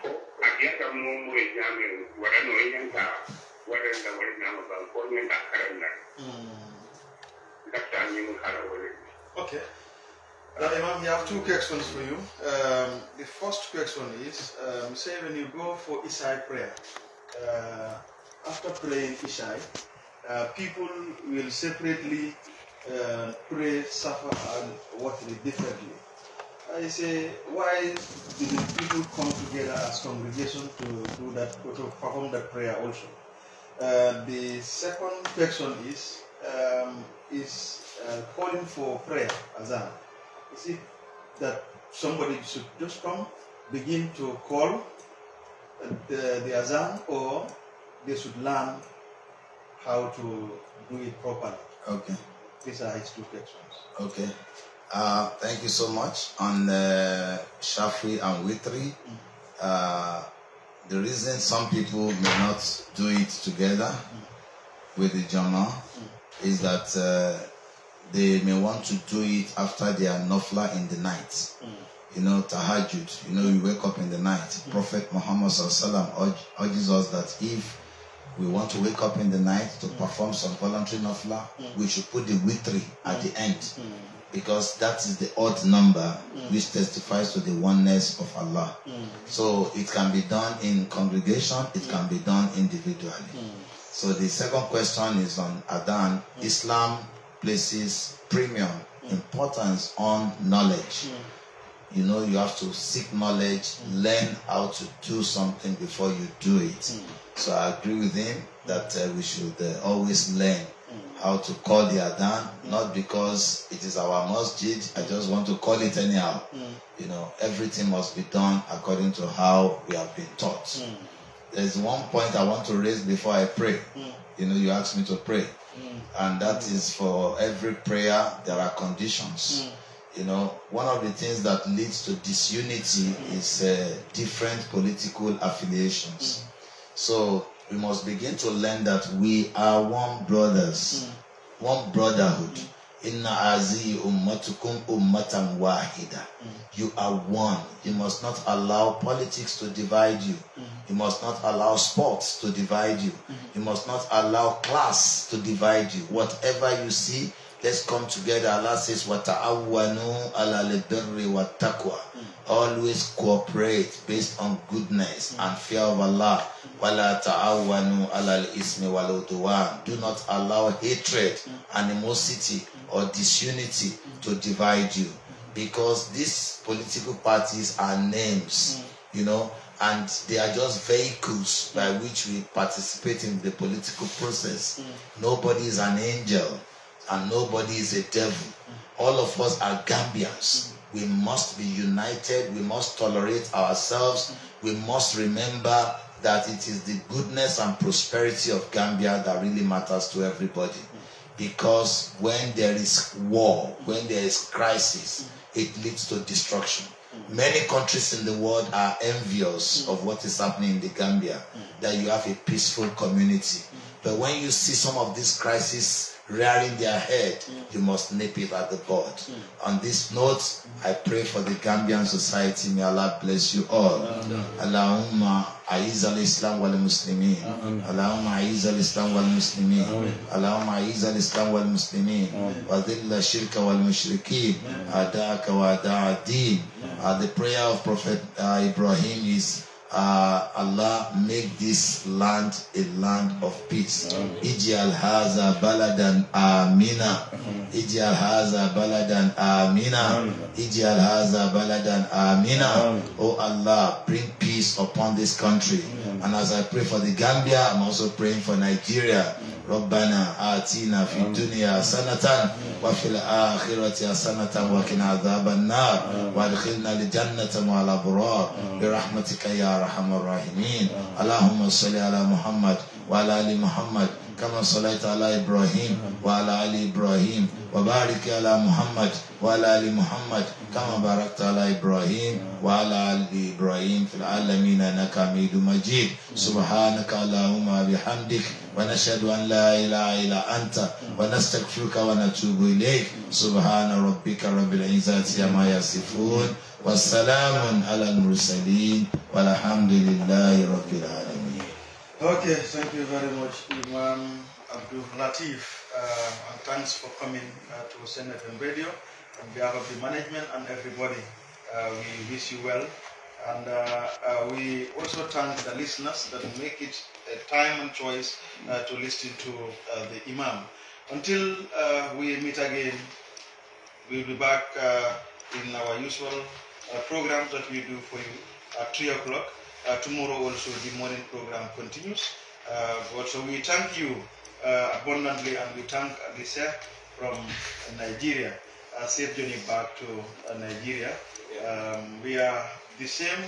D: ko a diya ka mɔmɔ ye ɲaami wara n'o ye Mm.
A: okay now imam we have two questions for you um, the first question is um, say when you go for isha prayer uh, after praying isha uh, people will separately uh, pray suffer and watri differently I say, why did people come together as congregation to do that, to perform that prayer also? Uh, the second question is um, is uh, calling for prayer, azan. Is it that somebody should just come, begin to call uh, the, the azan, or they should learn how to do it properly? Okay.
B: These are his two questions. Okay. Uh, thank you so much on uh, Shafi and Witri. Mm -hmm. The reason some people may not do it together with the Jama is that uh, they may want to do it after their are nafla in the night. You know, tahajjud, you know, you wake up in the night. Prophet Muhammad urg urges us that if we want to wake up in the night to perform some voluntary nafla, we should put the witri at the end because that is the odd number mm. which testifies to the oneness of Allah. Mm. So it can be done in congregation, it mm. can be done individually. Mm. So the second question is on Adhan. Mm. Islam places premium mm. importance on knowledge. You know, you have to seek knowledge, learn how to do something before you do it. So I agree with him that uh, we should uh, always learn how to call the adhan, not because it is our masjid. I just want to call it anyhow. Mm. You know, everything must be done according to how we have been taught. Mm. There's one point I want to raise before I pray. Mm. You know, you asked me to pray, mm. and that mm. is for every prayer there are conditions. You know, one of the things that leads to disunity is uh, different political affiliations. So we must begin to learn that we are one brothers, mm. one brotherhood. Mm. Inna azi mm. You are one. You must not allow politics to divide you. Mm. You must not allow sports to divide you. Mm. You must not allow class to divide you. Whatever you see, Let's come together. Allah says, وَتَعَوَّنُوا عَلَى wa وَالتَّقْوَى Always cooperate based on goodness and fear of Allah. وَلَا تَعَوَّنُوا عَلَى الْإِثْمِ وَالْعُدْوَانِ Do not allow hatred, animosity, or disunity to divide you. Because these political parties are names, you know, and they are just vehicles by which we participate in the political process. Nobody is an angel and nobody is a devil. All of us are Gambians. We must be united. We must tolerate ourselves. We must remember that it is the goodness and prosperity of Gambia that really matters to everybody. Because when there is war, when there is crisis, it leads to destruction. Many countries in the world are envious of what is happening in the Gambia, that you have a peaceful community. But when you see some of these crises rearing their head, mm. you must nip it at the bud. Mm. On this note, I pray for the Gambian society. May Allah bless you all. Allahumma أعز الإسلام والمسلمين اللهم أعز الإسلام والمسلمين اللهم أعز الإسلام والمسلمين وذل الشرك والمشركين أداك وأداء الدين The prayer of Prophet uh, Ibrahim is uh, Allah make this land a land of peace. Ijal haza baladan amina. Ijal haza baladan amina. Ijal haza baladan amina. Oh Allah, bring peace upon this country. And as I pray for the Gambia, I'm also praying for Nigeria. ربنا آتنا في الدنيا حسنة وفي الآخرة حسنة وقنا عذاب النار وادخلنا الجنة مع الأبرار برحمتك يا أرحم الراحمين اللهم صل على محمد وعلى آل محمد كما صليت على إبراهيم وعلى آل إبراهيم وبارك على محمد وعلى آل محمد كما باركت على إبراهيم وعلى آل إبراهيم في العالمين إنك حميد مجيد سبحانك اللهم بحمدك ونشهد أن لا إله إلا أنت ونستغفرك ونتوب إليك سبحان ربك رب العزة عما يصفون والسلام على المرسلين والحمد لله رب العالمين.
A: Okay, thank you very much, Imam Abdul Latif, uh, and thanks for coming uh, to SNFM Radio on behalf of the management and everybody. Uh, we wish you well. And uh, uh, we also thank the listeners that make it a time and choice uh, to listen to uh, the Imam. Until uh, we meet again, we'll be back uh, in our usual uh, programs that we do for you at 3 o'clock. tomorrow also the morning program continues. but so we thank you abundantly and we thank Alicia from Nigeria. A safe journey back to Nigeria. Um, we are the same,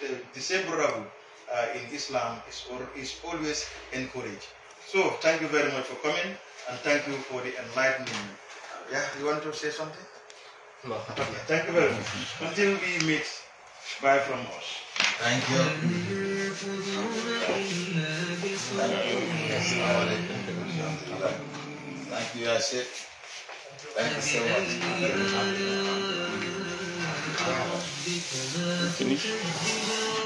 A: the, the same brotherhood uh, in Islam is, or, is always encouraged. So thank you very much for coming and thank you for the enlightenment. Uh, yeah, you want to say something? No. Okay, thank you very much. Until we meet, bye from us. Thank you.
B: Thank you, Asif. Thank you so much. Finish.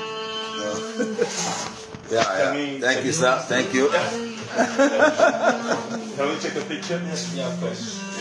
B: yeah, yeah. Thank you, sir. Thank you. Can we take a picture? Yes, yeah, of
D: course.